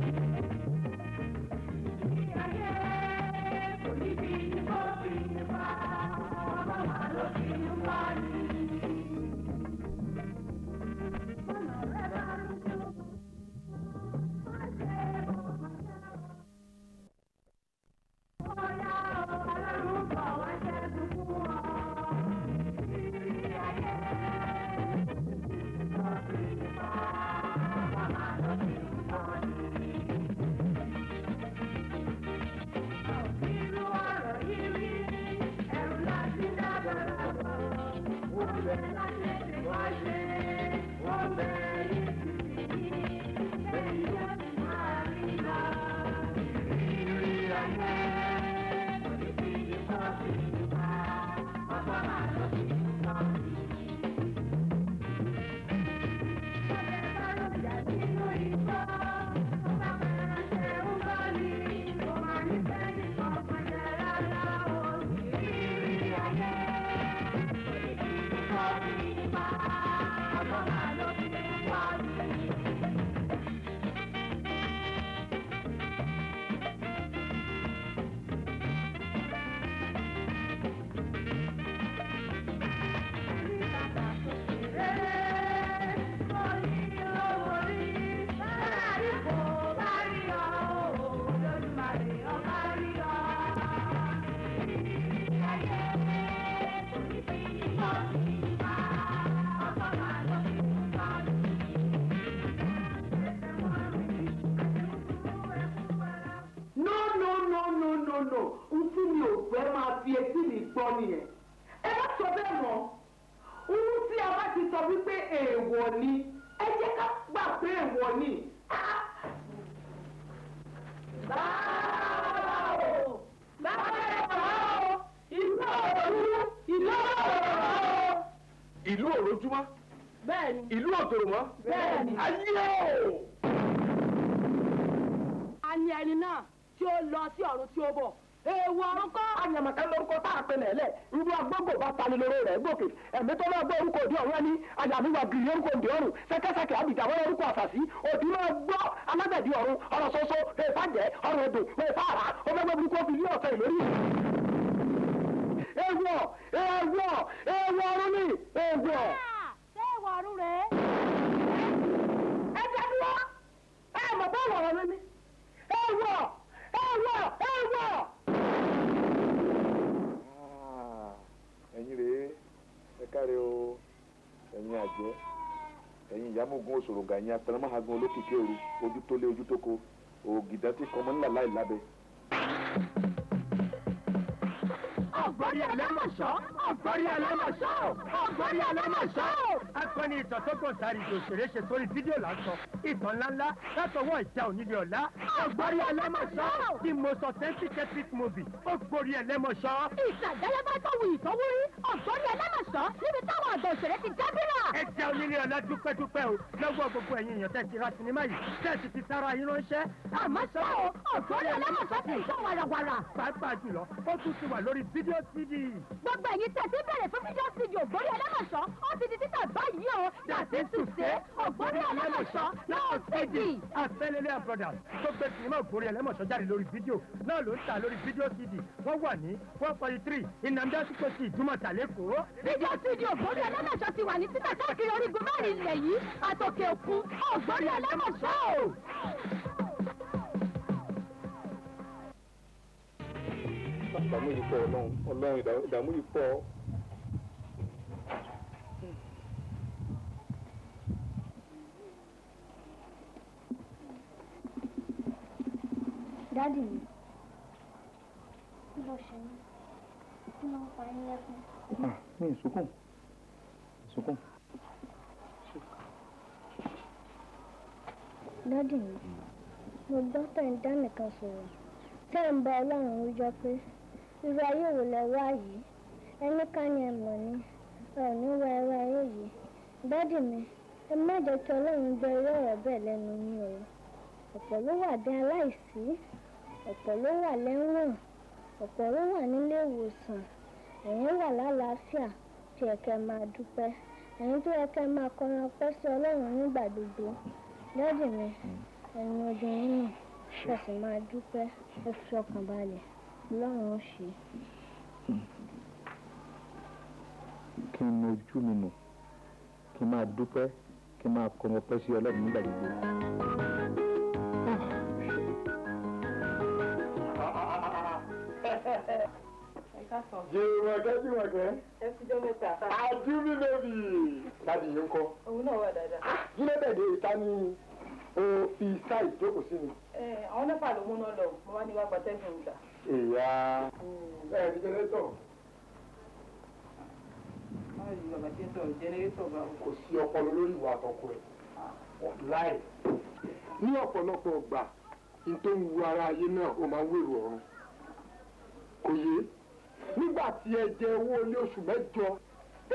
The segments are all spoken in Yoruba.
you. ọ̀gá yẹn apẹ̀rẹ̀mọ́hagun olókìkí òru ojú tó lé ojú tó ko ògìdá tí kọ́mọ ńlá láì lábẹ́. ọ̀gbọ́rí ẹlẹ́mọ̀ṣọ́ ọ̀gbọ́rí ẹlẹ́mọ̀ṣọ́ ọ̀gbọ́rí ẹlẹ́mọ̀ṣọ́. akọni ìtàn tó kàn sáré ìdò òṣèré ṣe sórí fídíò lásán ìtàn ńláńlá látọwọ́ ìjà onílé ọ̀la. ọ̀gbọ́rí ẹlẹ́mọ̀ṣọ́ tí mo sọ authentic epic movie ó gborí ẹlẹ́mọ̀ṣọ́. ìtàgẹ́lẹ́ bá tọ̀wù ìtọ́wúrí ọ̀gbọ́rí bẹ̀rẹ̀ ti dábìrà. ẹ jẹ́ onílé ọlá dúpẹ́dúpẹ́ o lọ́wọ́ gbogbo ẹ̀yin èèyàn tẹ̀sí ra sinimá yìí tẹ̀sí ti tara yín ránṣẹ́. àmọ́ sọ o ọ̀tọ́lẹ̀ ọlọ́mọ̀tọ́ ti sọ warawara. pàápàá jùlọ ó tún ti wà lórí fídíò cd. gbogbo ẹ̀yin tẹ̀sí bẹ̀rẹ̀ fún fídíò cd ògbórí ọlọ́mọ̀ṣọ́ ó ti di títà báyìí o yàtí tùsẹ́ ògbórí ọlọ́mọ̀ṣọ́ náà cd. àfẹ́lẹ́lẹ́ brothers tó gbé sinimá ògbórí ọlọ́mọ̀ṣọ́ jáde lórí fídíò náà ló ń ta lórí fídíò cd wọ́n wà ní one forty three ìnàmdásíkòsì ìdúmọ̀tà lẹ́kọ̀ọ́. fídíò cd ògbórí ọlọ́mọ̀ aṣọ ti wà ní títà káàkiri orígun mẹ́rin ilẹ̀ yìí àtòkè òkun ọ̀gbọ́n ní ẹlẹ́mọ̀ṣọ́ o. ìdààmú yìí pọ̀ ọlọ́run ọlọ́run ìdààmú yìí pọ̀ dáàdì mi kí ló ṣe mí kí ló ń pa yín lẹ́kún. Ah, mi ì sunkún. dádì mi mo gbọ́ tẹ̀ nìkan sọ̀rọ̀ tẹ́ ń bá ọlọ́run jọ pé irú ayé wò lẹ wá yìí ni ẹ mọ̀ ni ẹ ní irú ayé yìí dádì mi ẹ má jẹ́ kí ọlọ́run gbọ́ irú ọ̀rọ̀ bẹ́ẹ̀ lẹ́nu o ọ̀pọ̀ ló wà bí aláìsí ọ̀pọ̀ ló wà lẹ́wọ̀n ọ̀pọ̀ ló wà nílé ìwòsàn ẹ̀yin wà lálàáfíà tí ẹ̀kẹ́ máa dúpẹ́. ẹ̀yin tó yẹ kẹ́ ẹ máa kọrin ọpẹ́ sí ọlọ́run nígbà gbogbo lẹ́dì mi ẹ̀yin ọdún nínú ẹ sì máa dúpẹ́ ẹ fi ọkàn balẹ̀ ọlọ́run ó ṣe. kí n ojú mi nù kí n máa dúpẹ́ kí n máa kọrin ọpẹ́ sí ọlọ́run nígbà gbogbo. Ha ha ha jèrò ọ̀kẹ́ sí ọ̀kẹ́. ẹ ti jẹ́ mẹ́ta. àdúmí bèbí. dádì yìí ń kọ́. òun náà wà dáadáa. Ah, jílẹ̀ bẹ̀dẹ̀ ìta ni o fi sáà ìjókòó sí mi. ẹ àwọn nẹ́pà ló múná lọ mo wá ní wá gba tẹ́sán ìgbà. ìyá hmm. ẹ ti jẹnẹrétọ̀. kò sí ọpọlọ lórí ìwà àtọkọ ẹ láì ní ọ̀pọ̀lọpọ̀ ọgbà ní tó ń wu ara ayé náà ó máa ń wèrò ọ̀run kò yé nígbà tí ẹ jẹ owó ilé oṣù mẹ́jọ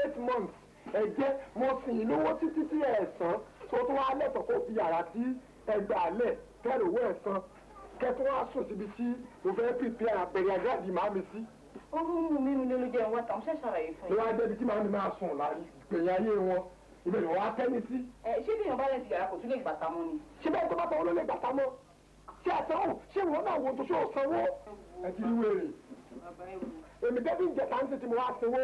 eight months ẹ jẹ mo sìn ín lówó títí tí ẹ san tó tún wá lẹ́tọ̀ọ́ kó fi yàrá tí ẹ gbà lẹ̀ kẹ́rù owó ẹ san kẹ́tún wá sùn síbi tí mo fẹ́ pèpè àpẹẹrẹ àgáàdì máa mi sí. ó mú mi ni lójú jẹun wọ́n tàn ṣe ṣàlàyé fún yín. ló wá débi tí màmí máa sùn láàrin gbẹ̀yìn ayé wọn ibẹ̀ ni wọ́n á tẹ́ mi sí. ẹ ṣé bí èèyàn bá lè ti yàrá kò tún lè gbàtà mọ́ ni. ṣé bẹ́ẹ̀ tó bá tọ́ ọ ló lè gbàtà mọ́ ṣé àtẹ̀wò ṣé ìwọ náà wo tó ṣe ò sanwó. ẹ ti rí wèrè èmi débi ìjẹta ń tètè mo wá sanwó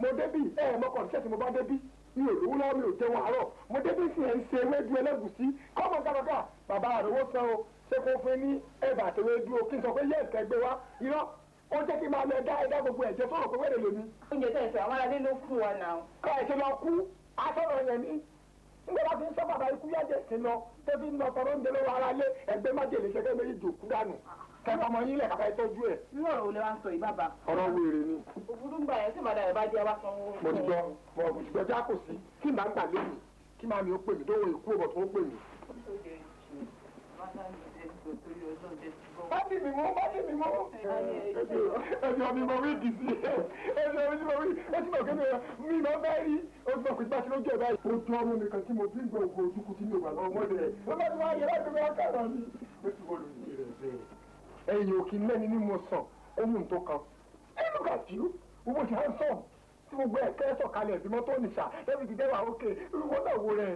mo débi ẹ mọ kọ̀ǹtẹ́ tí mo bá débi mi ò lówó lọ́wọ́ mi ò jẹun àárọ̀ mo débi sì ẹ̀ ń ṣe ewédú ẹlẹ́gùsí kọ́mọ gàdọ̀gà bàbá àròwó san o ṣé kò fún ní ẹ̀bà àtẹwédú o kí n sọ pé yẹ́ ẹ̀kẹ́ gbé wa irọ́ ó jẹ́ kí n máa lọ ẹ̀dá ẹ̀dá gbogbo ẹ̀jẹ̀ fọ́nrán pé wẹ́rẹ̀ lèmi. oúnjẹ tẹ̀ sọ àwọn aládé ló kú wa nà. ká ẹ̀ ṣe lọ kú asọ̀rọ̀ yẹn ní nígbà bá fi ń sọ bàbá ikú yájẹ̀ sí lọ tó fi ń lọ tọrọ oúnjẹ lọ́wọ́ ara lé ẹgbẹ́ májèlé ṣẹkẹ́ méjì kẹfà ọmọ yín lẹ̀ kàkà ẹ tọ́jú ẹ̀. irú ọ̀rọ̀ wo lè wá ń sọ yìí bàbá. ọ̀rọ̀ wèrè ni. òbúrú gbà yẹn sì máa dà bá jẹ́ wá sanwó. mo ti gbọ́ mo ti gbọ́ já kò sí kí màá gbà lé mi kí màá mi ó pè mí tó wọ ikú ọ̀bọ̀ tó pè mí. bájì mi mú bájì mi mú. ẹbí ọmọ mi rí dì sí ẹbí ọmọ mi rí ẹtí mọ̀ kéde mi mọ̀ bẹ́ẹ̀ rí o ti mọ̀ pé gbàtí ló jẹ́ báyìí. ó tọ́ ọmọ mi kan tí mo ti ń gbọ́ ògùn ojú kú tí mi ò wà lọ́wọ́ mọ́lẹ̀ rẹ̀ ló bá ti wá yẹ láti wá kàrọ̀ mi. ó ti wọ́n lù mí rẹ̀ ẹ̀yìn òkè mẹ́ni ni mo sàn ohun tó kan ẹ̀yìn ló kà sí o mo ṣe à ń sàn tí mo gbé ẹ̀kẹ́ sọ̀kalẹ̀ bí mọ́tò nìṣà lẹ́bi ti dẹ́wà òkè wọ́n náà wo rẹ̀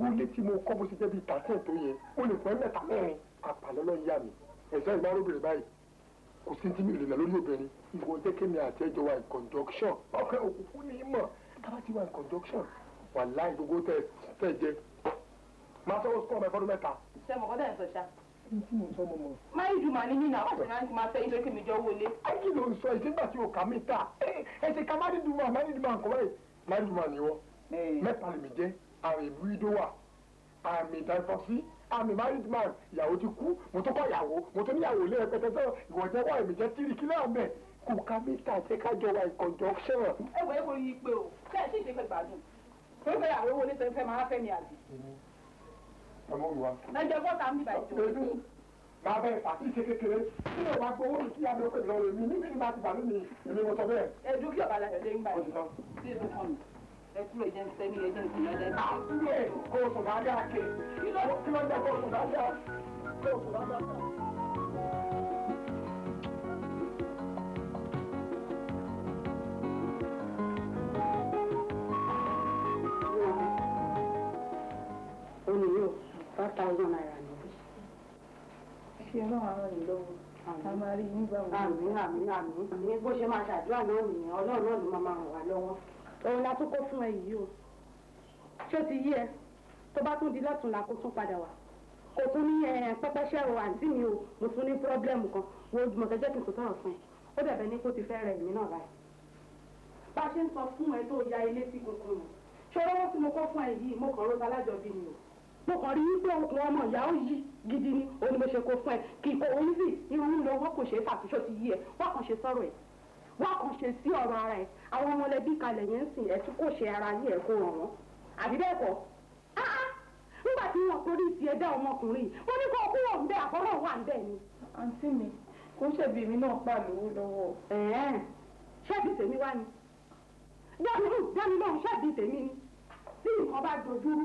wọ́n lé tí mo kọ́ bó ṣe jẹ́ bí ìtàsẹ̀ tó yẹ mo lè pẹ́ mẹ́ta mẹ́rin àpàlọ́lọ́ yá mi ẹ̀sẹ̀ ìmárobìnrin báyìí kò sí ti mi ìrìnà lórí obìnrin ìwọ jẹ́ kémi àti ẹjọ́ wa in conjunction ọkọ̀ òkùnkùn ní í mọ̀ tábà ti wà in conjunction wà láì gbogbo tẹ̀ tẹ̀ jẹ máa sọ́wọ́ sọ́ọ̀mù ẹ̀fọ́dún mẹ́ta. ṣé mo kọ́ dẹ́ ẹ̀ sọ ṣá tí mo sọ mo mọ. máyì ju màá ní mí náà wàtí náà ti máa sẹ́yìn lókè mi jọ wọlé. ẹ kí o kà mí ta ẹ ṣe ká máyì dùn máa máyì dùn máa kọ báyìí máyì dùn máa ní wọ. mẹ́ta lèmi jẹ́ àrùn ìlú idó wà àmì ìtàfọ́sí àmì married man ìyàwó ti kú mo tó kọ ìyàwó mo tó níyàwó lé ẹgbẹ́ tẹ́sán ìwọ̀n jẹ́ wà èmi jẹ́ tírì kí kò ká mi ṣe ká jọ wa conjunction. ẹ wọ wo yí pé o kẹ́ ẹ sì ṣe fẹ́ gbádùn pé bẹ́ẹ̀ àwọn owó oníṣẹ́ fẹ́ máa fẹ́ mi àbí ẹ mú mi wá. ẹ jẹ bọ́tà mi bàjẹ́. pẹ̀lú màá bẹ pàtí ṣe kékeré tí mo bá gbowó mi sí abẹ́ pẹ̀lú ọ̀rẹ́ mi níbi ìgbà tí bàbá mi èmi mo sọ bẹ́ẹ̀. ẹ dúkì ọ̀bà la ṣẹlẹ̀ ń gbà yìí sí ètò kan mi ẹ kúrò jẹ́ ṣẹ́ mi ẹjẹ́ ìkùnà ẹ̀dá. àkúrò kóòtù bá dá ké kí ló ń jẹ́ kóòtù bá dá kóòtù bá dá. thousand naira níbí. ṣé ọlọ́run àwọn ènìyàn lọ́wọ́ a máa rí nígbà wo. àmín àmín àmín àmín bó ṣe máa ṣàdúrà náà nìyẹn ọlọ́run náà ló máa máa ràn wá lọ́wọ́. òun la tún kó fún ẹ yìí o ṣé o ti yí ẹ tó bá tún di lọ́tùnla kó tún padà wá kò tún ní pẹ́pẹ́ ṣẹ́rọ àǹtí mi o mo tún ní pírọ́blẹ́mù kan wo mọ̀tẹ́jẹ́ kì í tó tọ̀rọ̀ fún ẹ ó dẹ̀bẹ̀ ní kó ti fẹ́ rẹ̀ mí náà báyìí. bá a ṣe ń sọ fún ẹ tó ya ilé sí kunkun ṣòro wọn tí mo kọ́ fún ẹ yìí mo kàn rọ́ta lájọ bí mi o mo kàn rí pé wọn ọmọ ìyá ó yí gidi ni òun ni mo ṣe kó fún ẹ kì í kó oyún sí irun lọ wọn kò ṣe é fàtúnṣe ti yí ẹ wọn kàn ṣe sọ̀rọ̀ ẹ wọn kàn ṣe sí ọ̀rọ̀ ara ẹ àwọn ọmọlẹ́bí kalẹ̀ yẹn ń sìn ẹ tí kò ṣe ara yí ẹ kó ràn wọn àbí bẹ́ẹ̀ kọ́ nígbà tí wọn torí ti ẹ̀dá ọmọkùnrin wọn ní kó kúrò ń bẹ àkọlọ wà ń bẹ ni. àǹtí mi kò ṣèbí mi náà pa lówó lọ́wọ́. ṣẹ́ẹ̀bì tèmi wá ni dáni lóhùn ṣẹ́ẹ̀bì tèmi ni bí nǹkan bá dojúrú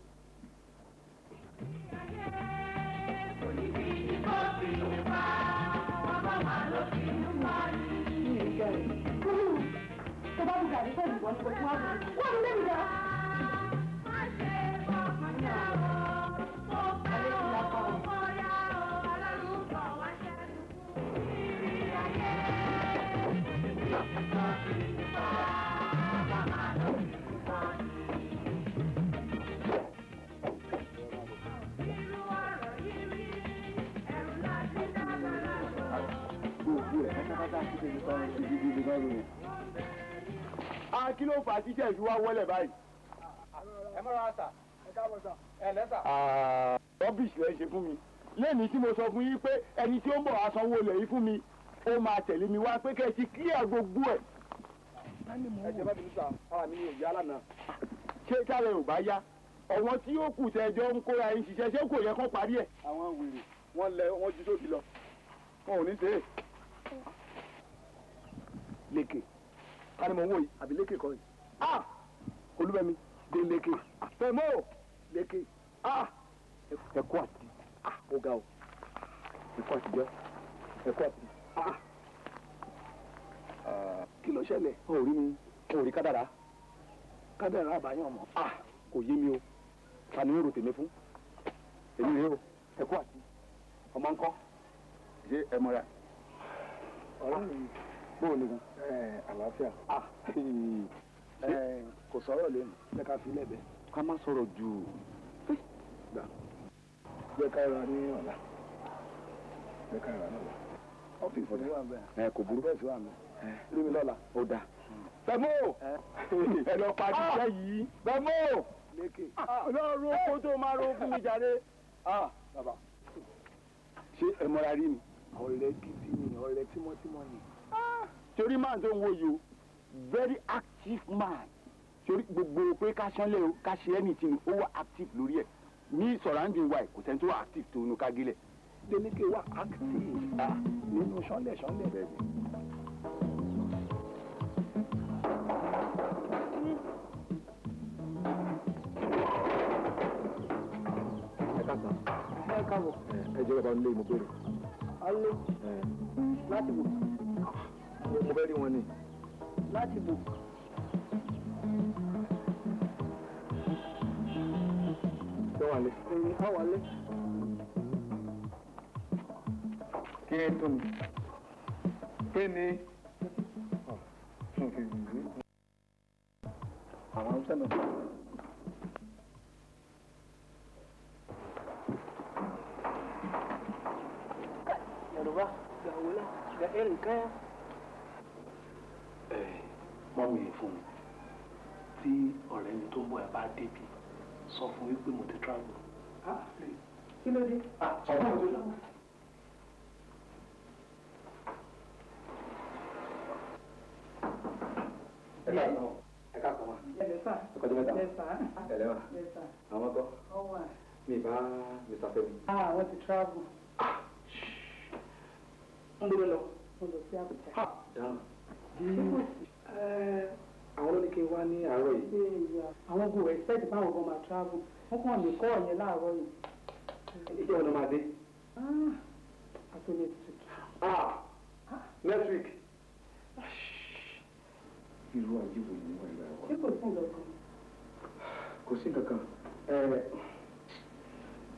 tó bá bùgàrí pẹ̀lú wọn kò tún wá bọ̀ wọ́n lé mi lọ. a ah, kí ló fà á jíjẹ́ ìfi wá wọlé báyìí. ẹ mọ̀ ra sà ẹ káàbọ̀ sà ẹ lẹ́sà. Ah, rubbish lẹ́ ṣe fún mi lẹ́ni tí mo sọ fún yín pé ẹni tí ó ń bọ̀ wá sanwó ilẹ̀ yìí fún mi ó máa tẹ̀lé mi wá pé kẹ́ ẹ ti clear gbogbo ẹ̀. ẹ jẹ́ bá mi sà ara mi ò yá lánàá. ṣé tára ò bá yá ọ̀wọ́n tí ó kù tẹ́jọ́ ń kóra ẹ̀ ṣiṣẹ́ ṣé kò yẹ kó parí ẹ̀. àwọn wèrè wọn lẹ wọn ju sóbì lọ wọn ò ní tẹ́ ẹ lékè ta ni mo wò yìí àbí lékè kọ́ yìí ah olúbẹ̀mí dé lékè àfẹ́mọ́ lékè ah ẹ̀kọ́ àti ah o ga o ẹ̀kọ́ àti jẹ́ ẹ̀kọ́ àti ah kilo ló ṣẹlẹ̀ o rí mi o rí kádàrá kádàrá àbáyọ̀ mọ́ ah kò yé mi o ta ni ó rò tèmi fún èmi rèé o ẹ̀kọ́ àti ọmọ ńkọ́ ṣé ẹ mọ̀ra. ọ̀rọ̀ mi bóò ni àlàáfíà kò sọ̀rọ̀ lónìí jẹ́ ká fi lẹ́bẹ̀. ká má sọ̀rọ̀ jù gbà jẹ́ ká ra ní ọ̀la jẹ́ ká ra ní ọ̀la ọ́fíìsì ni wà bẹ́ẹ̀ kò burú bẹ́ẹ̀ sí wà mí rí mi lọ́la. ó dáa. bẹ́ẹ̀mú ẹ lọ pa àdìsẹ́ ah! yìí. bẹ́ẹ̀mú lọ ro oko tó máa ro fún mi jáde. Ah! ṣé ẹ mọra rí mi. ọ̀rẹ́ gidi ni ọ̀rẹ́ tímọ́tímọ́ ni torí man tó ń wo yìí o very active man torí gbogbo pé ká ṣánlẹ̀ o ká ṣe anything ó wà active lórí ẹ̀ ní surrounding wa kò sẹ́ni tó wà active tó nu kágílẹ̀ délékè wà active nínú ṣánlẹ̀ ṣánlẹ̀ bẹ́ẹ̀ ni. ẹ jẹ́ bàbá nílé ìmọ̀ bẹ̀rẹ̀. alẹ́ láti wò. mo Eh, mọ́mí ẹ̀ fún mi tí ọ̀rẹ́ mi tó ń bọ̀ ẹ̀ bá débi sọ fún mi pé mo ti travel. Ah, kí ló dé. ọ̀pọ̀ òjò lọ́wọ́. ẹ ká sọ ẹ ká sọ wọn. ẹ lè sà. ẹ kọjú mẹ́ta. ẹ lè sà. ẹ lè ah wọ́n àwọn ló ní kí wá ní àárọ̀ yìí. àwọn expect báwọn kan máa wọn kàn lè kọ́ ọ̀yẹ́ láàárọ̀ yìí. ìjẹ́ ọ̀nà máa dé. àtúnyẹ̀ tuntun. next week. irú ayé wo ni wọ́n ìlà wa. ṣé kò sí nǹkan kan. kò sí nǹkan kan.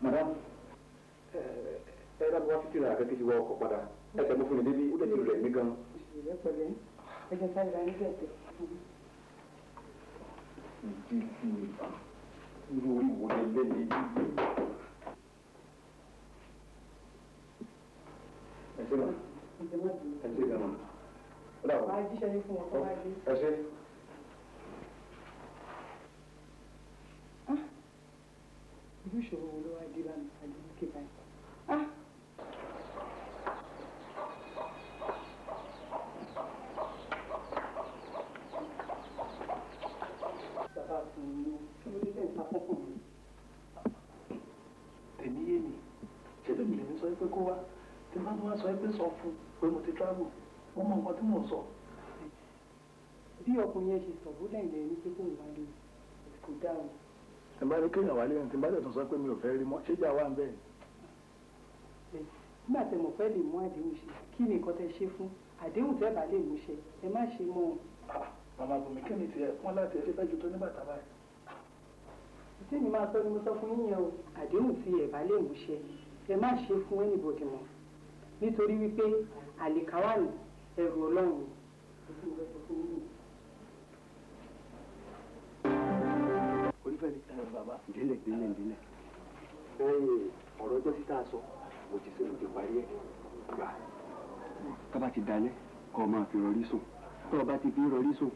madam ẹ ẹ wá ti wọ ẹjọ́ sáré ra níbi ẹ̀tẹ̀. ìdí sí ibà irú ìwò ẹgbẹ́ lè dìde. ẹ ṣe mà ẹ ṣe gàmà ó dà wọ́n. máa jíṣẹ́ ní fún wọn kó máa dé. ẹ ṣe. irú ìṣòro wo ló wá dé lánàá àdéhùn kébà yìí. mọ̀ ó mọ nǹkan tí mò ń sọ. bí ọkùnrin yẹn ṣe sọ̀bù lẹ́yìn lẹ́yìn ní pé kóun wá lé kò dáa o. ẹ bá rí kéèyàn wá lẹ́yìn tí bá tẹ̀tún sọ pé mi ò fẹ́ rí mọ́ ṣé jà wá ń bẹ̀. nígbà tẹ mọ̀ fẹ́ lè mú àdéhùn ṣe kí ni nǹkan tẹ ṣe fún àdéhùn tẹ́ bá lè mú ṣe ẹ má ṣe mọ́ o. Ah, màmá bùnmi kí ni tiẹ̀ wọ́n láti ẹ ṣe fẹ́ ju tó ní bàtà báyìí. ìtí mi máa sọ ni mo sọ fún yín yẹn o àdéhùn tí ẹ bá lè mú ṣe ẹ má ṣe fún ẹnìbọdì mọ́ nítorí wípé àlìkáwá mi ẹrù ọlọ́run onífẹ̀ẹ́ mi bàbá délẹ̀ délẹ̀ délẹ̀ lẹ́yìn ọ̀rọ̀ ọjọ́ títà sọ mo ti sẹ́nu ti parí ẹ̀ gbà. tó bá ti dalẹ̀ kọ́ ọ máa fi rọrí sùn tó o bá ti fi rọrí sùn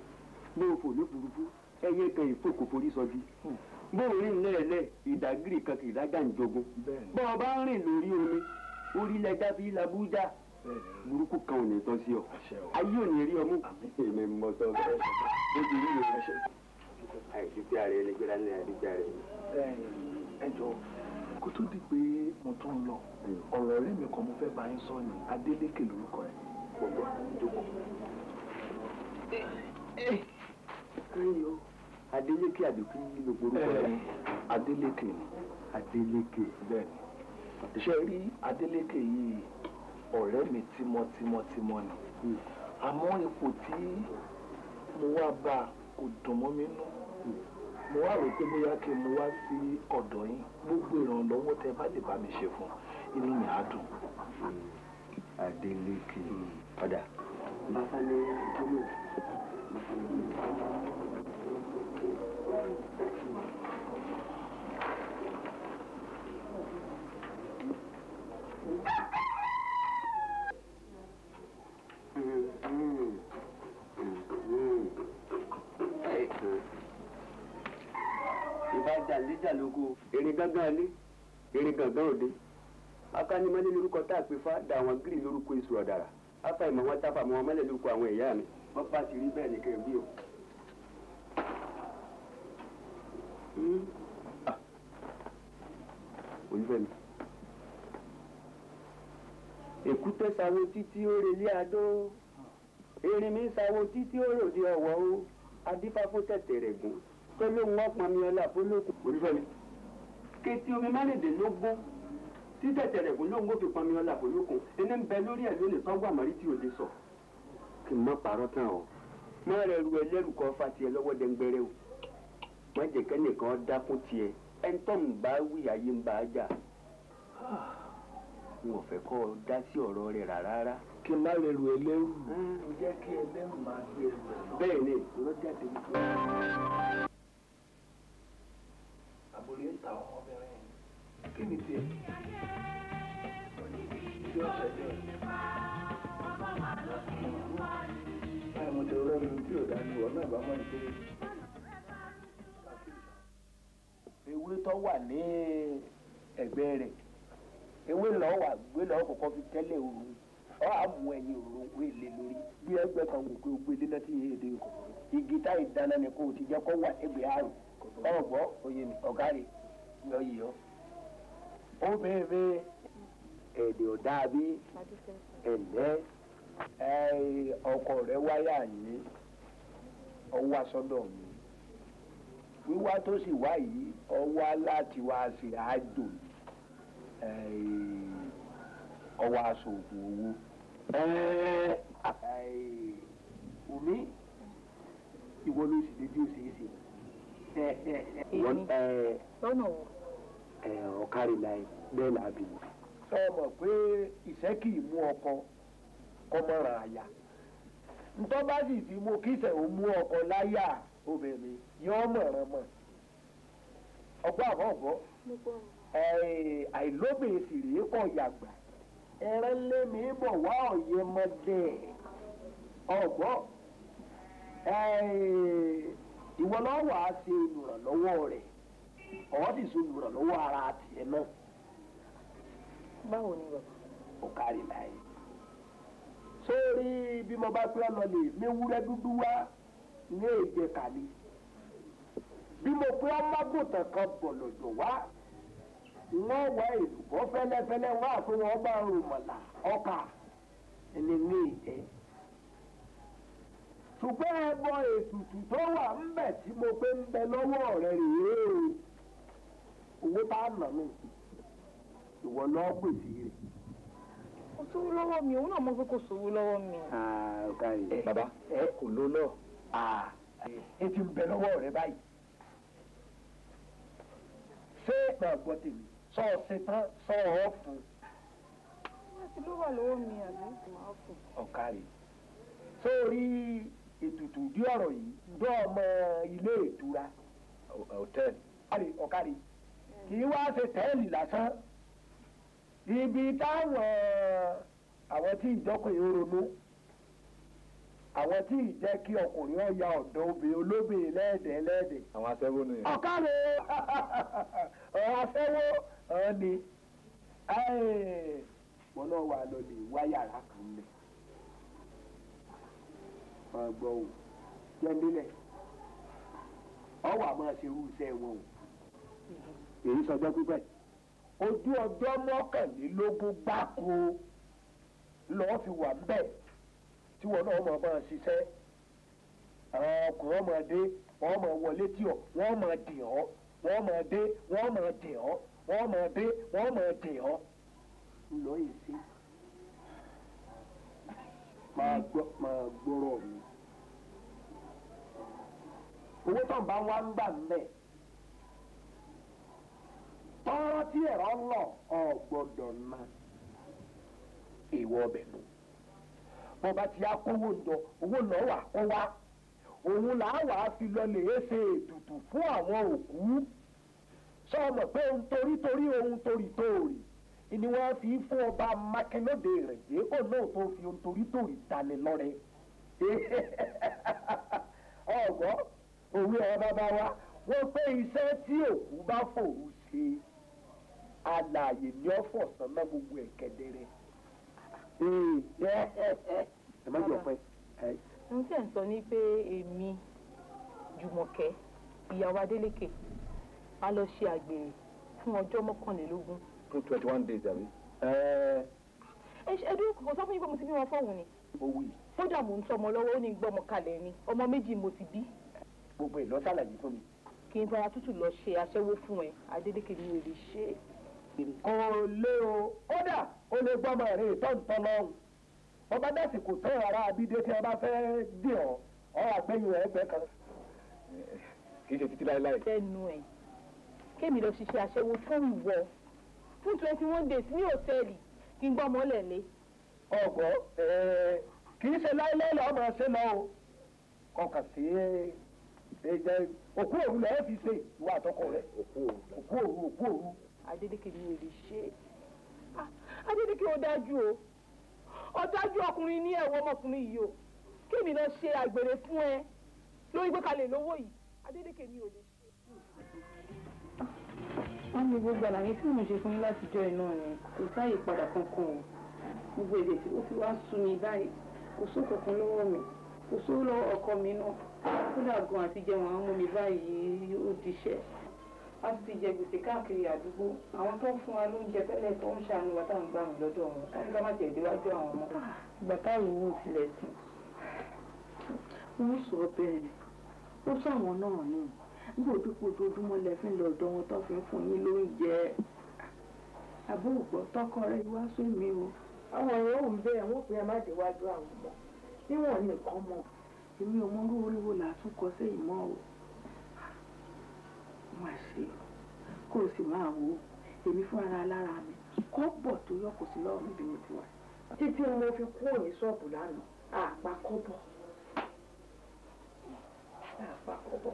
bó o fò ní burúkú ẹyẹ kan ìfòkò forí sọ bí bó o rìn lẹ́ẹ̀lẹ́ ìdágìrì kan kì í dágà ń jogun bó o bá rìn lórí omi orí lẹ́jà làbújá burúkú kan ò ní tọ́ sí ọ ayé ò ní rí ọmú èmi mọ sọ bẹ́ẹ̀ bó ti rí rẹ àìsí tí ààrẹ ẹni gbéra ní àìsí tí ààrẹ ẹni. ẹ jọ kó tó di pé mo tún ń lọ ọ̀rọ̀ ọ̀rẹ́ mi kan mo fẹ́ bá yín sọ ni Adélékè lórúkọ ẹ̀ gbogbo àdúgbò. Adélékè àdìkú nílò orúkọ rẹ Adélékè Adélékè bẹ́ẹ̀ ni ṣe rí Adélékè yìí ọ̀rẹ́ mi tímọ́tímọ́tímọ́ ni hmm. àmọ́ ipò tí mo wá bá kò dùn mọ́ mi nú hmm. mo wá rò pé bóyá kí n mo wá sí ọ̀dọ̀ yín gbogbo ìrànlọ́wọ́ tẹ bá lè bá mi ṣe fún inú mi á dùn. Hmm. Adeleke padà. Ha ha! ìbájàléjà lógo erin gángan alé erin gángan òde akánimáyé lórúkọ tá a pè fá da àwọn gírì lórúkọ èso ọ̀dàrà afa ìmọ̀ wọn táfà mọ́ wọn mọ́lẹ̀ lórúkọ àwọn ìyá mi wọ́n bá ti rí bẹ́ẹ̀ nìkan bí o. Hmm? Ah. olùfẹ́mi èkúté sáré títí ó relé adó erin mi ń sawo títí ó ròde ọ̀wọ́ ó adífáfó tẹ̀tẹ̀ rẹ̀ gùn tó lóun ọ̀pọ̀n mi ọlá fólókùn olúfẹ́mi kétí omi mẹ́rìndínlógún tí tẹ̀tẹ̀ rẹ̀ gùn lóun ó fi pọn mi ọlá fólókùn ẹni ń bẹ lórí ẹ̀ lónìí tó wà mọ́rí tí ò lè sọ. kì í mọ pàrọ̀ tán o. mọ́ ru ẹlẹ́rù kan fa tiẹ̀ lọ́wọ́ dẹ́ngbẹ́rẹ́ o má jẹ́ kẹ́nìkan dákún tiẹ̀ ẹni tó ń bá wí ayé ń bá a jà. Ah. n ò fẹ́ kọ́ ọ dá sí ọ̀rọ̀ rẹ̀ rárá kí n má lè rù ẹlẹ́rù. ó jẹ́ kí ẹlẹ́rù máa gbé ẹrù e ẹ̀ lọ. bẹ́ẹ̀ ni ló jáde nípa. àbúrò ń ta ọmọbìnrin kí ni tiẹ̀. ṣé ó ṣẹlẹ̀ báyìí mo ti rọ́ mi tí ò dání wọ́n náà bá mọ̀ ní pé. ewé tó wà ní ẹ̀gbẹ́ rẹ̀ ewé lọ́wọ́ àgbélọ́wọ́ kọ̀ọ̀kan fi tẹ́lẹ̀ òru ọ àmú ẹyin òru òwe lé lórí bí ẹgbẹ́ kan wò pé o gbé lé láti èdè o igi táyì dáná ni kò ti jẹ́ kó wà ẹgbẹ́ àrùn ọ̀rọ̀ gbọ́ oyè mi ọ̀gá rẹ̀ lọ yìí ọ́. ó bẹ́ẹ̀ bẹ́ẹ̀ èdè ọ̀dà bí ẹ̀lẹ́ ọkọ rẹ̀ wáyà yìí ọwọ́ asọ́dọ̀ mi wíwá tó sì wá yìí ọwọ́ láti wá sí àjò ọwọ́ aṣọ òògùn owó. Wùmí ìwọ ló sì dojú òṣèṣe. lọ́nà wo. ẹ̀rọ kárí láì bẹ́ẹ̀ làbí. sọ pé mú ọkọ àyà. ntọ́ bá sì mú kíṣẹ̀ mú ọkọ láyà obìnrin mọ̀ràn mọ̀. ọgbọ́n ẹran lé mi bọ̀ wá ọ̀yẹ́ mọ́dẹ ọ̀gbọ́ ìwọ náà wà á ṣe olùrànlọ́wọ́ rẹ̀ ọ̀ọ́ sì ṣe olùrànlọ́wọ́ ara tiẹ̀ náà. báwo ni bàbá. ó kárí láyé sórí bí mo bá pẹ́ lọ lè méwúrẹ́ dúdú wá ní èdè kàlí bí mo pẹ́ ọmọ kan bọ̀ lọ́jọ́ wá wọ́n wá èlùbọ́ fẹ́lẹ́fẹ́lẹ́ wọ́n àpé wọ́n bá rùmọ̀là ọkà ẹni ní ìjẹ́ ṣùgbọ́n ẹbọ ètùtù tó wà ń bẹ̀ tí mo pé ń bẹ lọ́wọ́ rẹ rèé owó bá nà mí ìwọ lọ́ọ́ pèsè rẹ̀. kò sówó lọ́wọ́ mi òun náà mọ̀ pé kò sówó lọ́wọ́ mi. Eh, bàbá ẹ eh? kò ló lọ ẹ ti ń bẹ lọ́wọ́ rẹ báyìí ṣé màá gbọ́ tèmi só ọsẹ tán sọ ọ fún. wọ́n ti ló wà lọ́wọ́ mi àbí ìgbìmọ̀ ọ̀fọ̀. ọ̀kàrẹ̀ sórí ètùtù dí ọ̀rọ̀ yìí dọ́ ọmọ ilé ìtura. hòtẹ́ẹ̀lì. ọ̀kàrẹ̀ ọ̀kàrẹ̀ kì í wá ṣe tẹ́ẹ̀lì lásán ibi táwọn àwọn tí ìjọkọ̀ yìí ronú àwọn tí ì jẹ́ kí ọkùnrin ọ̀ya ọ̀dọ́ obìnrin olóbìnrin lẹ́ẹ̀dẹ̀ lẹ́ẹ̀dẹ̀. àwọn aṣẹ́wó nìyẹn. ọ̀kàrẹ̀ ọ̀rọ̀ aṣẹ́wó ọ dị mo náà wà lọlẹ̀ wá yàrá kan lẹ̀ ọgbọ́n o jẹ́ndínlẹ̀ ọwọ́ àmọ́ ṣe irú wọn o èyí sọjọ́ pípẹ́ ojú ọjọ́ mọ́kànlélógún gbáko lọ́ọ́ fi wà níbẹ̀ tí wọn náà mọ̀ máa ṣiṣẹ́ ọkùnrin ọmọdé wọn máa wọlé tí ọ wọn máa dì ọ wọn máa dé wọn máa dì ọ. wọ́n mọ̀ ma ọ mọ̀ sí. mi. owó tó ń bá wá ń gbà tí ẹ̀rọ lọ ò gbọ́dọ̀ ná ìwọ ọbẹ̀ nù bọ́ba ti ń owó wà kó wá lọ lè ṣe ètùtù fún àwọn sọ ọmọ pé ohun torí torí ohun torí tóòrì ni wọ́n fi fún ọba mákẹ́lódé rẹ̀ dé kó náà tó fi ohun torí torí dalè lọ́rẹ́ ọ̀gọ́ òwe ọ̀rọ̀ bàbá wa wọ́n pé iṣẹ́ tí òkú bá fòrú ṣe alààyè ní ọ̀fọ̀ sánmọ́ gbogbo ẹ̀ kẹ́dẹ́rẹ́ ẹ má jẹ ọpẹ́. n tẹ́ ń sọ ní pé èmi Jùmọ̀kẹ́ ìyàwó Adélékè a lọ ṣe àgbèrè fún ọjọ́ mọ́kànlélógún. fún twenty one days àbí. ẹ ṣe ẹdún kò sọ fún yín pé mo ti bí fọ́ọ̀hún ni. ó wù yìí. kódà mò ń tọ́ ọmọ lọ́wọ́ ó ní gbọ́mọ kalẹ̀ ni ọmọ méjì mo ti bí. gbogbo ìlọ sàlàyé fún mi. kí n fara tútù lọ ṣe aṣẹ́wó fún ẹ adédèké mi ò lè ṣe é. o kódà ó lè gbọ́mọ rẹ̀ tọ́ǹtọ́ lọ́hùn bọ́bá dásìkò tó ara abídé tí a bá fẹ́ dì ọ́ ọ́ àgbẹ̀yìn rẹ̀ ẹgbẹ́ kan. kì í ṣe títí láéláé. lẹ́nu ẹ̀ kémi lọ ṣiṣẹ́ aṣẹ́wó fún ìwọ fún twenty one days ní òtẹ́ẹ̀lì kí n gbọ́ mọ́lẹ̀ lé. ọgọ kì í ṣe láéláé lọ ọmọ ṣe lọ o ọkà sí òkú òru lọ fi ṣe ìwà àtọkọ rẹ òkú òru òkú òru. Adélékè ni èrè ṣe Adélékè ó dájú o ọ̀dájú ọkùnrin ní ẹ̀wọ̀n ọmọkùnrin yìí o kémi lọ ṣe àgbèrè fún ẹ lórí pé ká lè lówó yìí Adélékè ni ò lè wọ́n ní gbogbo àlàyé tí mo ṣe fún yín látijọ́ iná ni kò sáàyè padà kankan o gbogbo èdè tí ó fi wá sú mi báyìí kò só kankan lọ́wọ́ mi kò só lọ́wọ́ ọkọ mi náà kódà gan àti jẹun àwọn ọmọ mi báyìí ó diṣẹ́ a ti jẹ gbèsè káàkiri àdúgbò àwọn tó ń fún wa lóúnjẹ tẹ́lẹ̀ tó ń ṣàánú wa táwọn gbà mí lọ́dọ̀ wọn wọ́n ní ká má jẹ̀ déwájú àwọn ọmọ ah, ìgbà táwọn owó tilẹ̀ sùn. wọ́n sọ bẹ́ẹ̀ ó sọ àwọn náà ní gbòdúgbò ojoojúmọ́ lẹ fi ń lọ ọ̀dọ̀ wọn tó fi ń fún yín lóúnjẹ àbó ògbọ́ tọkọ rẹ wá sómi o. àwọn èèyàn ò ń bẹ wọn pé ẹ má déwájú àwọn ọmọ níwọ̀n nìkan mọ̀ èmi ò mọ orú oríwo là kọ sẹ́yìn mọ́ o. wọ́n á ṣe kó o sì máa wo èmi fún ara lára mi kọ́ bọ̀ tó yọ kò sí lọ́rùn bí mo ti wà. títí mo fi kúrò ní ṣọ́ọ̀bù lánàá àpá kọ́ àpá kọ́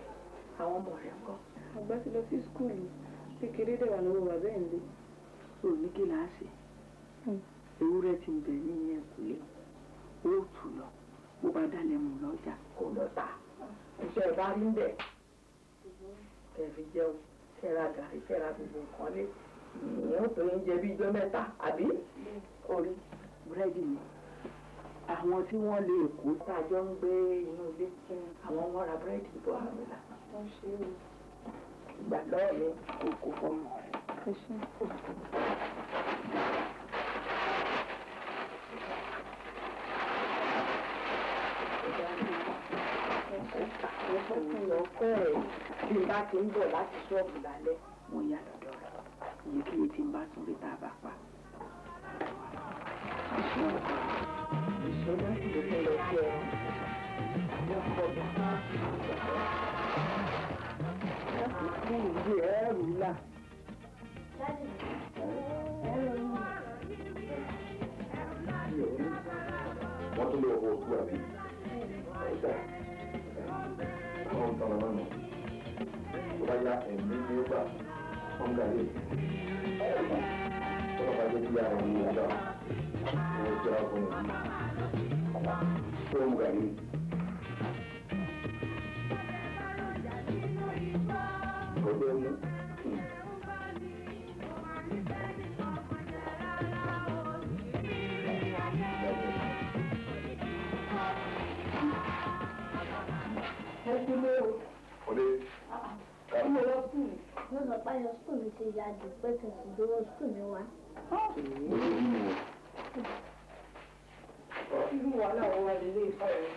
àwọn ọmọ rẹ̀ ńkọ́. àgbà ti lọ sí skúlù kékeré dẹ̀ wà lọ́wọ́ wa bẹ́ẹ̀ ni. o ní kí là á ṣe hmm. ewúrẹ́ ti ń bẹ̀ ní ìyẹn ìkúlẹ̀ o ó tù lọ bó bá dalẹ̀ mú lọ́jà kó lọ tà iṣẹ́ ìbá rí bẹ́ẹ̀ tẹ̀fi jẹun tẹ̀ra gàrí tẹ̀ra gbogbo nǹkan lé ìyẹn ò tó ń jẹ bí ijọ́ mẹ́ta àbí orí búrẹ́dì mi àwọn tí wọ́n lè kó tájọ́ ń gbé inú ilé àwọn wọ́n ra búrẹ́dì bọ́ àmìlà. ìgbà lọ́wọ́ mi kò kó fọ́ọ̀mù rẹ̀. mo fẹ́ kí n lọ kọ́ ẹ̀ bí n bá ti ń bọ̀ láti ṣọ́ọ̀bù lálẹ́ mo yà lọ́dọ̀ rẹ̀ iye kí ni tí bá tún rí tá a pa. Thank you wọ́n tún lé ọkọ̀ òkú àbí ọ̀dà àwọn ọ̀tàn àmọ́ nù tó bá yá ẹ̀mí ní ó gbà wọ́n ń gà Báyọ̀ sùkúl mi ti yá jù pé kìí sì dúró mi wá irú wàhálà wọn wà lélẹ̀ ìfà rẹ̀ ẹ́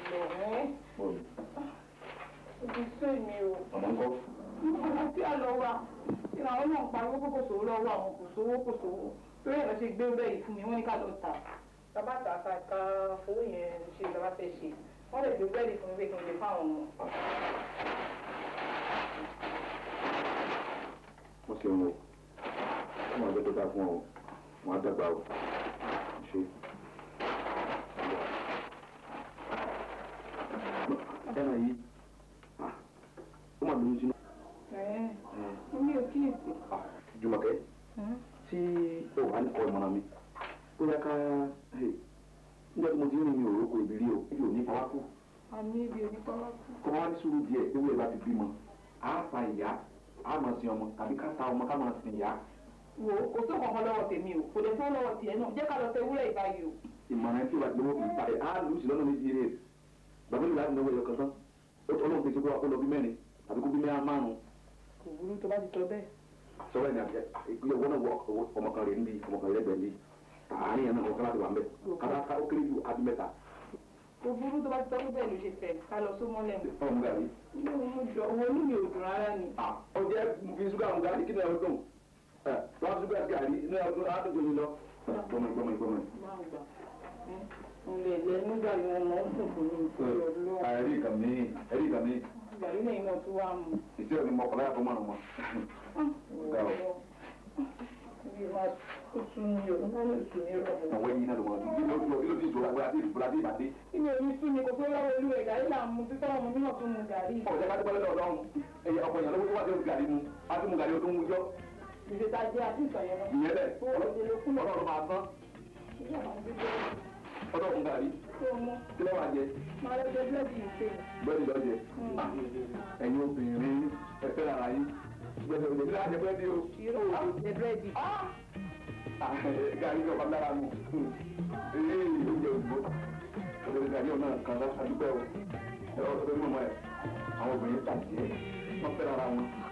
òbí sọ èmi o. ọmọ nǹkan. nígbà tó tí a lọ wa ìrànwọ́ náà ń pariwo kó kò sówó lọ́wọ́ àwọn kò sówó kò sówó torí ẹ̀ ṣe gbé bẹ́ẹ̀ fún mi wọ́n ní ká lọ tà. bàbá àtàkà ká owó yẹn ṣe bàbá fẹ́ ṣe wọ́n lè gbé bẹ́ẹ̀ fún mi pé kí n lè fáwọn ọmọ. mo ṣe wo ọmọ ọjọ́ tó ta fún ọ. Manda bala. Peraí. Ah, uma dúzia. É? É. Meu, que... Ah, de uma quê? Si... Oh, ani kọ́ ìmọ̀nà mi. Ó yẹ ká... Nígbà tí mo ti ń rìn eu òru kò ìbírí o, ibi ò ní fọwọ́ kú. Àmì ibi ò ní fọwọ́ kú. Kọ́ wá ní sùúrù díẹ̀, ewé bá ti bímọ. Á sa ìyá, á máa sin ọmọ, tàbí ká sa ọmọ ká máa sin ìyá. wo kò tó kankan lọ́wọ́ tèmi o kò lè tó lọ́wọ́ tiẹ̀ náà jẹ́ ká lọ tẹ wúrẹ́ ìbáyìí o. ìmọ̀ràn tí wàá gbowó kì í parí á lù ú sí lọ́nà méjì rè bàbá mi láti náwó ẹyọ kan tán ó tọ́ lóun pèsè kó wa kó lọ bí mẹ́rin àbí kó bí mẹ́rin márùn-ún. kò burú tó bá ti tọ́ bẹ́ẹ̀. sọ́wọ́ ẹni àbíyá ìpínlẹ̀ owó náà wọ ọmọ kan rè níbi ọmọ kan rẹ̀ bẹ̀ níbi àárín yẹn náà kọ́lá ti wà ń bẹ̀ kàtàkà ó kéré ju abi mẹ́ta. kò burú tó bá ti tọ́ bẹ́ẹ̀ ló ṣe fẹ́ ká lọ sómọ́ lẹ́nu. ọmọ gàrí. inú mi ò dùn rárá ni. ọjọ́ mi fi ṣúgà mú gàrí kí ni ẹ wọ́n á tún gbà gàrí ní ọdún àdúgbò yìí lọ. gbọ́mọ gbọ́mọ gbọ́mọ. ǹlẹ̀ lẹ nígbà yẹn mọ̀ ń sùn fún mi. ẹ̀rí ìkà mi ẹ̀rí ìkà mi. gàrí lẹ́yìn náà tún wá mu. ìṣe òní mọ ọ̀pọ̀lọpọ̀ àpò márùn-ún wọn. Àwọn ẹyin náà ló wọ́n ti ló ló ti sọ̀rọ̀ àwọn àti ìfúra bí ìbàdí. Ilé omi sún ni kò tó lọ́wọ́ olú ẹ̀ gàrí là ń mu títọ́ ọmọ mi náà tún mu gàrí. Ọ̀jẹ̀ bá dúpẹ́ lọ́dọ̀ Ọlọ́run. Ọkọ̀ ìyàlówó tó wà sí gàrí mu. A tún mu gàrí o tó ń wújọ́ ìrètà ìyẹn bẹ́ẹ̀ ọlọ́run máa tán. ọdọ kun gàrí. kí ló wàá jẹ. máa lọ jẹ hmm. ah, obìnrin ẹ ara yín. búrẹ́dì òjò nílá jẹ búrẹ́dì o. irú òjò jẹ búrẹ́dì. gàrí yóò bá dára mu. ee ọ̀nà kan lásán ẹ̀rọ ọ̀dọ́ mọ̀mọ́ ẹ̀ àwọn obìnrin tàbí ẹ̀ wọ́n fẹ́ ara wọn.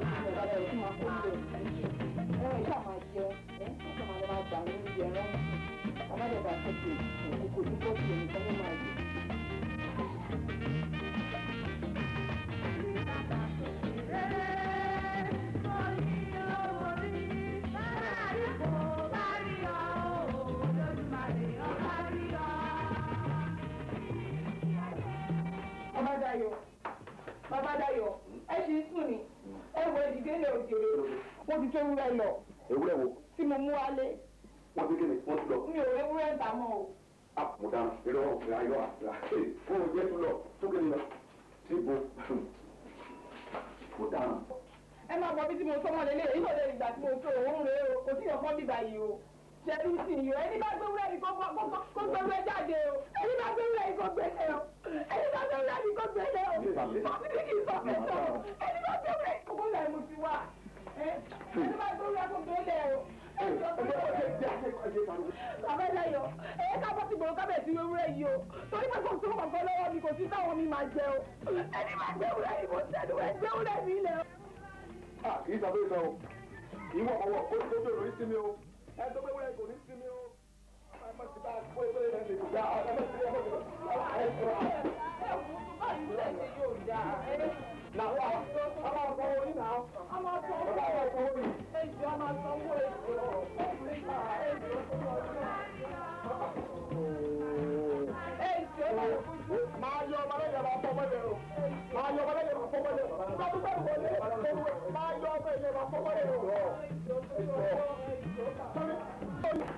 ìṣòro Babadayo, Babadayo, ẹ ṣe sùn ni ìwé ìdílé ilẹ̀ òkèèrè wọ́n ti tó ewúrẹ́ lọ. ewúrẹ́ wo. tí mo mú wálé. wọ́n ti kéde wọ́n ti lọ. mi ò ewúrẹ́ ta mọ́ o. a kò dáná eré wọn fìlà yọ àfìlà kó o jẹ́ tó lọ tó kéde lọ sí ibo kó dáná. ẹ máa bọ bí tí mo sọmọ lélẹ̀ yìí lọ́dẹ̀ ìgbà tí mo tó òun rèé o kò sí ìyọ̀kọ́ bíbá yìí o ṣẹbi ìsìn yìí ẹni bá ọ̀gọ́ lọ́wọ́ mi kò sí táwọn mi máa jẹ o. Ẹni máa gbé wúrẹ́ yìí kò sẹ́nu gbé wúrẹ́ mi lẹ. Kì í sàbẹ̀ sọ o, kì ọwọ́ kó tó bẹ̀rù sí mi o ẹgbẹ́ wẹ́wẹ́ kò ní sinmi o ẹ má ti bá a kó ẹgbẹ́ rẹ̀ lè gbà ẹ má ti ẹ má ti ẹ má ti. Nàwa a máa sọ orí náà. A máa sọ orí. A máa sọ orí. Èjì a máa sọ owó èjì. Èjì a máa sọ orí máa yọ ọmọlẹ́yìn máa fọwọ́ lẹ̀ o máa yọ ọmọlẹ́yìn máa fọwọ́ lẹ̀ o gbàdúgbàdù wọlé ẹ̀rọ máa yọ ọmọlẹ́yìn máa fọwọ́ lẹ̀ o. sọ́ni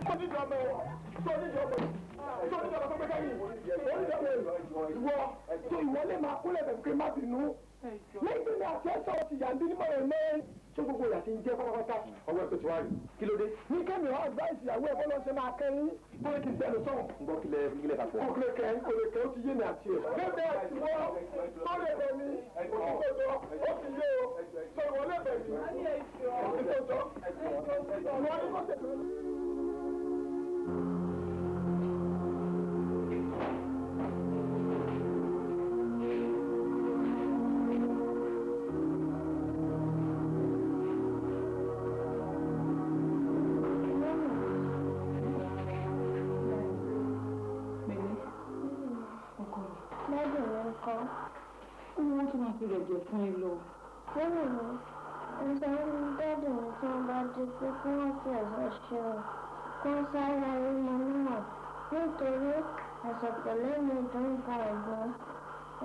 sọ́nìjọba sọ́nìjọba sọ́nìjọba kí n má bínú lẹ́yìn tí mi àti ẹ̀ṣọ́ ti yàndínlẹ́mọ̀ rẹ̀ mẹ́rin ṣé gbogbo ìyá ti ń jẹ́ pátápátá ọwọ́ ẹ̀ tó ti rí. kí ló dé. ní kẹ́mi ọ advice ìyàwó ẹ̀ bọ́lá ṣe máa kẹ́yìn tó lè ti sẹ́nu sọ̀rọ̀. n bọ kílẹ̀ kílẹ̀ kà fún ọ. kẹ́ kílẹ̀ kẹ́ ó ti yé mi àti ẹ̀. bẹ́ẹ̀ bẹ́ẹ̀ tó lè bẹ̀ mí òtítọ́jọ́ ó ti yé o sọ̀rọ̀ lè bẹ̀ mí òtítọ́jọ́ gbúdọ̀ jẹ́ fún ẹ lọ. lẹ́yìn mi mo sọ fún dáàdì mi tí wọ́n bá di pé kí wọ́n fi ẹ̀sọ́ ṣe o kó sáré ayé mi níwọ̀n nítorí àṣà pẹ̀lẹ́ mi tó ń ba ẹ̀gbọ́n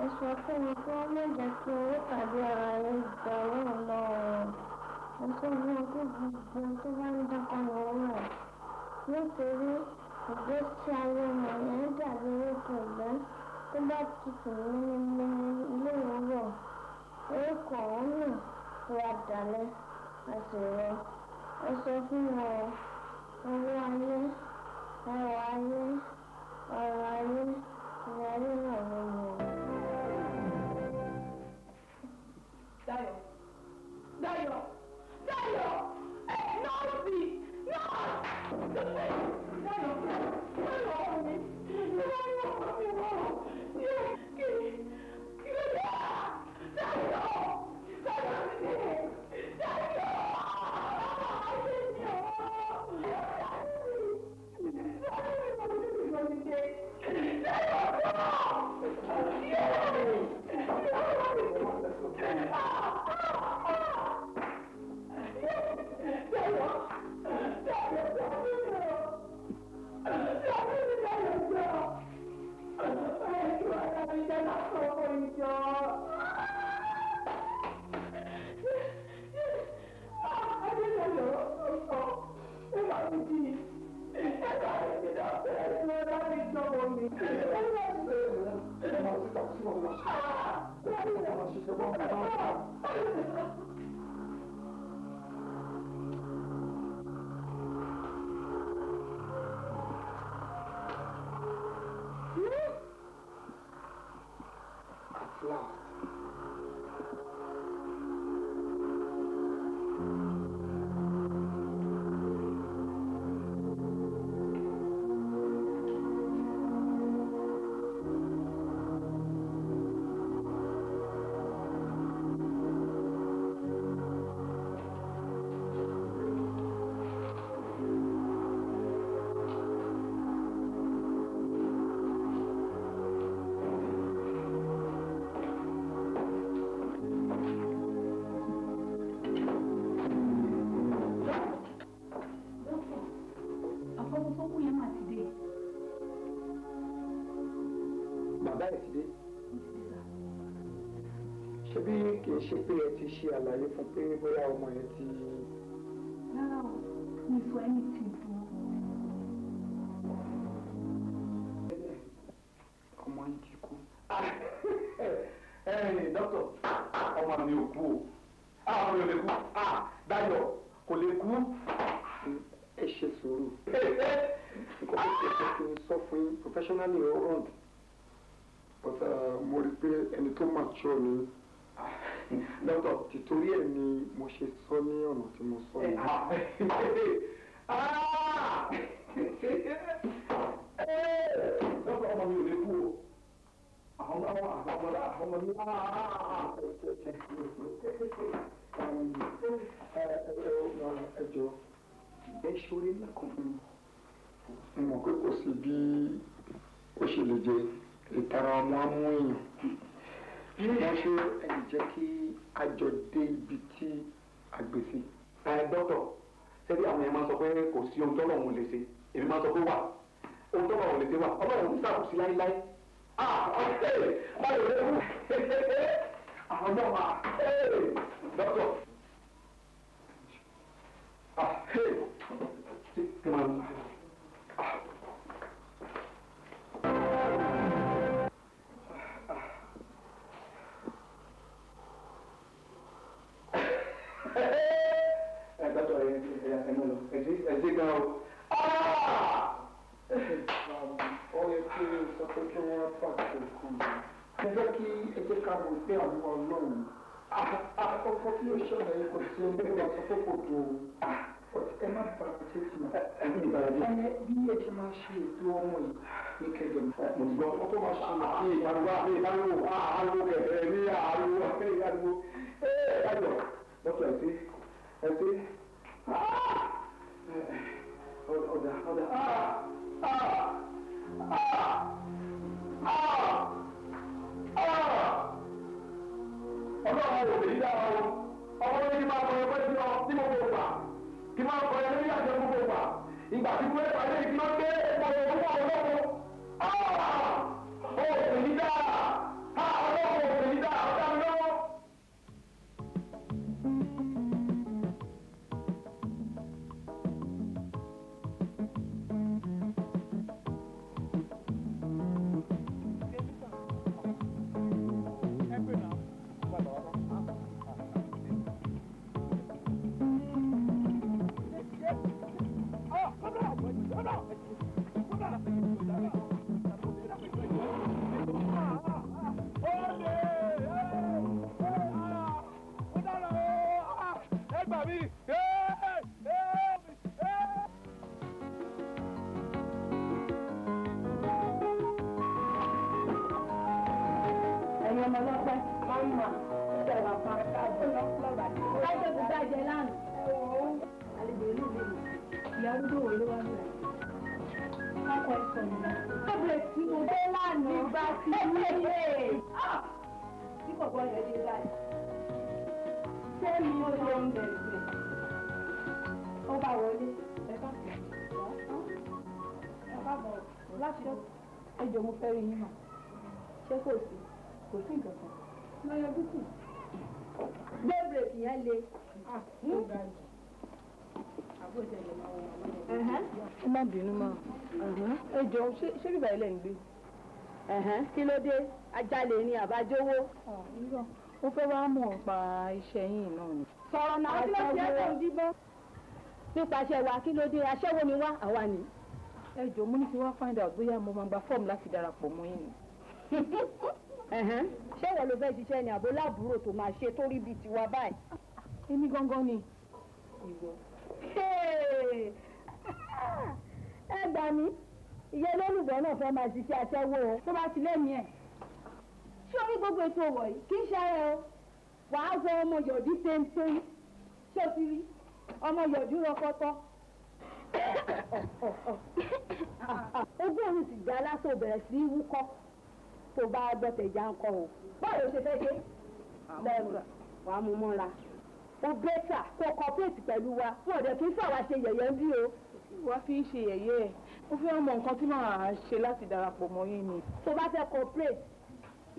ẹ sọ fún mi kí wọ́n má jẹ́ kí owó tàbí ara rẹ̀ gbà wọ́n lọ́wọ́ ẹ sọ fún mi kí gbogbo tó bá ń dákọ̀ ní owó rẹ̀ nítorí ìgbésí ayé mọ̀lẹ́ dàbí ojú ọ̀gbẹ́ tó bá tutù nínú ilé ìwúrọ̀. ìrẹsì rẹ ó sọ fún wọn owó ayé ọrọ̀ ayé ọrọ̀ ayé ọrọ̀ ayé náà ló mọ̀. ṣe pé ẹ ti ṣe àlàyé fún pé bóyá ọmọ yẹn ti mo ṣe sọ ní ọ̀nà tí mo sọ yìí. ọmọ mi ò lè kú o àwọn ọmọ àgbàmọ́lá àwọn ọmọ mi á ẹjọ́ ẹ ṣorí lẹ́kọ̀ọ́ mi mọ̀ pé kò sí bí ó ṣe lè jẹ ìtara ọmọ amú èèyàn wọ́n ṣe ẹ̀jẹ̀ kí a jọ dé ibi tí àgbèsí. ẹ dọ́tọ̀ ṣebí àwọn yẹn máa sọ pé kò sí ohun tọ́lọ̀ òun lè ṣe èmi máa sọ pé wà ohun tọ́lọ̀ òun lè ṣe wà ọlọ́run ń sàkóso láéláé. àwọn ọmọ dọ́tọ̀ yẹn o. ó yẹ kí o sọ pé kí wọ́n pàṣẹ kan mo fẹ́ kí ẹ jẹ́ ká mọ̀ pé àwọn ọlọ́run àkọ́kọ́ tí ó ṣẹlẹ̀ yìí kò sí ẹgbẹ́ wa sọ pé kò tó o ẹ má bà á ṣe tì mà ẹ bí ẹ ti máa ṣe ètò ọmọ yìí ní kẹjọ mi. mo gbọ́ ọ tó máa ṣe ní ìyàrá ní ìyàrá àárò kẹfẹ ní àárò ìyàrá ẹ ẹ ẹ lọ lọ́sọ̀ ẹ sí ẹ sí ọ̀dà ọ̀dà ọlọ́run ò lè dára o ọmọ yẹn ti máa kọ ẹgbẹ́ sí ọ tí mo kò kí máa kọ ẹgbẹ́ sí àjọ gbogbo gbà ìgbà tí mo ẹgbà lè kí gbé ẹgbà lè wọ́n ọlọ́run ọ̀hún ò lè dára ọlọ́run ò lè dára ọ̀dà mi náà. jẹ lánàá. ẹ wọ o àlejò inú mi lò ìyá arúgbó wo ló wá ń rà ọkọ ẹsọ mi. kábíyè tí mo dé lánàá. nígbà tí mo dé. tí bọ̀bọ̀ yẹn dé báyìí. ṣé mi mo lọ ń bẹ̀rẹ̀ bẹ̀rẹ̀? ó bá wọlé ẹ bá bọ̀ ẹ bá bọ̀ láti ẹ jọ mo fẹ́ rí yín mọ̀ ṣé kò sí kò sí nǹkan kan. lọ́yọ̀ dúkù. gbé bèrèkì yẹn le ẹ má bínú mọ́ ẹ jọ̀ọ́ ṣé bíbá ilẹ̀ ń gbé. kí ló dé ajálẹ̀ ni àbájọ́wọ́. ó fẹ́ wá mọ̀ pa iṣẹ́ yín náà ni. sọ̀rọ̀ náà kí ló ti ẹ̀ tó ń díbọ́n. nípasẹ̀ wa kí ló dé aṣẹ́wó ni wá àwa ni. ẹ jọ̀ọ́ mo ní kí wá find out bóyá mo máa gba fọ́ọ̀mù láti darapọ̀ mọ́ yín ni ṣé wọ́n ló fẹ́ ṣiṣẹ́ ni àbó láàbúrò tó máa ṣe tó rí bíi tiwa báyìí èmi gangan ni ìwọ. Ah! ẹ gbà mí ìyá olólùbọ̀ náà fẹ́ máa ṣiṣẹ́ aṣẹ́wó o tó bá ti lẹ́mìí ẹ̀. ṣé orí gbogbo ètò ọ̀wọ̀ yìí kì í ṣe o wàá wọ ọmọ yọ̀dí téńté ṣé o ti rí ọmọ yọ̀dí rọpọtọ. ogún òun sì já lásán ò bẹ̀rẹ̀ sí í wúkọ́ tó bá gbọ́tẹ̀ já ń kọ́ o báwo ló ṣe fẹ́ ṣe lẹ́rù wàá mú mọ́ra ó bẹ́tà kó cooperate pẹ̀lú wa wọn ò dẹ̀ kí n fà wá ṣe yẹ̀yẹ́ bí o. wá fi ń ṣe yẹ̀yẹ́ ẹ̀ ó fẹ́ mọ nǹkan tí màá ṣe láti darapọ̀ mọ́ yín ni. tó bá fẹ́ cooperate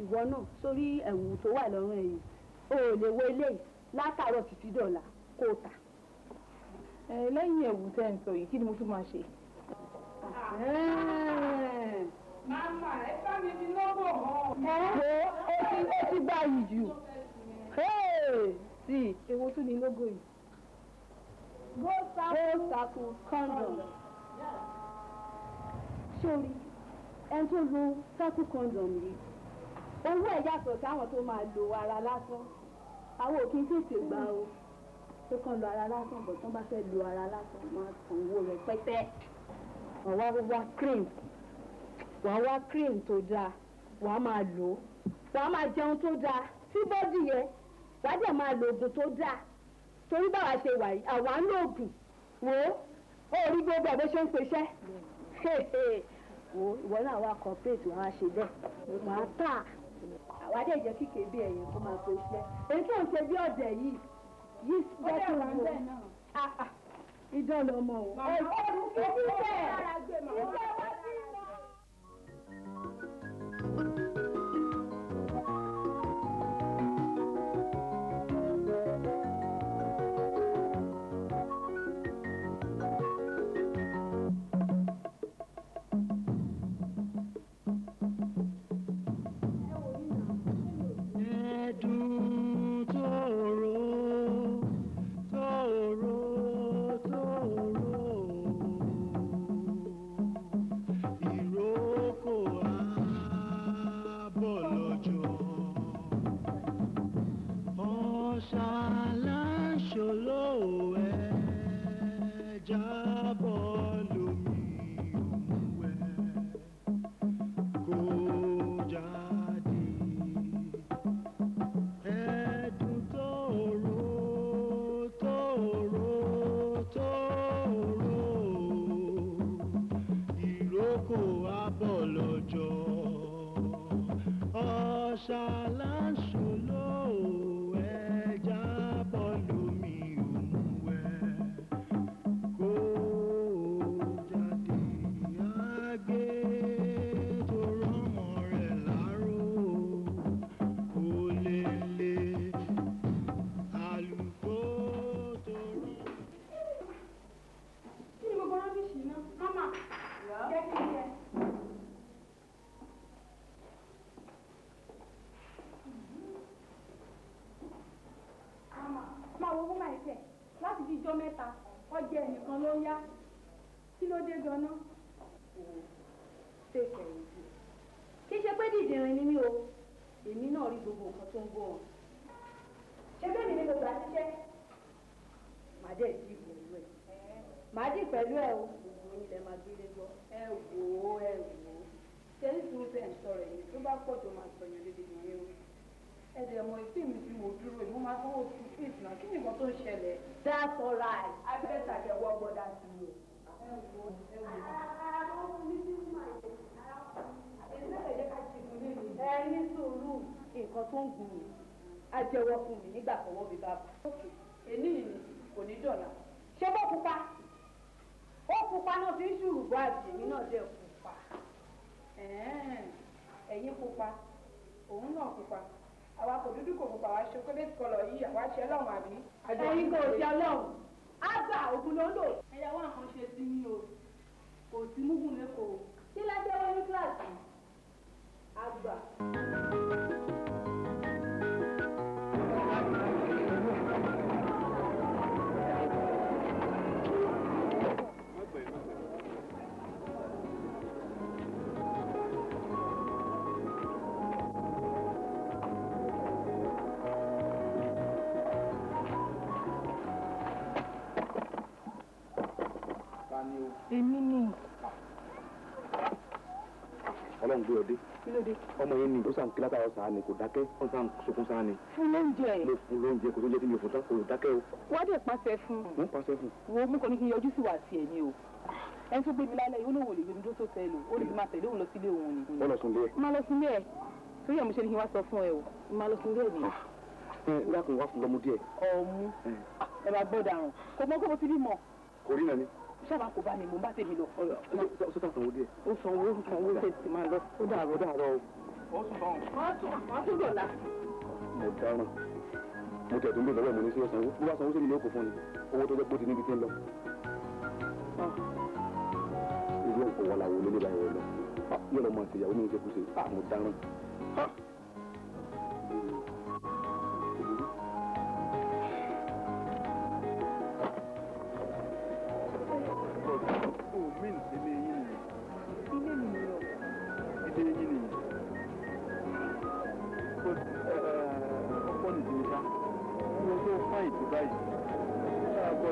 ìwọ náà sórí ẹ̀wù tó wà lọ́rùn ẹ̀yìn o ò lè wo eléyìí látàárọ̀ títí dọ̀la kó o tà. ẹ lẹ́yìn ẹ̀wù tẹ́ ń sọ yìí kí ni mo tún máa ṣe. màmá ẹ bá mi fi lọ́gbọ̀n hàn. ẹ ó ti gbáyìí jù sí. èwo tún ni lógo yìí. gold circle condom. sórí ẹni tó lo circle condom yìí owó ẹ̀ yàtọ̀ sáwọn tó máa lo ara lásán àwọn òkè tètè gbà o tó kàn lo ara lásán bọ̀ tó bá fẹ́ lo ara lásán máa san owó rẹpẹtẹ. wàá wá cream wàá wá cream tó dáa wàá máa lò ó wàá máa jẹun tó dáa sí bọ́dì yẹn wádìí máa lo oògùn tó dáa torí báwa ṣe wà yìí àwa ń lo oògùn wò ó rí gbogbo ẹ̀ bó ṣe ń peṣẹ́ wò ìwọ náà wá kọ́pẹ́ẹ̀tì wàá ṣe bẹ́ẹ̀ wàá tà àwa dẹ̀ jẹ́ kíkè bí ẹ̀yìn kó máa peṣẹ́ èyí tó ń ṣe bí ọ̀dẹ̀ yìí yìí bẹ́ẹ̀ tó wù ó ah, ah. lọmọ o. àwọn oṣù fíìsì náà kí ni nǹkan tó ń ṣẹlẹ̀. that's all right abẹ́rẹ́ta jẹ́ wọ́gbọ́n dá sí i o. ẹ ní sùúrù nǹkan tó ń gùn mí á jẹ́wọ́ fún mi nígbà tọwọ́ mi bá bọ̀. èní yìí kò ní dọ̀là ṣé bó pupa ó pupa náà fi ń ṣùrù bọ́ àjẹ́ mi náà dẹ̀ pupa ẹ̀yin pupa òun náà pupa àwa kò dúdú kò pupa àwa ṣe kébé kọlọ yìí àwa ṣe ọlọ́run àbí. ẹyin kò ṣe ọlọ́run ágbà ògùn ló ń lò. ẹyà wọn kan ṣe sí mi o kò sí múgùn lẹkọọ kí lẹjẹ wọn ní kíláàsì àgbà. kékeré ni ó sàn kílá táwọn sàn ni kò dákẹ́ ó sàn sunkún sàn ni. fún lóúnjẹ. mo fún lóúnjẹ kò tó jẹ́ tí mi ò fún tán kò dákẹ́ o. wọ́n dẹ̀ pàṣẹ fún. mo ń pàṣẹ fún. wo mú kàn ní kí n yọjú sí wàásù ẹ̀ ni o ẹni tó gbé mi lálẹ́ yìí ó lóun ò lè yọjú tó tó tẹ́lẹ̀ ó lè máa tẹ̀lé òun lọ sílé òun ni. má lọ sunlé ẹ. má lọ sunlé ẹ torí àmúṣe ni kí n wá sọ fún ẹ o má lọ sunlé ẹ nìyẹn. ẹ ẹ lákùn wá fún lọmú díẹ̀. ọmú ẹ bá gbọ́dọ̀ kò mọ kò rí nàní kò bá ní mo bá tèmi lọ. ó sanwó díẹ̀. ó sanwó sanwó tètè máa lọ. ó dàrọ ó dàrọ o ó sùn bọ́ọ̀n. wọ́n tún lò la. mo dáràn mo tẹ̀ tó ń bè lọ́wọ́ mo ní sí ọ̀sán owó bí wàá sanwó sí mi ní òkú fún ni owó tó jẹ́ pé ó ti níbi tí ń lọ. irú òǹkọ̀ wà láwo ló lè bá ẹ̀rọ lọ yóò lọ mọ àti ìyàwó mi ń ṣekúṣe ah, mo dáràn. Ah! mi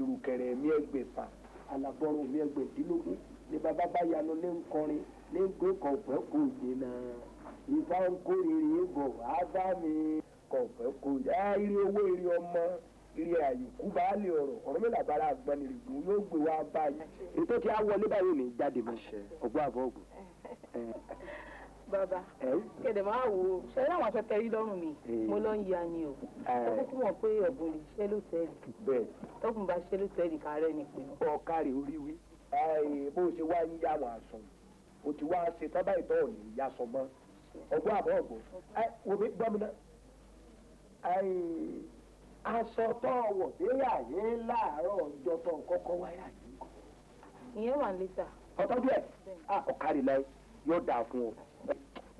ìrùkẹ̀rẹ̀ mi ẹgbẹ̀fà alàbọ̀rùn mi ẹgbẹ̀dínlógún ni bàbá ah, bá ya lọ lé nkọrin lé nkó kọ̀ọ̀fẹ́ kò dènà ìfà ńkórìírí bọ̀ wá mi kọ̀ọ̀fẹ́ kò owó ọmọ ọ̀rọ̀ ọ̀rọ̀ mélòó yóò gbé ètò wọlé báyìí ní jáde bàbá kéde máa wò ó ṣe láwọn aṣọ tẹrí lọ́rùn mi eh. mo lọ ń ya ni o tọkùnkùn eh. mọ̀ pé ọ̀bùn lè ṣẹ́ ló tọkùn bá ṣẹ́ ló tẹ́lì ni pé. ọ̀kárẹ̀ orí wí eh, bó ṣe wá ń yá wàá sùn o ti wá ṣe tábà ìtọ́ ò ní yá sọ mọ́ ọgbọ́n àbọ̀ ọ̀gbọ́n wò mí aṣọ tó wọ̀ déyà yé láàárọ̀ ọjọ́ tó kọ́kọ́ wáyà yìí. ìyẹn wà ń lé sà. ọtọ́jú ẹ̀ ah, ọ̀kárẹ̀ yóò dáa fún ọ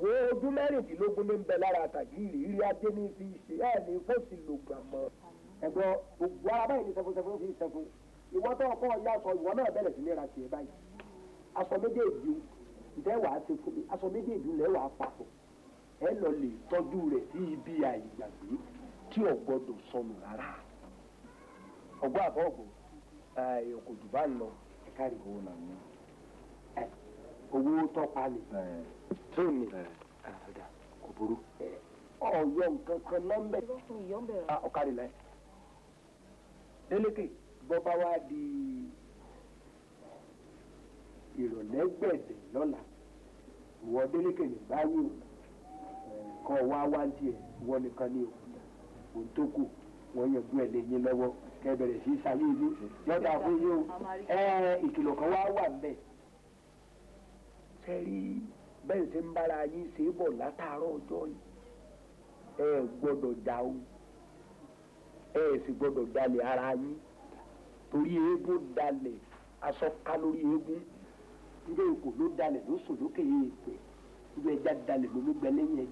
wo ojú mẹ́rìndínlógún ní ń bẹ lára tàgíìrì rí adé ní fi ṣe ẹ̀ ní fọ́ọ̀sì lògbà mọ́. ẹ̀gbọ́n gbogbo ara báyìí ní sẹfúnsẹfún fi sẹfún ìwọ tó ọkọ ọyá aṣọ ìwọ náà bẹ̀rẹ̀ sí ní ra tiẹ̀ báyìí aṣọ méjèèjì ǹjẹ́ wàá ti fún mi aṣọ méjèèjì lẹ́ wàá papọ̀ ẹ lọ lè tọ́jú rẹ̀ sí ibi àìgbàgbé tí ò gbọdọ̀ sọnù rárá ọgbọ́n àbọ̀ ọ̀gbọ̀n owó tọ́pa ni tó ni kò burú ọ̀yọ́ nǹkan kan nọ́mbẹ̀ ọ̀kadì láì délékè bọ́ba wa di ìrọ̀lẹ́ gbẹ̀dẹ̀ lọ́la ìwọ délékè ní báyìí kan wá wá tiẹ̀ wọ́n nìkan ní òkúta òun tó kù wọ́n yanjú ẹ̀ lẹ́yìn lọ́wọ́ kẹ́ bẹ̀rẹ̀ sí sáyé ilé yọ̀dà fún yín o ìkìlọ̀ kan wá wà ń bẹ̀. ṣe rí bẹ́ẹ̀ ṣe ń bára yín ṣe é bọ̀ látàárọ̀ ọjọ́ yìí ẹ gbọ́dọ̀ dà o ẹ sì gbọ́dọ̀ dalẹ̀ ara yín torí eégún dalẹ̀ aṣọ ká lórí eégún níjẹ́ èkó ló dalẹ̀ ló sùn lókè ẹja dalẹ̀ ló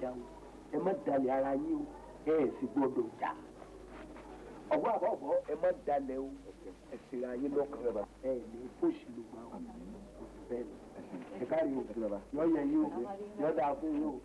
o ẹ má ara yín o ẹ sì gbọ́dọ̀ ọ̀bọ̀ àbọ̀bọ̀ ẹ má dalẹ̀ o ẹ sì ra yín lọ́kàn ẹ ní fòṣì ló máa 自己用知道吧，要也有，要打不用。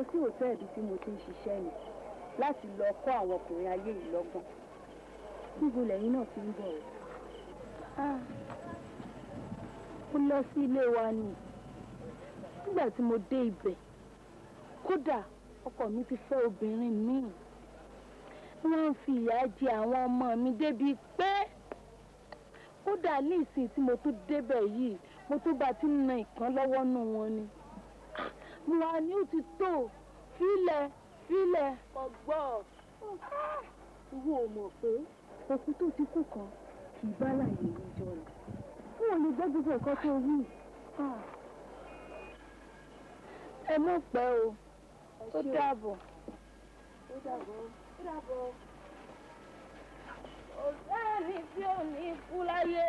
lọ sí òtẹ́ẹ̀lì tí mo ti ń ṣiṣẹ́ ni láti lọ kọ́ àwọn ọkùnrin ayé yìí lọ́gbọ́n níbo lẹ́yìn náà ti ń bọ̀ ọ́. Ah, mo lọ sí ilé wa ni nígbà tí mo dé ibẹ̀ kódà ọkọ mi ti fẹ́ obìnrin míì wọ́n ń fi ìyà jẹ àwọn ọmọ mi débi pé kódà ní ìsìn tí mo tún débẹ̀ yìí mo tún bá ti ń na ìkan lọ́wọ́ nù wọn ni fúnra ni ó ti tó filẹ̀ filẹ̀ ọgbọ́ ìwọ ò mọ̀ pé òkú tó ti kú kan kì í bá láàyè ìjọ rẹ̀ wọn ò lè gbọ́ gbogbo nǹkan tó wí. ẹ mọ̀ pẹ́ o ó dàbọ̀. ó dàbọ̀ ó dàbọ̀ ọ̀sẹ́ mi tí ò ní kú láyé.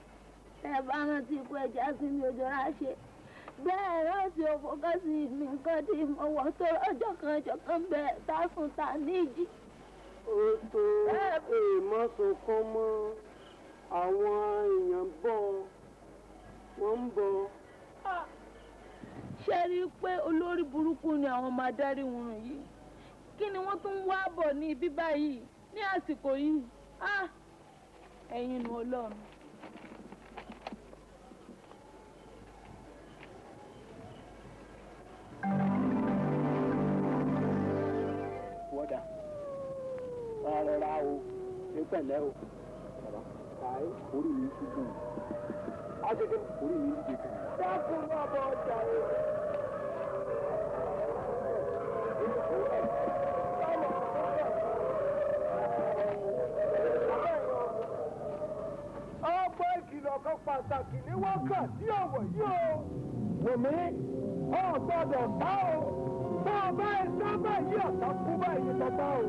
ẹ bá rántí ikú ẹja sí mi òjò ráṣẹ bẹ́ẹ̀ rántí òfókọ́ sí mi nǹkan tí mo wọ̀ tó ọjọ́ kan ṣọ̀kan bẹ́ẹ̀ tá fún ta níjì. ó tó èèmọ̀ sọ̀kan mọ́ àwọn èèyàn bọ̀ wọ́n ń bọ̀. ṣé rí i pé olórí burúkú ni àwọn ọmọ adarí wọn yìí kí ni wọ́n tún wá bọ̀ ní ibi báyìí ní àsìkò yìí ah, ẹ̀yin nu ọlọ́run. wọ́dà rárá o ní o báyìí orí mi ti dùn agége orí mi ti dùn. dákun náà bọ̀ ọjà rẹ̀. ọgbọ́n ìkìlọ̀ kan pàtàkì ní wákàtí ọ̀wọ̀ yìí o. wòmí ọ gbọ́dọ̀ bá o bá a bá ẹ sábà yí ọ̀tá kú báyìí ní tọ́gbà o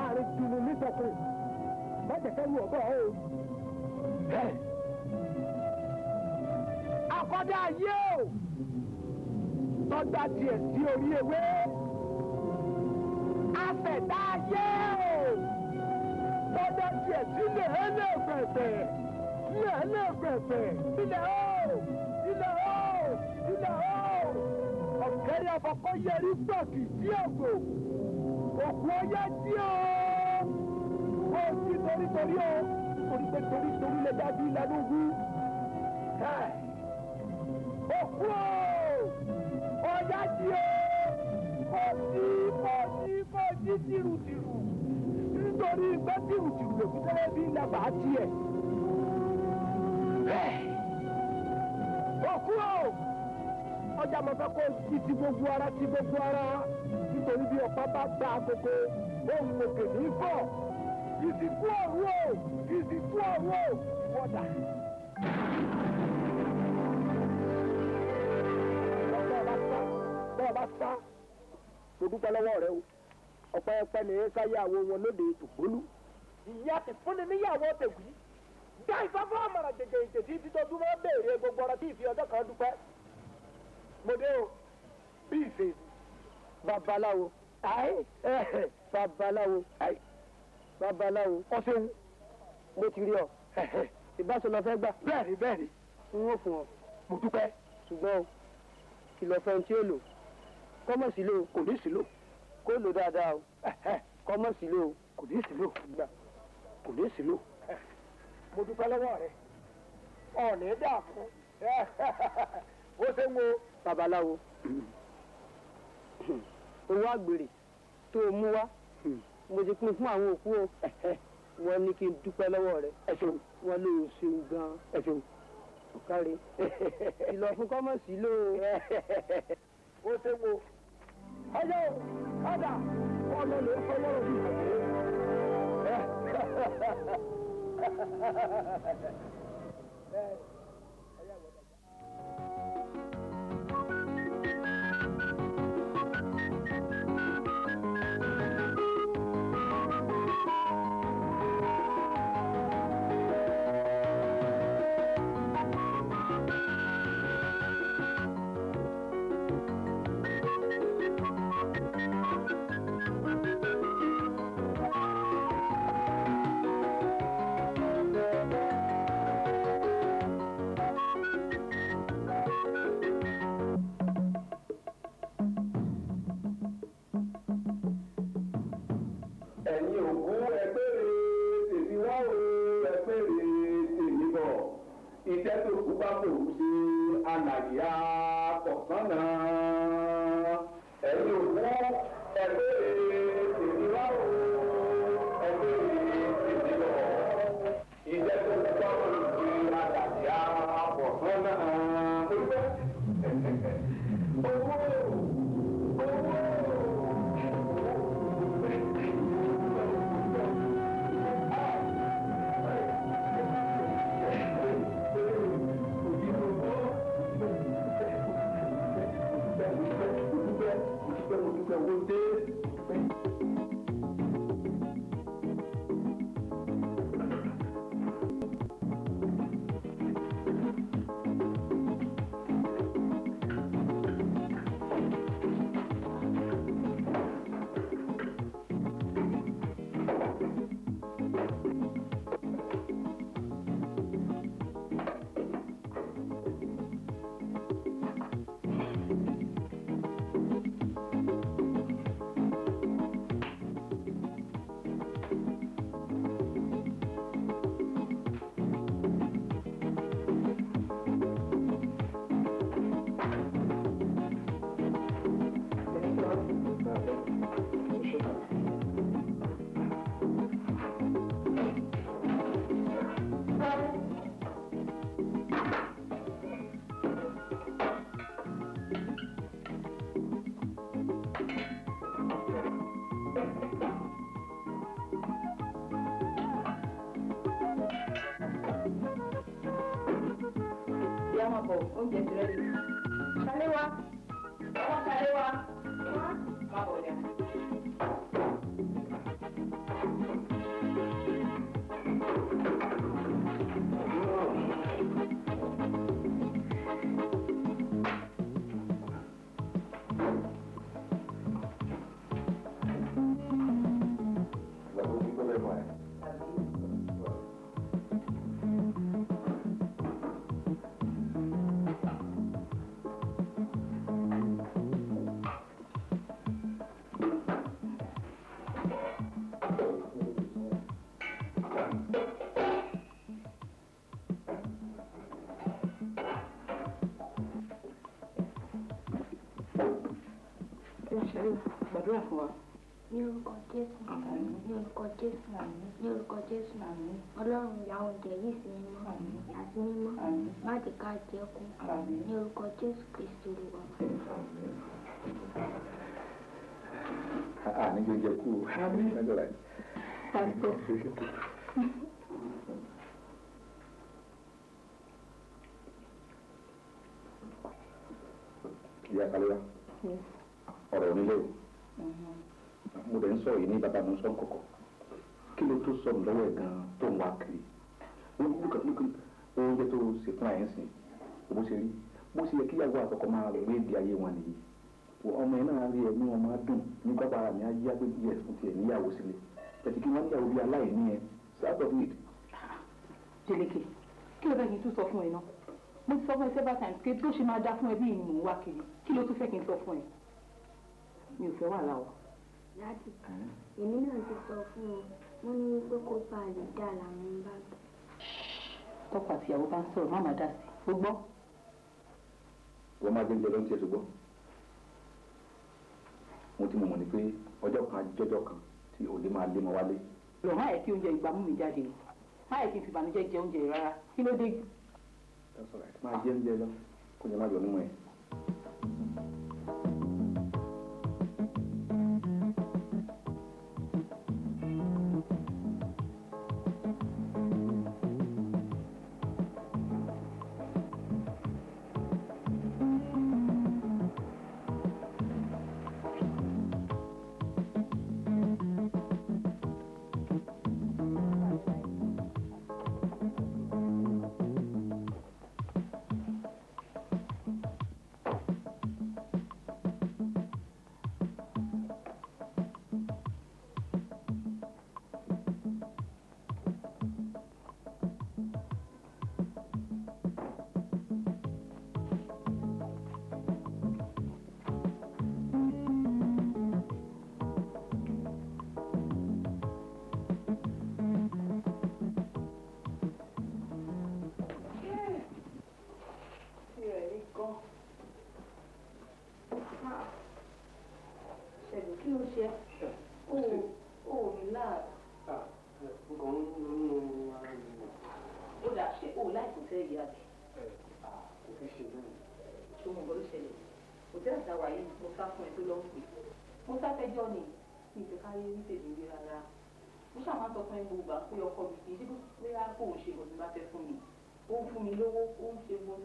ààrẹ tìlù ní tọkùn bàjẹ́kẹ́ lu ọ̀bọ̀ o. àkọ́dá ayé o tọ́jà tiẹ̀ sí orí ewé àfẹ̀dá ayé o tọ́jà tiẹ̀ sílẹ̀ ẹlẹ́gbẹ̀gbẹ̀ sílẹ̀ ẹlẹ́gbẹ̀gbẹ̀ sílẹ̀ o. kẹrì àfọkọ́ yẹrí gbọ̀kì tí ègbò òkú ọyá tí ó ó ti torítorí ó torí pé torítorí lè dájú ìlànà ogun káì òkú ó ọyá tí ó kò sí kò sí kò sí tìrùtìrù nítorí pé tìrùtìrù lòkú tẹ́lẹ̀ bí ìlàgbà tiẹ̀ òkú ó ọjà mo fẹ́ kó sí ti gbogbo ara ti gbogbo ara nítorí bí ọ̀pá bá gba àkókò ohun òkè ní bọ̀ ìsìnkú ọ̀rú o ìsìnkú ọ̀rú o wọ̀dà. bọ́ọ̀ bá sá mo dúpẹ́ lọ́wọ́ rẹ o ọ̀pẹ́yẹpẹ́ ni ẹ sáyàwó wọn lóde tògbólú. ìyá ti fúnni níyàwó tèwí dá ìfáfọ́ àmàrà jẹjẹrẹ ìjẹsí títọ́jú máa ń béèrè gbogbo ọ̀rọ̀ tí ìfi ọjọ́ kan dúpẹ́ mo dé bí ìfẹ́ babaláwo babaláwo babaláwo ọ̀sẹ̀wù mo ti rí ọ ìbáṣọ fẹ́ gbà. bẹ́ẹ̀ni bẹ́ẹ̀ni n ó fún ọ. mo dúpẹ́. ṣùgbọ́n kìlọ̀ fẹ́ tí ó lò kọ́mọ̀ lò kò ní sí kó lò dáadáa o kọ́mọ̀ lò kò ní sí kò ní sí mo dúpẹ́ lọ́wọ́ rẹ ọ̀nì dà fún ó ṣe ń wo babaláwo owó àgbèrè tó o mú wá mo ti pín fún àwọn òkú o wọ́n ní kí n dúpẹ́ lọ́wọ́ rẹ wọ́n lè o ṣeun gan-an ọ̀kárí ìlọ fún kọ́mọ̀sí ló o ṣe wo ọjọ́ ọ̀dà ọmọ ló ń fọwọ́ òbí ẹ̀. gbàdúrà fún wa. ní orúkọ jésù àmín ní orúkọ jésù àmín ní orúkọ jésù àmín ọlọ́run ya oúnjẹ yìí sí mímọ́ àmín àti mímọ́ àmín má jẹ́ ká jẹ kú àmín ní orúkọ jésù kristu olúwa. àní yóò jẹ kú àmín pásítọ̀. ìyá kalẹ́ wa ọ̀rọ̀ onílé o mo dẹ̀ ń sọ yìí ní bàbá mi sọ kọ̀kọ̀ kí ló tó sọnù lọ́wọ́ ẹ̀ gan tó ń wá kiri oúnjẹ tó ṣe fún àyẹ̀sìn bó ṣe rí bó ṣe yẹ kíyàwó àtọkọ máa rí èdè ayé wọn nìyí ọmọ yẹn náà rí ẹnu wọn máa dùn ní bàbá mi á yá pé díẹ̀ fún tiẹ̀ níyàwó sílẹ̀ tẹ̀sí kí wọ́n níyàwó bí aláìní ẹ south of need. jèlèkè kí ló fẹ́ kí n tún sọ fún ẹ náà mo ti sọ fún ẹ several times pé bí ṣe máa dá fún ẹ bí ìmọ̀ wá kí ló tún fẹ́ kí n sọ fún ẹ mi ò fẹ́ wàhálà o dádì èmi náà ti sọ fún wọn wọn ní pé kó bá a lè dá làwọn ń bá bẹ. tọkọ àti ìyàwó bá ń sọ̀rọ̀ má má dá sí i ó gbọ́. wọ́n máa gbé ń jẹ lóúnjẹ tó gbọ́. mo ti mọ̀ mọ̀ ni pé ọjọ́ kan jọjọ́ kan tí òde máa lé mọ wálé. lọ má yẹ kí oúnjẹ ìgbà mú mi jáde má yẹ kí n fi ìbànújẹ́ jẹ oúnjẹ rárá kí ló dé. máa jẹ oúnjẹ lọ kó jẹ má jọ nínú ẹ.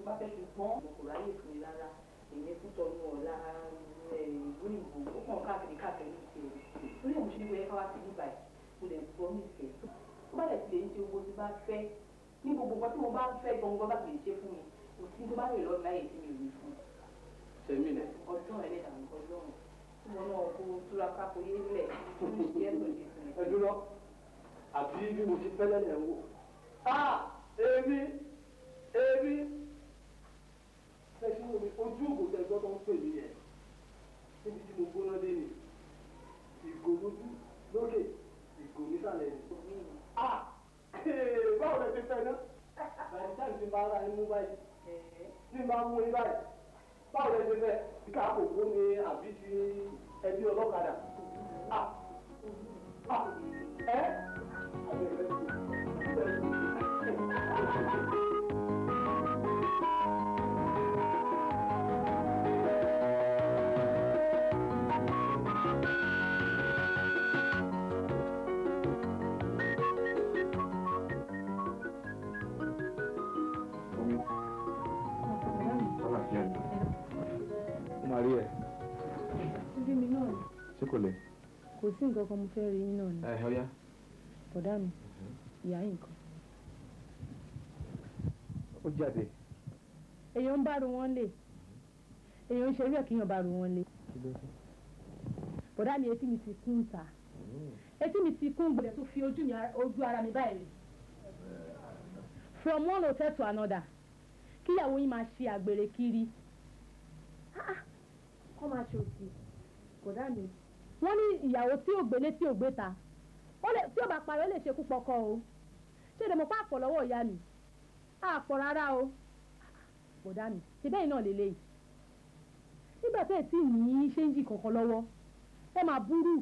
bá fẹ́ fi pọ́n mo kò ráyè fún mi rárá èmi kú tọnu ọ̀la gbóyìnbó ó kàn káàkiri káàkiri ní ìṣe rẹ̀ torí òun ṣe ní wẹ́ẹ́ káwá sí níbàyí mo lè gbọ́ ní ìfẹ́ tó bá lẹ̀ ti lè ń ṣe owó tí bá fẹ́ ní gbogbo nǹkan tí mo bá ń fẹ́ gbọ̀ngàn bá ti lè ṣe fún mi kò sí tó bá lè lọ́ọ́ láyè tí mi ò ní fún un. tèmi nẹ. ọdún ẹlẹ́dàá nǹkan lọ́rùn tí wọn náà kó túraká ah èmi èmi tẹ̀sí wo mi ojú òkò tẹ̀gbọ́ tó ń pè mí yẹn níbi tí mo gbóná dé ni ìgò lójú lókè ìgò nísàlẹ̀ ni. báwo lẹ ti fẹ́ ná bàtí táyì ti bá ara nínú báyìí tí n bá mú ní báyìí báwo lẹ ti fẹ́ kíkà àkókò ni àbí ti ẹbí ọlọ́kadà. ẹ ẹ. ṣé kò lẹ. kò sí nǹkan kan mo fẹ́ rí yín náà ẹ ọ̀ya. bọ̀dá mi mhm. ìyá nǹkan. ó jáde. èèyàn ń bárò wọn lè mhm. èèyàn ń ṣe eré kíyàn bárò wọn lè. bọ̀dá mi etí mi ti kún ta mhm. etí mi ti kún gbọ̀dẹ̀ tó fi ojú ara mi báyìí from one hotel to another kíyàwó yín máa ṣe àgbèrè kiri ah, ah. kọ́ máa ṣe òsì kò dá mi wọ́n ní ìyàwó tí ò gbélé tí ò gbé ta tí ò bá parí ó lè ṣekú pọkọ o ṣé èdè mo pa àpọ̀ lọ́wọ́ ìyá mi àpọ̀ rárá o bọ̀dá mi ṣe bẹ́ẹ̀ náà lélẹ́yìí nígbà tẹ́ ẹ̀ tí ní ṣéǹjì kankan lọ́wọ́ ẹ máa burú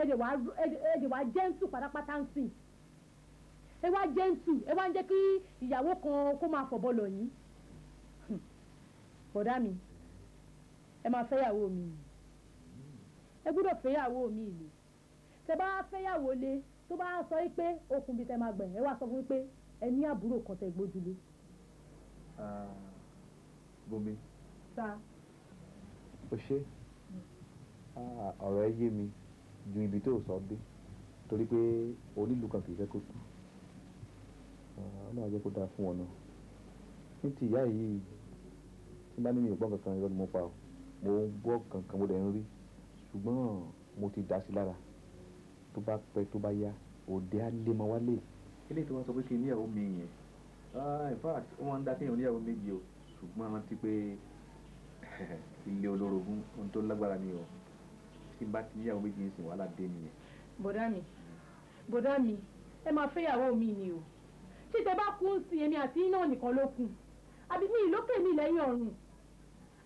ẹ̀dẹ̀ wá jẹ́ǹtù pátápátá ń sìn ẹ wá jẹ́ǹtù ẹ wá ń jẹ́ kí ìyàwó kan kó máa fọ̀bọ̀ lọ̀ yín bọ̀dá mi ẹ máa fẹ́yàwó mi yìí ẹ gbọ́dọ̀ fẹ́yàwó mi ni tẹ bá fẹ́yàwó lé tó bá sọ pé okùn bíi tẹ máa gbẹ̀yìn ẹ wá sọ fún mi pé ẹ ní àbúrò kan tẹ gbójúlé. Bùnmi. sa. o ṣe ọ̀rọ̀ ẹ yé mi ju ibi tó sọ dé torí pé onílù kan kì í fẹ́ kó kú ọlọ́run jẹ́ kó dáa fún ọ náà ní ti ìyá yìí tí bá ní mi ò gbọ́ kankan irọ́ ni mo pa ọ mo ń gbọ́ kankan mo dẹ̀ ń rí ṣùgbọ́n mo ti dá sí lára tó bá pẹ́ tó bá yá òde á lé mọ́ wálé. eléyìí tó wá sọ pé kí n níyàwó mi yẹn ah, in fact ó máa ń dá kéèyàn níyàwó méjì o ṣùgbọ́n àwọn ti pé ilé olórogún ohun tó lágbára ni o tí n bá ti níyàwó méjì ń sìn wàhálà dé nìyẹn. bọ̀dá mi bọ̀dá mi ẹ máa fẹ́yàwó mi ni o tí tẹ bá kú sí èmi àti iná nìkan ló kù àbí mi ìlókè mi lẹ́yìn ọ̀run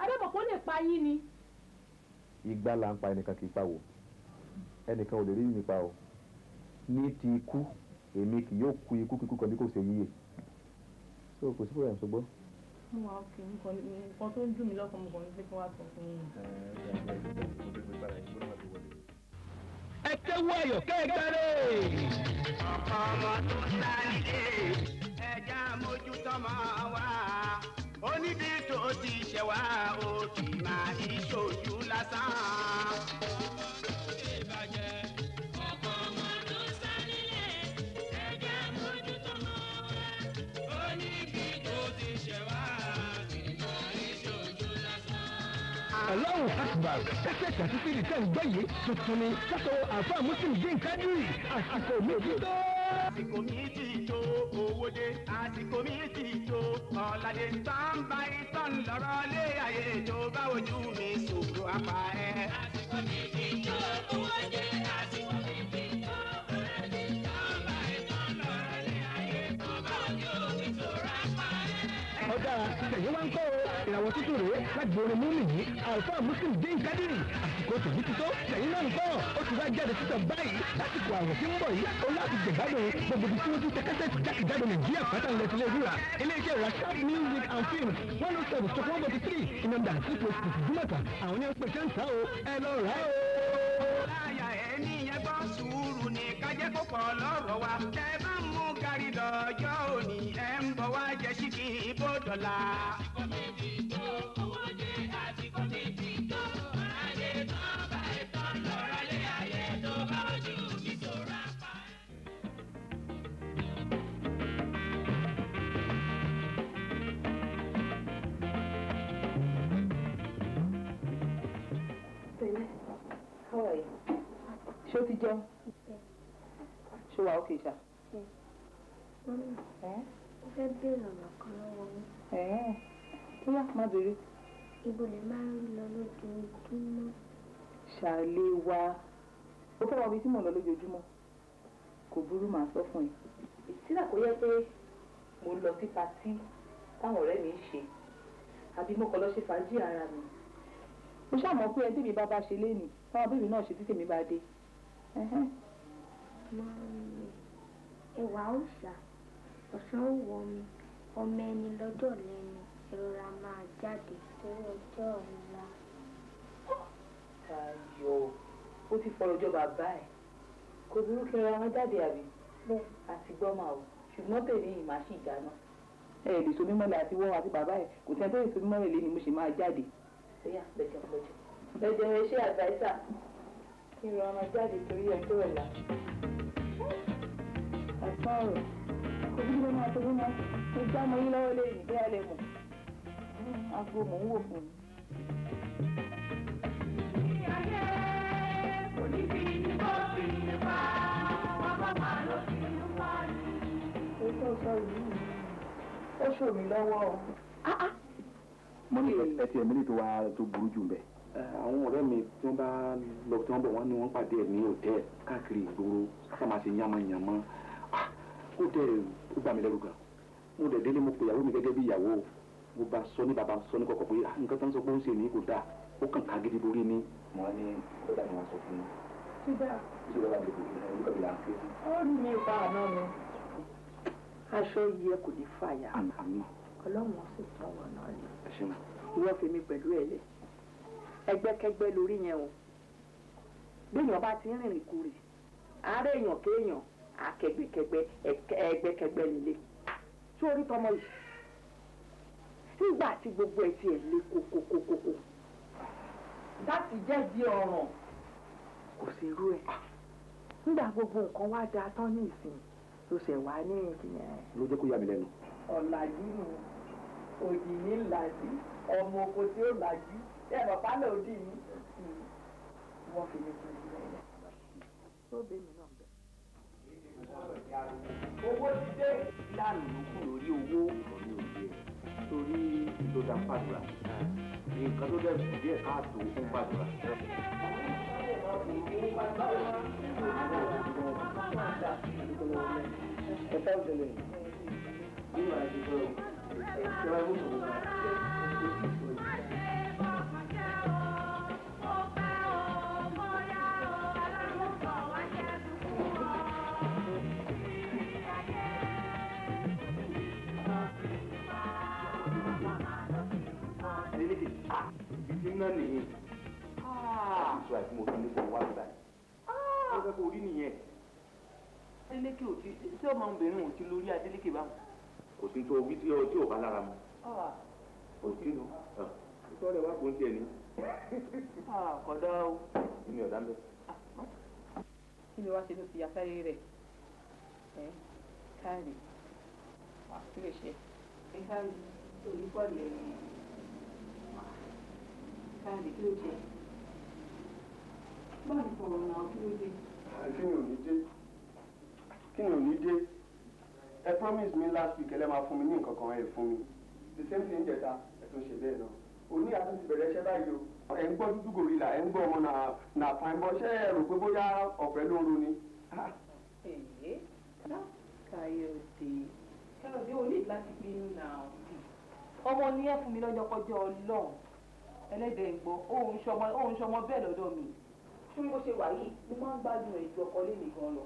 adébọ̀pọ̀ lè pa yín ni igbá la ń pa ẹnìkan kì í pa wò ẹnìkan ò lè rí mi pa o ní ti ikú èmi kì yóò kú ikú kíkú kan bí kò ṣe yíyè so kò sí fúra ẹ̀ ṣùgbọ́n. mo wà ókè nǹkan tó ń dùn mí lọ́kàn mo kàn ń pé kí wọ́n á sọ fún yín. ẹ kéwú ayọ̀ kẹ́gbẹ́rẹ́. ọkọ ọmọ tó sá nílé ẹja mójútó máa wá onídìí tó ti ṣẹ̀wá òkè. Allahu Akbar kẹsẹ̀tì àti sídìí tẹ̀ ń gbọ́ yìí tuntun ni látọwọ́ àfáà Muslim dín kádìrì àsìkò mi ti tó. àsìkò mi ti tó owó dé àsìkò mi ti tó ọ̀làdé sọ́ńbà ìtàn lọ́rọ́ lé ayé tó báwo ju mi ṣòro àpá ẹ̀. àsìkò mi ti tuntun rèé lágbóore múmi yìí àlùfáà muslim dín kádìrì àsìkò tòbí ti tó lẹ́yìn náà nǹkan ó ti wá jáde sísọ báyìí lásìkò àrùn tí ń bọ̀ yìí ó láti jẹ̀gbádùn gbogbo ibi tí wọ́n ti tẹ́kẹ́sẹ̀ jákèjádò nàìjíríà pátá ńlẹ̀ tilé rúra iléeṣẹ́ rashad music and films one oh seven stroke one forty three ìnàmdà sípò ìdúmọ̀tà àwọn yẹn ń pè sẹ́ńsà o ẹ lọ rà o. láyà ẹni yẹn gbọ́ sùúrù ní kájẹ́ kó pọ̀ wa tẹ́ bá mú gàrí lọ́jọ́ òní ẹ̀ ń bọ̀ wá jẹ́ síkì ìbò dọ̀la. ṣó ti jẹun ṣó wà ókè ṣá. mo fẹ́ béèrè ọ̀rọ̀ kan lọ́wọ́ mi. ó yá má béèrè. ibo lè máa ń lọ lójoojúmọ́. ṣàlẹ̀ wa ó fẹ́ wọ ibi tí mò ń lọ lójoojúmọ́ kò burú màá sọ fún ẹ. ìtura kò yẹ pé mo lọ sí patí táwọn ọ̀rẹ́ mi ń ṣe àbí mo kàn lọ ṣe fàájì ara mi. mo ṣáà mọ̀ pé ẹbí mi bá bá ṣe léènì táwọn bèbí náà ṣe títèmi bá dé Mọ́mí, ẹwà òòṣà, ọ̀sán ò wọ̀ mí, ọmọ ẹni lọ́jọ́ lẹ́nu, ìrora máa jáde torí ọjọ́ ọ̀la. Ayọ̀, ó ti fọ̀rọ̀ jọ bàbá ẹ̀. Kò burú kí ara wọn jáde àbí? Bẹ́ẹ̀. Àti gbọ́ máa wò, ṣùgbọ́n tèmi yìí máa ṣì dáná. Ẹ lè so mímọ́ mi àti wọ́n àti bàbá ẹ̀, kò sẹ́ni tó lè so mímọ́ mi lé ni mo ṣe máa jáde. Bóyá bẹ̀jẹ̀ bẹ̀jẹ̀. Bẹ̀jẹ̀ ẹ ṣe àdáìsà ìrọ̀ ọmọ jáde torí ẹjọ́ ọ̀la. ẹ̀fọ́ ọ̀rọ̀ kò bí ló máa torí mọ́ mo já mọ yín lọ́wọ́ lẹ́yìn bí alẹ́ mọ̀ aago mò ń wò fún mi. Ètò sọ yìí, ó ṣòmí lọ́wọ́ o. Ah, ah. Mo ní ẹsẹ̀ mi ní tó wá tó burú jù bẹ́ẹ̀ àwọn ọ̀rẹ́ mi tí wọ́n bá lọ tí wọ́n bọ̀ wọ́n ní wọ́n pàdé ẹ̀ ní hòtẹ́ẹ̀ káàkiri ìgboro sábà ṣe yánmọ́yánmọ́ kó ah, tẹ ó gbà mí lẹ́rù gan mo dẹ̀ délé mo pè ìyàwó mi gẹ́gẹ́ bí ìyàwó mo bá sọ ní bàbá sọ ní kọ̀kọ̀ pé ah, nǹkan tó ń sọ pé ó ń ṣe ní kò dáa ó kàn ká gidi borí ní. mo ní kódà ni wọn sọ fún mi. ti dá. ti dá bàbá ìgbìmọ̀ ìlú kọ̀bí là ń ké. ó ní ipa àná mi. aṣọ yìí ẹ kò ní fàyà. ọlọ́run ó sì tán wọn náà ni. ìwọ fi mi pẹ̀lú ẹ lẹ́yìn ẹgbẹ́kẹ́gbẹ́ lórí yẹn o béèyàn bá ti ń rìnrìn kurì àárẹ̀ èèyàn kéèyàn akẹgbẹ́kẹ́gbẹ́ ẹgbẹ́kẹ́gbẹ́ nílé sórí tọmọ yìí nígbà tí gbogbo ẹ ti ẹ̀ lé kókókókókó láti jẹ́ di ọ̀ràn kò sí irú ẹ̀ nígbà gbogbo nǹkan wá da tán ní ìsìn ló ṣẹ̀ wá ní ìkìyẹn. ló jẹ́ kó yà mí lẹ́nu. ọ̀làjú nù òdì ní làjú ọmọ oko tí ó làjú Ya, mọ̀ pálọ̀ òdì yìí wọ́n fi lè tó ìlú ẹ̀yẹ. tó bẹ́ẹ̀ náà bẹ̀. owó ti dé. láàánú ló kù lórí owó lórí òye torí ìtòjà ń pàdúrà nǹkan tó dẹ̀ kù díẹ̀ káàtó ń pàdúrà. Ẹ̀fọ́ ìṣẹ̀lẹ̀ iná nìyí ìtura ìfún òfin ní kò wá gbà ní. Ah. ó fẹ́ kó rí nìyẹn. adeleke ò ti ṣé ọmọ obìnrin ò ti lórí adeleke báwọn. kò sí tó wí tí ó tí ò bá lára mu. Ah. kò sí nù. títọ́ ah. rẹ̀ wá kó ń tiẹ̀ ní. kọ̀dọ̀ o. èmi ọ̀dà ń bẹ. kí ni wàá ṣe ló fi yàtàrí rẹ̀ ẹ̀ káàdì wàá kí lè ṣe. ẹ káàdì olùkọ́ ni ẹ̀yìn. Kádi küldje. Báyìí fọ̀rọ̀ náà küldje. Kí ni ò ní dé? Kí ni ò ní dé? Ẹ promise me last week ẹ lẹ́ máa fún mi ní nkankan kan fún mi. The same thing jẹta ẹ tún ṣe bẹ́ẹ̀ náà. Òní àtúntì bẹ̀rẹ̀ iṣẹ́ báyìí o. Ẹ ń gbọ́ dúdú gòrìlà, ẹ ń gbọ́ ọmọ náà náà fine bọ́. na ẹ rò pé bóyá ọ̀fẹ́ ló ń ro ni? Ah. Ẹ̀yẹ́ Káyọ̀dé Káyọ̀dé ò láti pinnu náà. Ọmọ ni ẹ fún mi lọ́jọ́ kọjọ́ Ọlọ́run. ẹlẹ́dẹ̀ ń gbọ́ òun ṣọmọ òun ṣọmọ bẹ́ẹ̀ lọ́dọ̀ mi. ṣé bó ṣe wà yìí mo máa ń gbádùn ẹ̀ ju ọkọ lèmi gan lọ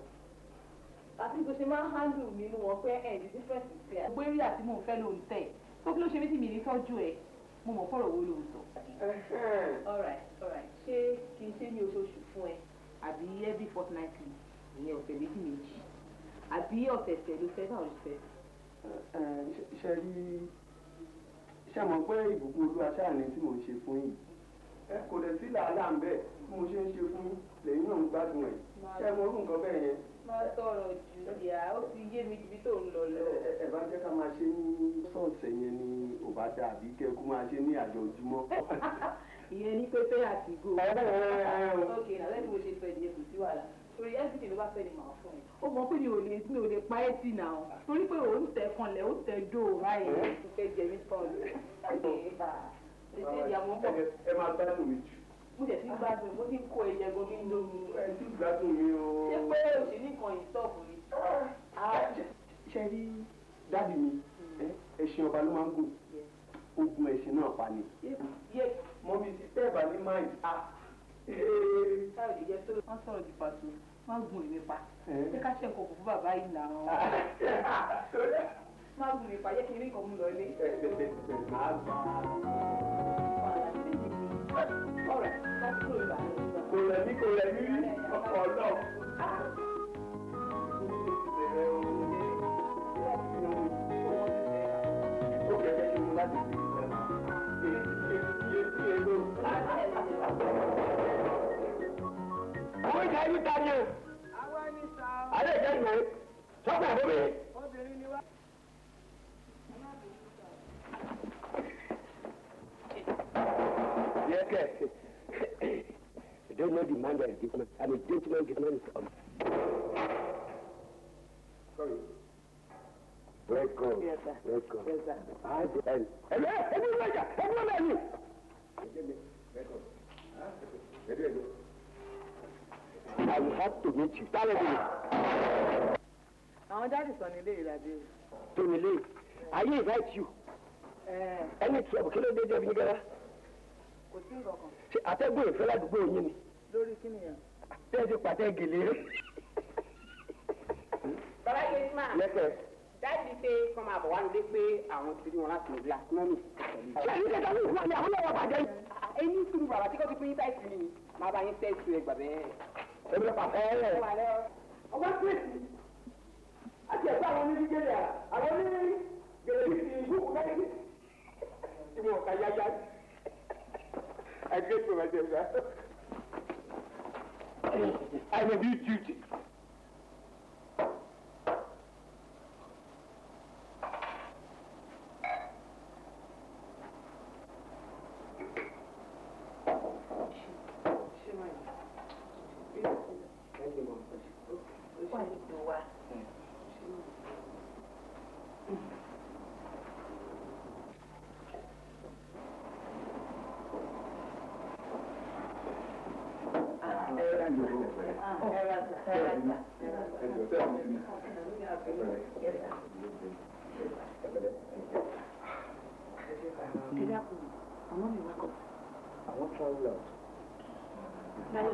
àti bó ṣe máa ń handle mi inú wọn pé ẹ̀ ní difference ti ẹ̀. gbogbo eré àti mò ń fẹ́ ló ń tẹ̀ tó kí ló ṣe mí tì mí ní tọ́jú ẹ̀ mo mọ̀ fọ̀rọ̀ wo ló ń sọ. all right all right ṣé kì í ṣe ní oṣooṣù fún ẹ àbí every fortnightly ìyẹn ọ̀sẹ̀ ṣe mọ̀ pé ìbùkún olúwa ṣáàní tí mò ń ṣe fún yìí ẹ kò dẹ̀ sí làálàá ń bẹ́ẹ̀ bí mo ṣe ń ṣe fún lẹ́yìn náà ń gbádùn ẹ̀ ṣe mọ̀ orú nǹkan bẹ́ẹ̀ yẹn. má tọrọ jù ìyá ó ti yé mi ibi tó ń lọ lọ. ẹ bá jẹ́ ká máa ṣe ní sọ́ọ̀sẹ̀ yẹn ni ò bá dà bí kẹ́ kó máa ṣe ní àjọ ojúmọ́. ìyẹn ní pépé àtìgò. ọ̀rẹ́ ẹ̀ ẹ̀ ẹ̀ torí everything ló bá fẹ́ ni màá fún ẹ. ó mọ pé mi ò lè mi ò lè pa ẹ́ tì náà torí pé òun tẹ kanlẹ̀ ó tẹ dó o báyìí ó tún fẹ́ jẹ mí tọ́lù. ẹ máa gbádùn mi jù. mo jẹ̀ sí gbádùn mo ti kó ẹyẹ gomi lómi. ẹ ti gbádùn mi o. ṣé pé òsì nìkan ìtọ́ọ̀bù ni. Ah. Ah. Hmm. ṣe rí dáàbì mi ẹṣin ọba ló máa ń gùn ogun ẹṣin náà pa ni. mọ mi ti tẹ́ ẹ̀bà ní máìlì. Ah. wọ́n sọ̀rọ̀ di pàtó má gùn èmi pa ṣé ká ṣe nǹkan kò fún bàbá yìí nà án má gùn èmi pa yẹ kí n rí nǹkan mú lọ ilé. kò rẹ̀ kò rẹ̀ ọkọ̀ náà. yín ta ni o. àwa ni sá. alẹ́ ìjẹ́ ìgbẹ́ Yes, yes. don't know the man that is gentleman, a gentleman gentleman Sorry. Welcome. Yes, sir. go. Yes, sir. I and hello, everyone, everyone, I will have to meet you. Tálẹ̀ bí mi. Àwọn dáàdì sọ nílé ìlàdé. Tó nílé. I invite you. Ẹni tí ọ̀bùn kí ló dé jẹ́ bíi gẹ́gẹ́. Kò sí nǹkan kan. Ṣé àtẹ́gùn ìfẹ́ ládùúgbò yín ni? Lórí kí nìyẹn? Bẹ́ẹ̀ ti pàtẹ́ gèlè rẹ̀. Bàbá Yéṣmà. Lẹ́sẹ̀. Dáàdì pé kọ́ máa bọ̀ wá nílé pé àwọn ti rí wọn láti ìlú àti mọ́mì. Ṣé ẹni kẹta ní ìfúnni àwọn ọlọ́wọ́ bàjẹ́ yìí? Ẹni sùúrù bàbá tí kò ti pín yín táìsì nìyí máa bá yín tẹ́sí ẹgbà bẹ́ẹ̀. èmi ló pàṣẹ ẹ lẹ. ọgbà kírísì àti ẹ̀fọ́ àwọn oníbi gẹ̀lẹ́ àwọn oníbi gẹ̀lẹ́ bíi ti ìlú kúrẹ́ẹ̀dì tí mo kà yáyá ẹgbẹ́ tó ma jẹ ẹgbẹ́. I have a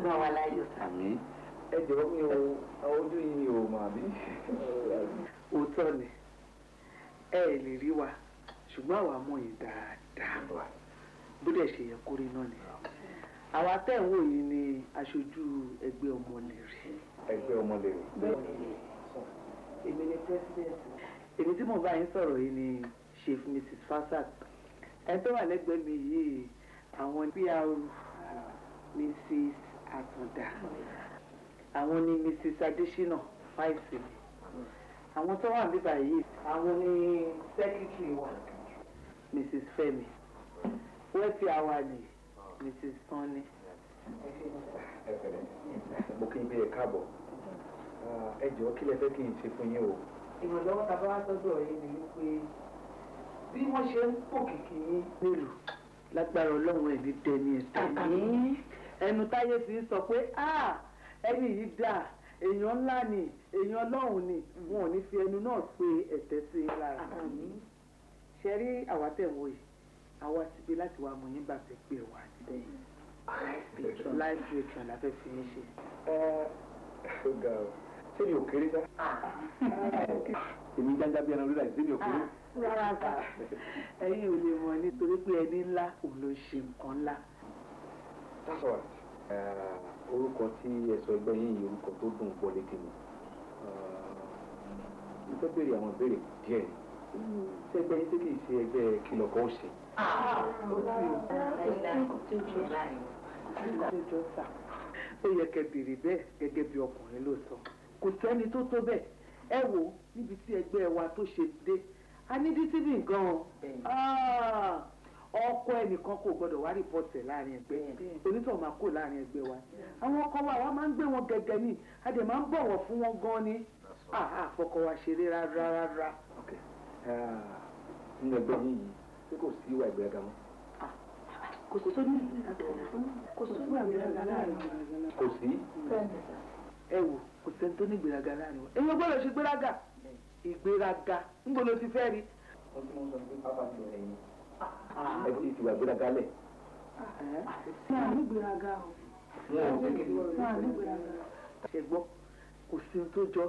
bá wa láyọ̀ sá. àmín. ẹ jọ̀wọ́ mi ò ojú yìí ò mà mí. òótọ́ ni ẹ ẹ lè rí wa ṣùgbọ́n àwa mọ̀ yín dáadáa bó dẹ̀ ṣe yẹ kó rí náà ni àwa tẹ̀ ń wò yín ni aṣojú ẹgbẹ́ ọmọlèrè. ẹgbẹ́ ọmọlèrè. èmi ni president. èmi tí mo bá yín sọ̀rọ̀ yìí ni chief mrs fasak ẹni tó wà lẹ́gbẹ̀ẹ́ mi yìí àwọn pr ah. mrs àtúndà àwọn ni mrs adesina wife mi àwọn tó wà níbà yìí àwọn ni secretary wa mrs femi wẹ́ẹ̀tì àwa ni mrs sanni. mo kí n bí káàbọ̀ ẹ jọ̀ọ́ kí lẹ fẹ́ kí n ṣe fún yín o. ìrànlọ́wọ́ tá bá wá sọ́dọ̀ yìí ni wípé bí wọ́n ṣe ń pòkìkì yín. nílùú lágbára ọlọ́run ẹ̀ dẹni ẹ̀ tẹ̀lé ẹnu táyé fi sọ pé ah, ẹni yìí dà èèyàn ńlá ni èèyàn ọlọ́run ni mm. wọn ò ní fi ẹnu náà pe ẹ̀tẹ́ sí i lára. ṣe rí àwa tẹ̀ ń wò yìí àwa ti gbé láti wá mọ̀ yín gbà pé wà á ti dẹ́yìn life spiritual la fẹ́ fi mí ṣe. Eh, ó ga ọ ṣé mi ò kéré sá. Ah. Ah. èmi jájá bí ẹran rírà ìdílé ò kéré. rárá sá ẹ̀yin ò lè mọ̀ nítorí pé ẹni ńlá òun ló ṣe nǹkan ńlá. Uh, orúkọ tí ẹ̀sọ́ ẹgbẹ́ yín yìí orúkọ tó dùn gbọ́ létí mi uh, mo fẹ́ béèrè àwọn ìbéèrè díẹ̀ ṣé ẹgbẹ́ yín ṣé kìí ṣe ẹgbẹ́ kìlọ̀ kan ó ṣe. ó yẹ kẹ́ béèrè bẹ́ẹ̀ gẹ́gẹ́ bí ọkùnrin ló sọ kò sẹ́ni tó tó bẹ́ẹ̀ ẹ wo níbi tí ẹgbẹ́ wa tó ṣe dé a ní dísíbì gan-an. Ah! ọkọ ẹnìkan kò gbọdọ wá rìpọ́tì láàrin máa kó láàrin ẹgbẹ́ wa àwọn ọkọ wa wa máa ń wọn gẹ́gẹ́ ni a dẹ̀ máa bọ̀wọ̀ fún wọn gan ni àfọkọ ah, ah, wa ṣeré rárá rárá. nínú ah, ẹgbẹ́ yín yìí ṣé kò sí ìwà kò sí kò sí ìwà láàrin kò sí. ẹ wò kò sẹ́ni tó ní ìgbéraga láàrin èyí gbọ́dọ̀ ṣe Ah. ẹ ti ti wà gbéraga lẹ̀. Eh? ṣé àní gbéraga o ṣé àní gbéraga o. ṣe gbọ́ kò sí ohun tó jọ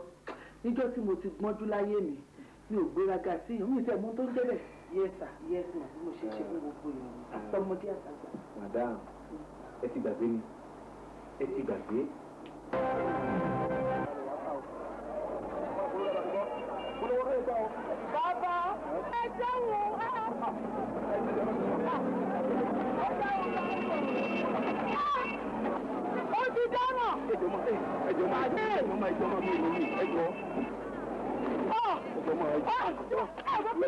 níjọ́ tí mo ti gbọ́njú láyé mi mi ò gbéraga sí ìyẹn mi ìṣẹ́ mú tó ń débẹ̀ yẹ́sà yẹ́sà bí mo ṣe ṣe fún gbogbo ìròyìn àtọmọdé ah. àtàgbà. madam ẹ ti gbàgbé ni ẹ ti gbàgbé. Thank ẹ jẹ́wọ́ ó ti dáràn. ẹjọ ni ọ̀rọ̀ mi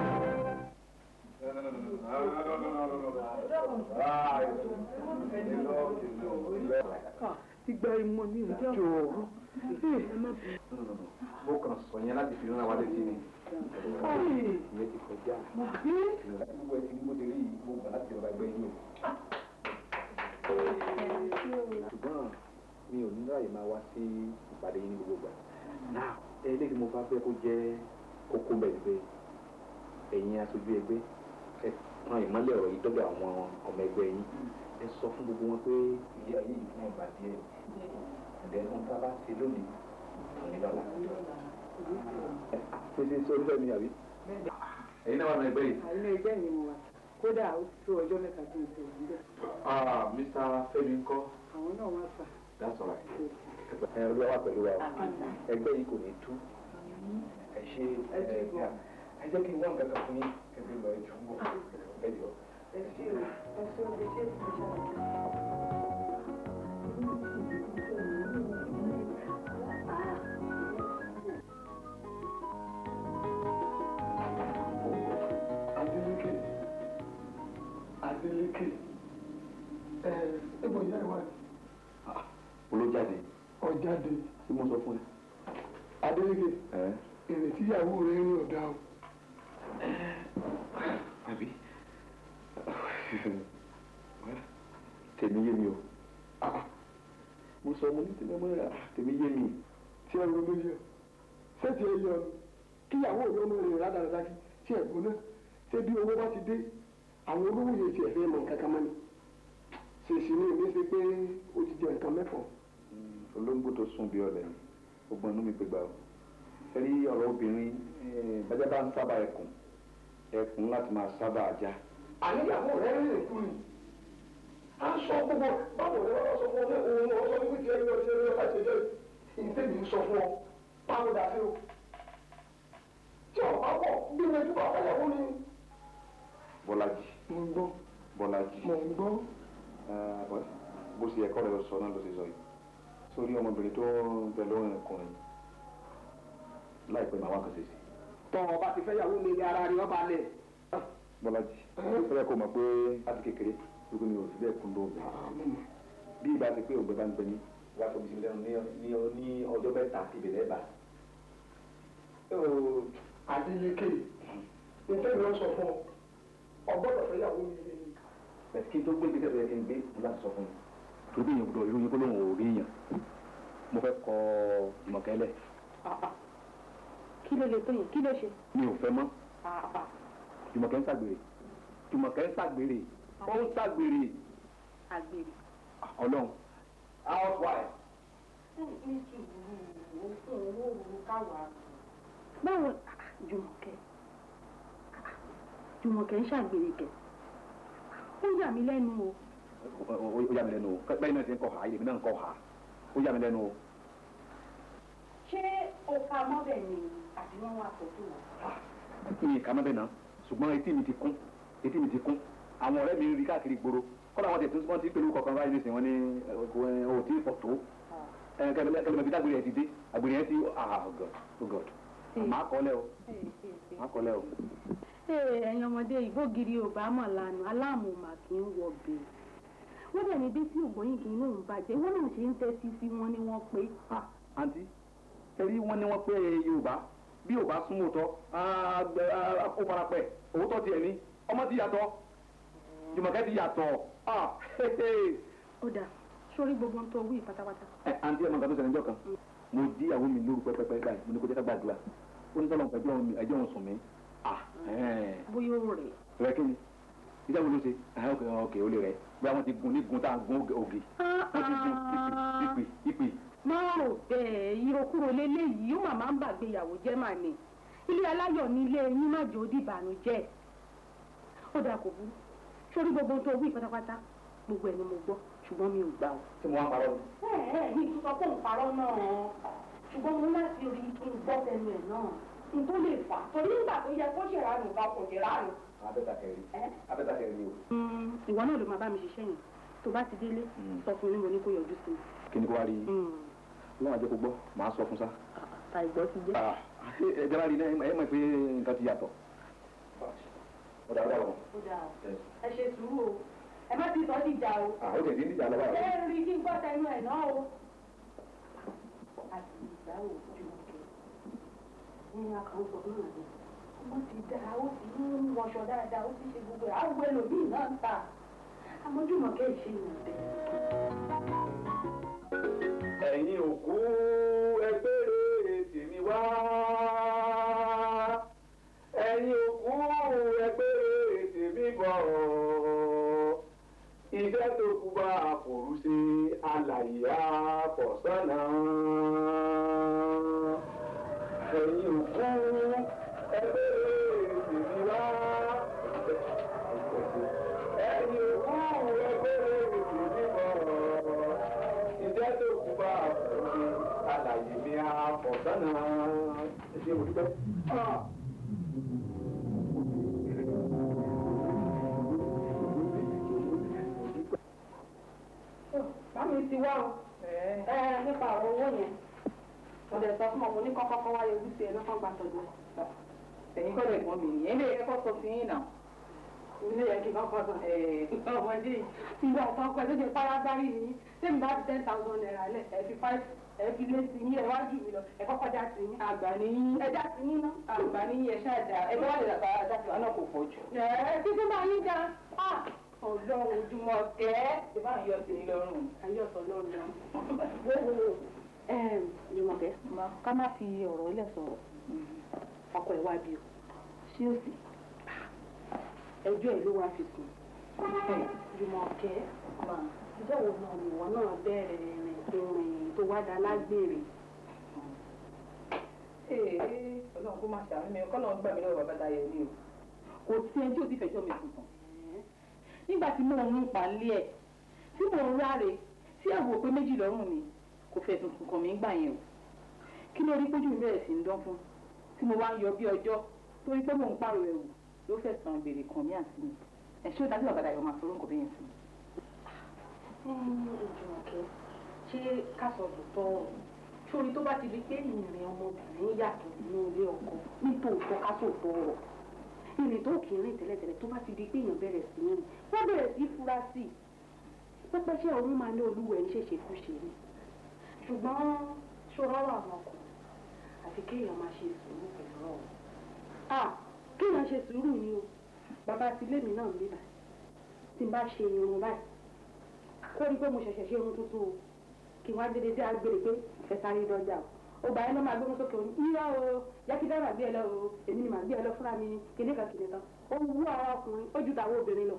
No, Ah, you love, you love, you love. Ìgbà ìmọ̀ ni ìjọ. Jọ̀ọ́. Mo kàn sọ yẹn láti fi rán wa létí ni. Ìyẹn ti kọjá. Gbogbo ẹtì ni mo ti rí yìí, mo gbà láti ọ̀rọ̀ ẹgbẹ́ yín o. Ṣùgbọ́n mi ò ní láàyè máa wá sí ìpàdé yín ní gbogbo ìgbà. eléyìí mo bá fẹ́ kó jẹ́ kókó bẹ̀rẹ̀ bẹ́ẹ̀. Ẹ̀yin aṣojú ẹgbẹ́ ran ìmọ́lẹ̀ ọ̀rọ̀ yìí dọ́gba àwọn ọmọ ẹgbẹ́ yín ẹ sọ fún gbogbo wọn pé ilé ayé yìí fún ọba díẹ̀ ẹ̀dẹ̀ ń tá bá ṣe lónìí òní lọ́la. ṣíṣe sórí fẹ́mi àbí. ẹ̀yin náà wà ní ẹgbẹ́ yìí. àìní ẹgbẹ́ mi wà kódà ó ti tó ọjọ́ mẹ́ta tó ń tó yìí bẹ́ẹ̀. ah Mr. Fẹ́mi ńkọ́. àwọn náà wá fà. that's all right. ẹ olúwa wà pẹ̀lú wa o ẹgbẹ́ yìí kò ní tú ẹ ṣe ẹ jẹ́ kí wọ́n gàgà fún yín kẹ́kẹ́ lọ ẹ jù ú bọ̀ ẹ jọ. ẹ ṣe o ẹ ṣe o ṣe ti ṣe Adeleke Adeleke ẹ ẹ bọ̀ ìyá ìwádìí. Olójáde. Ọjáde. Ṣé mo sọ fún ẹ? Adeleke. Ìrètí ìyàwó rẹ̀ ń rìn ọ̀dà o. tèmi yé mi o ah, mo sọ mo ní tèmi mo rà ah, tèmi yé mi tí ẹ ronú yẹ sẹ́ẹ̀tì ẹ yọ kíyàwó mi ọmọ rẹ̀ rádaràdà tí ẹ gbóná ṣé bí owó bá ti dé àwọn olówó yẹn ti ẹ̀fẹ́ mọ̀ kankan mọ́ ni ṣèṣì ni èmi ṣe pé o ti jẹ nǹkan mẹ́fọ̀ọ́. Hmm, olóńgbò tó sùn bí ọ̀lẹ ni ó gbọ́n inú mi pé gbà ó ẹ̀rí ọ̀rọ̀ obìnrin eh, bájá bá ń sábà ẹkùn ẹkùn láti máa sábà ajá àníyàwó rẹ rìn kú ni a sọ gbogbo báwo ni wọn sọ fún ọ pé òun náà sọ wípé kí ẹ lọ sí ẹlẹ́yọ̀ láti ẹjọ́ yìí ní tèmi sọ fún ọ báwo dà o tí ọ̀pá pọ̀ bí mi túbọ̀ fẹ́yàwó ni. Bọ́lájì. mo ń gbọ́. Bọ́lájì. mo ń gbọ́. bó ṣe ẹ̀kọ́ rẹ̀ sọ náà ló ṣe sọ yìí sórí ọmọbìnrin tó ń bẹ lóhùn ọkùnrin láìpẹ́ màá wá kan ṣe sí. tọ́ ọba ti fẹ́yàwó mi ní ara rí ọba lẹ̀. Bọ́lájì ó yẹ kó mọ̀ pé láti kékeré lóko ni òsì bẹ́ẹ̀ kún lóògbé bí ìgbà ti pé ògbẹ́ bá ń gbẹ ní wàá tóbi sí lẹ́nu ní ọjọ́ mẹ́ta ìbẹ̀rẹ̀ bá. Adeleke nfẹ́ mi ó sọ fún ọ ọgbọ́dọ̀ fẹ́ yàwó mi ni. bẹ́ẹ̀ kí n tó gbé gbèsè bẹ́ẹ̀ kí n gbé mo láti sọ fún mi. torí èèyàn gbọ́dọ̀ ìròyìn gbọ́dọ̀ ò rí èèyàn mo fẹ́ kọ ìmọ̀kẹ́lẹ̀. Ah, ah. kí ló lè tó yẹn kí ló ṣe. mi ò fẹ́ mọ́ ah, ìmọ̀kẹ́ ń ṣàgbèrè jùmọ̀kẹ́ ń ṣàgbèrè ó ń ṣàgbèrè. àgbèrè. ọlọ́run. how why. báwo jùmọ̀kẹ́ jùmọ̀kẹ́ ń ṣàgbèrè kẹ̀ ó yà mí lẹ́nu o. ó yà mí lẹ́nu o bẹ́ẹ̀ náà ti ń kọ̀ ha èmi náà ń kọ̀ ha ó yà mí lẹ́nu o. ṣé o ka mọ́bẹ̀ ni àbí wọ́n wá pọ̀ tó ah, mi ì ka mọ́bẹ̀ náà ṣùgbọ́n etí mi ti kún etí mi ti kún àwọn ọ̀rẹ́ mi rí káàkiri gbòòrò kọ́lá àwọn tẹ̀sán wọ́n ti ń pè lórúkọ kan báyìí nísìnyí wọ́n ní ohun tí fọ̀ tó kẹlẹ́mẹ̀bí dágbére ẹ̀ ti dé àgbèrè ẹ̀ ti ah oh god oh màá kọ́lẹ̀ o màá kọ́lẹ̀ o. ẹ̀yin ọmọdé ìgbógiri ò bá mọ̀ lánàá aláàmù mà wọ́n dẹ̀ ní bí tí ògbóyìn kì í lóun bàjẹ́ wọ́n náà ṣe ń tẹ́tí sí wọn ni wọ́n pé. àǹtí ẹ̀rí wọn ni wọ́n pé yorùbá bí yorùbá súnmọ́ tọ́ ó farapẹ̀ òótọ́ tiẹ̀ ní ọmọ ti yàtọ̀ jùmọ̀kẹ́ ti yàtọ̀ ah ó dà sórí gbogbo ohun tó wí pátápátá. ẹ àǹtí ẹ̀mọ́ nǹkan tó ṣẹlẹ̀ níjọ́ kan mo di ìyàwó mi lóru pẹ́pẹ́pẹ́ báyìí mo ní kó jẹ́ ká gbàdúrà ó ní sọ́lọ́ ẹjọ́ mi ẹjọ́ òun sùn mí. bóyá ó rẹ̀. rẹ kí ni iṣẹ́ wo ló ṣe ok ok, ó lè rẹ̀ bóyá wọ́n ti gun ní gun tá à ń gun ògè wọ́n ti gun ìpè ìpè. máa rò bẹ́ẹ̀ ìrokúrò lélẹ́yìí ó màmá ń bàgbéyàwó jẹ́ màní ilé aláyọ̀ ní yín má jò ó dìbànújẹ́ ó dáa kò burú sórí gbogbo tó wí pátápátá gbogbo ẹ̀ ni mo gbọ́ ṣùgbọ́n mi ò gbà ó. tí mo wá parọ́ mi. ẹ ẹ mi tún sọ pé òun parọ́ náà ọ ṣùgbọ́n mo láti rí kí n gbọ́ tẹnu ẹ̀ náà n tó lè fà á torí nígbà tó yẹ kó ṣèrànù bá kò ṣèrànù. abẹ́tàkẹ́rì abẹ́tàkẹ́rì ni o. Mm, ìwọ náà ló máa bá mi ṣiṣẹ́ yẹn tó bá ti délé mm. sọ fún mi mo ní kó yọjú sí mi. kí ni kó wá rí i mm. lọ́wọ́n àjẹkù gbọ́ màá sọ fún sá. Ah, àìgbọ́ ti jẹ́. Ah, ẹ jẹ́ rí i náà ẹ mọ̀ pé nǹkan ti yàtọ̀ ó dà ó dà ó. ó dà ó ẹ ṣe sùúrù o ẹ má ti ah, sọ ọ́ dìjà o. àwọn ẹ̀yin òkú ẹgbẹ́rẹ́ tèmi wá ẹ̀yin òkú ẹgbẹ́rẹ́ níbọ̀ iṣẹ́ tó kú bá àfòrú ṣe alàyè àfọ̀sọ́nà ẹ̀yin òkú ẹgbẹ́ èsì wá ẹ̀yin òkú ẹgbẹ́ èsì níbọ̀ iṣẹ́ tó kú bá àfòrú ṣe alàyè àfọ̀sọ́nà ẹ̀ṣẹ̀ òdúpẹ́. mọ́mí ti wá o ẹ eh. eh, nípa ọ̀rọ̀ owó yẹn mo dẹ̀ sọ fún ọmọ ní kọ́kọ́kọ́ wáyé wúṣẹ́ ẹ̀ lọ́kàn gbàtọ̀ jù. ẹ̀yin kọ́ lẹ̀gbọ́n mi nìyẹn ilé ẹ̀kọ́ sọ fún yín náà. ilé ẹ̀kí kọ́kọ́ sọ eh, ọmọdé ìgbà ọ̀kan pẹ̀lú ìdè paragbárí ni tèmi bá ti ten thousand naira lẹ̀ ẹ̀ fi five ẹ̀ fi lé sí yín ẹ̀ wá jù mí lọ ẹ̀ kọ́kọ́ já sí yín. àgbà ni yín ẹ já sí yín náà. àgbà ni yín ẹ ṣáà já ẹ bá wà lè dàgbà já sí wa náà kò pọ̀ jù. ẹ̀ẹ́ títí máa yín já ah! ọlọ́run ojúmọ́ tẹ́ ṣe bá ń yọ sí i lọ́rùn. àyọ̀tọ̀ lọ́rùn náà. Jùmọ̀kẹ́ ká má fi ọ̀rọ̀ ilẹ̀ sọ̀rọ̀ ọkọ ẹ̀ wá bí o ṣé o sì ẹjọ́ ẹ̀ ló wá fi sùn. Jùmọ̀kẹ́ ìjọ wo náà nìwọ náà bẹ̀rẹ̀ rìn tó rìn tó wá dá lágbèrè. ọlọ́run kó má ṣàánú mi kọ́ lọ́n gbà mí lọ́wọ́ bàbá dayọ̀ ni o. kò sí ẹjọ́ òdìfẹ́jọ́ mi tuntun nígbà tí mò ń rún pàálí ẹ̀ tí mò ń ráre tí ẹ̀wò pé méjì lọ́rùn mi kò fẹ̀sùn sùn kàn mí gbà yẹn o kí ló rí pójú mi bẹ̀rẹ̀ sí ń dán fún tí mo wá ń yọ bí ọjọ́ torí pé mò ń pààrọ̀ ẹ̀wù ló fẹ̀sùn àgbèrè kàn mí àti mi ẹ̀ ṣé ó dájú bàbá dàgbà máa sọ̀rọ̀ nǹkan bẹ́yẹn sí i. ṣé ká sọ tòótọ́ sórí tó bá ti di pé ìrìn ọmọbìnrin yàtọ̀ nínú ilé ọkọ nítòótọ́ ká sòótọ́ ọ̀rọ̀ ìrìn tó kì í rìn tẹ́lẹ̀tẹ́lẹ̀ tó bá ti di pé èèyàn bẹ̀rẹ̀ sí ní wọ́n bẹ̀rẹ̀ sí fura sí i pẹ́pẹ́ ṣé òun máa ní olúwẹ̀ ní ṣèṣe kú ṣe ni ṣùgbọ́n ṣọ́ra wà wọn kù àfi kéèyàn máa ṣe sùúrù pẹ̀lú ọ̀hún à kéèyàn ṣe sùúrù ni o bàbá ti lé mi náà níbà tí n bá ṣe irun báyìí kó rí pé mo ṣẹ̀ṣẹ̀ ṣe irun tuntun o kí wọ́n á dédé dé agbèrè pé ìfẹ́ sáré dọ́jà o ọgbà yẹn ló máa gbóhùn sókè òní irọ́ o jẹ́ kí dára gbé ẹ lọ o èmi ni màá gbé ẹ lọ fúnra mi kìnìún kan kìnìún tán ó wú ara ọkùnrin ó ju tàwọn obìnrin lọ.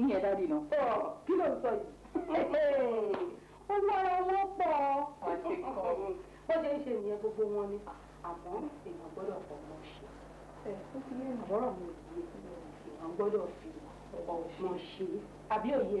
ìyẹn dáadé nà. ọ kí ló ń sọ yìí ó wú ara wọn pọ̀ bó ṣe ń ṣe nìyẹn gbogbo wọn ni àmọ́ èèyàn gbọ́dọ̀ pọ̀ mọ́ ṣe ẹ ó fi yẹn àbọ̀rọ̀ mi ò yẹ èèyàn gbọ́dọ̀ fi ọ̀pọ̀ ṣe àbí òye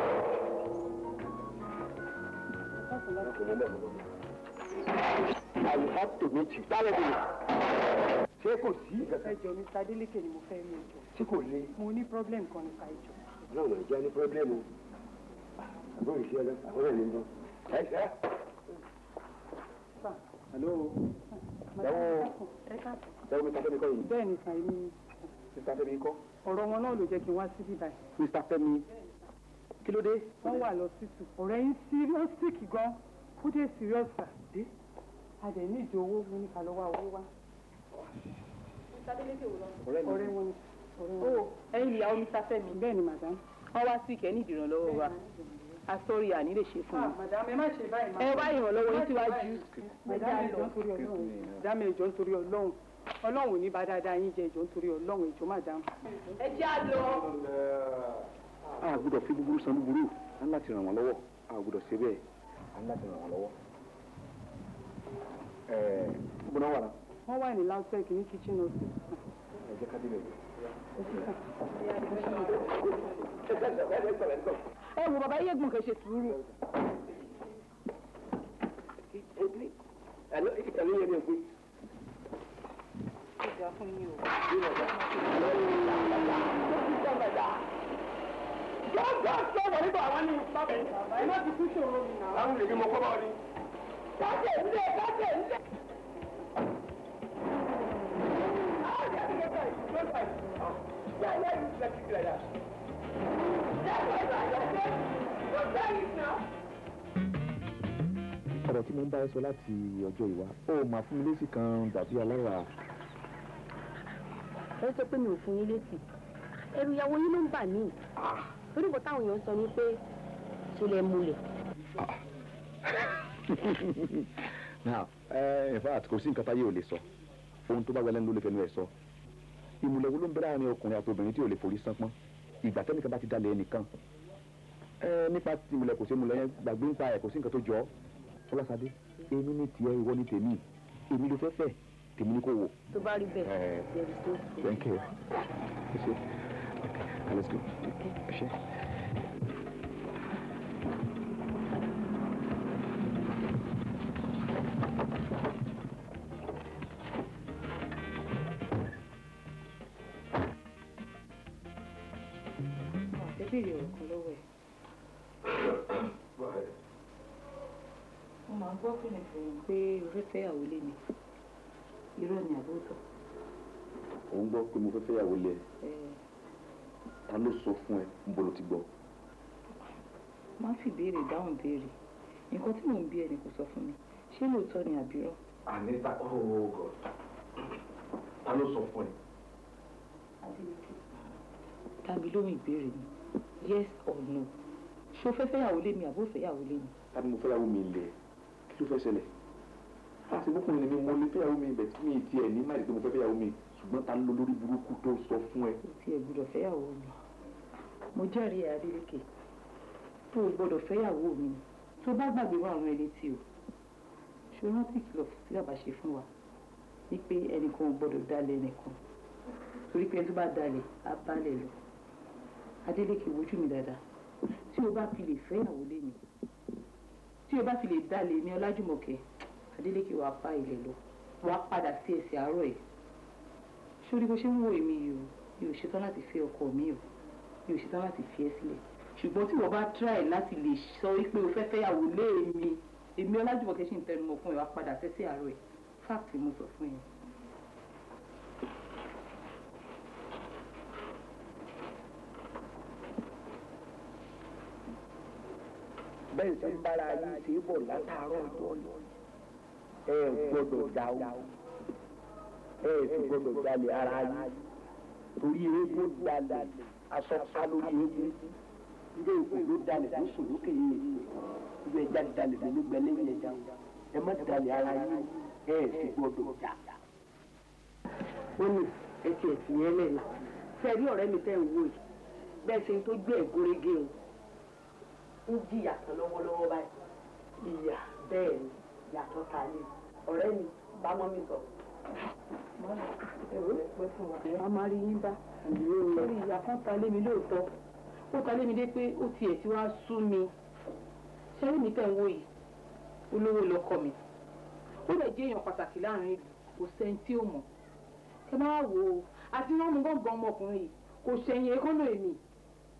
I will have to meet you. Dálẹ́ mi lò. Ṣé kò Mr. Adeleke ni mo fẹ́ mi jọ. Ṣé kò le? Mo ní problem kan nípa ìjọ. Ọlọ́run ìjọ ní problem o. Àbúrò ìṣe ọlọ́, àwọn ẹ̀mí ń bọ̀. Ẹ ṣe. Hello. Ẹ̀wọ̀n. Ẹ káàbọ̀. Ẹ̀wọ̀n Mr. Fẹ́mi kọ́ yìí. Bẹ́ẹ̀ni sàn mí. Mr. Fẹ́mi kọ́. Ọ̀rọ̀ wọn náà ló jẹ́ kí n wá síbí báyìí. Mr. Fẹ́mi, kí ló dé? Wọ́n wà lọ sí tù. Ọ̀rẹ́ yín serious sick gan-an. Kúdé serious sir. Dé. Eh? A dẹ̀ ní ìdí owó mo ní ká lọ wá owó wá. Ọ̀rẹ́ wọn ni. Ó oh, ẹyin ìyàwó mi sáfẹ́ mi. Bẹ́ẹ̀ ni màdám. Wọ́n wá sí ìkẹ́ ní ìdìrànlọ́wọ́ wa. Àsọ̀rí àní lè ṣe fún ah, mi. Màdám ẹ má ṣe báyìí. Ẹ wá ìrànlọ́wọ́ yín síwájú. Màdám ẹ jọ̀ọ́ nítorí Ọlọ́run. Màdám ẹ jọ̀ọ́ nítorí Ọlọ́run ọlọ́run ò ní bá dáadáa yín jẹ ìjọ nítorí ọlọ́run ìjọ má dáhùn. ẹ jẹ́ á lọ. a gbọ́dọ̀ fi búburú san búburú a ń láti ràn wọ́n lọ́wọ́ a gbọ́dọ̀ ṣe bẹ́ẹ̀ a ní láti ràn wọ́n lọ́wọ́ ẹ̀ẹ́ gbọ́dọ̀ wà náà. wọ́n wà ní lansec ní kitchen ọ̀sẹ̀. ẹ jẹ́ ká yìí. ẹ wo bàbá iyegun kò ṣe sùúrù. Ìjà fún yín o jọ jọ jọ wà nígbà wà ní ìpàdé ẹ má ti kú ṣòro mi náà. láwọn lè fi mọ kọ́bá ọdí. káṣẹ̀ ń lé káṣẹ̀ ń lé. ọ̀rọ̀ tí mo ń bá ẹ sọ láti ọjọ́ ìwá ó máa fún mi lésì kan dàbí alára. ẹ sọ pé mi ò fún yín lésì ẹrù ìyàwó yín ló ń bà mí. Ah torí nǹkan táwọn èèyàn sọ ni pé ṣẹlẹ̀ múlẹ̀. Ah. now eh, in fact kò sí nǹkan táyé ò lè sọ ohun tó bá wẹlẹ́ ló lè fẹnu ẹ̀ sọ ìmùlẹ̀ wo ló ń bẹ̀rẹ̀ àárín ọkùnrin àti obìnrin tí ò lè forí sánpọ́n ìgbà tẹ́nìkan bá ti dalẹ̀ ẹnìkan eh, nípa ìmùlẹ̀ kò sí ìmùlẹ̀ yẹn gbàgbé ń pa ẹ̀ kò sí nǹkan tó jọ ọ́ ọlọ́sadé èmi ní tiẹ̀ ìwọ ní tèmi èmi ló fẹ́ tèmi ní kò wò. tó bá rí bẹ́ẹ̀ bẹ̀rù eh. thank you. Alles gut. Chef. béèrè ọ̀rọ̀ kan lọ́wọ́ ẹ̀. mo máa ń gbọ́ fìrìfìrì pé orí fẹ́yàwó lé mi irọ́ ni àbótọ́. ò gbọ́ pé mo fẹ́ fẹ́yàwó lé ta ló sọ fún ẹ níbo ló ti gbọ́. má fi béèrè dáhùn béèrè nǹkan tí mò ń bí ẹni kò sọ fún mi ṣé lóòótọ́ ni àbírọ́. anita oh, oh god ta ló sọ fún ẹ. tàbí lóhùn ìbéèrè mi yes or no ṣó fẹ́ fẹ́yàwó lé mi àbó fẹ́yàwó lé mi. tàbí mo fẹ́yàwó mi lẹ̀ kí ló fẹ́ ṣẹlẹ̀ àti bókùnrin ni mi mo lè fẹ́yàwó mi ibẹ̀ tí mi tiẹ̀ ní má rí pé mo fẹ́ fẹ́yàwó mi ṣùgbọ́n ta ló lórí burúkú tó sọ fún ẹ. o tiẹ̀ gbúdọ̀ fẹ́yàwó mi mo jẹ́rìí Adélékè tó o gbọ́dọ̀ fẹ́yàwó mi ni tó bá gbàgbé wà rán ẹni tí o ṣe rántí kìlọ̀ tí bàbá ṣe fún wa wípé ẹnìkan ò gbọ́dọ̀ dalẹ̀ ẹnìkan torí pé ẹni tó bá dalẹ̀ á balẹ̀ lọ Adélékè wojú mi dáadáa tí o bá fi lè fẹ́yàwó lé mi tí o bá fi lè dalẹ̀ ní Ọlájùmọ̀kẹ́ Adélékè wàá pa ilẹ̀ lọ wàá padà sí ẹsẹ̀ àárọ̀ ẹ̀ sórí bó ṣe ń wo èmi yìí o mi ò ṣetán láti fẹ́ ọkọ mi o mi ò ṣetán láti fi ẹ́ sílẹ̀ ṣùgbọ́n tí wọ́n bá try láti lè sọ wípé o fẹ́ fẹ́yàwó lé mi èmi ọlájúbọ̀kẹ́ ṣì ń tẹnumọ́ fún ẹ wá padà sẹ́sẹ́ àárọ̀ ẹ̀ fáàkì mo sọ fún yín. bẹ́ẹ̀ ṣe ń bára yín ṣe é bọ̀ látàárọ̀ ọjọ́ ẹ gbọ́dọ̀ já o ẹ sì gbọ́dọ̀ jalè ara yín torí eégún dalẹ̀ aṣọ pa lórí eégún ilé ìkó ló dalẹ̀ ló sùn lókè yìí ìlú ẹja dalẹ̀ ló gbẹ lẹ́yìn ẹja ẹ má dalẹ̀ ara yín ẹ ẹ sì gbọdọ̀ jà. wọ́n ní ẹtì ẹ̀sìn yẹn lẹ́nu sẹ́rí ọ̀rẹ́ mi tẹ́ ń wò yìí bẹ́ẹ̀ ṣe tó gbé ẹ̀gúnrégé o ń jìyà tán lọ́wọ́lọ́wọ́ báyìí ìyà bẹ́ẹ̀ ni yàtọ̀ ta ni ọ̀rẹ́ mi bá mi sọ̀rọ̀ a máa rí yín bá lórí ìyá kan ta lé mi lóòótọ́ ó ta lé mi dé pé ó tiẹ̀ ti wá sú mi ṣẹ́rí mi tẹ̀ ń wò yìí olówó lọ́kọ mi ó lè jẹ́ èèyàn pàtàkì láàrin ìlú kò sẹ́ni tí ó mọ̀ ẹ máa wò ó àti wọ́n mú gbọ̀ngàn ọmọkùnrin yìí kò ṣẹ̀yìn ẹ̀kọ́nà èmi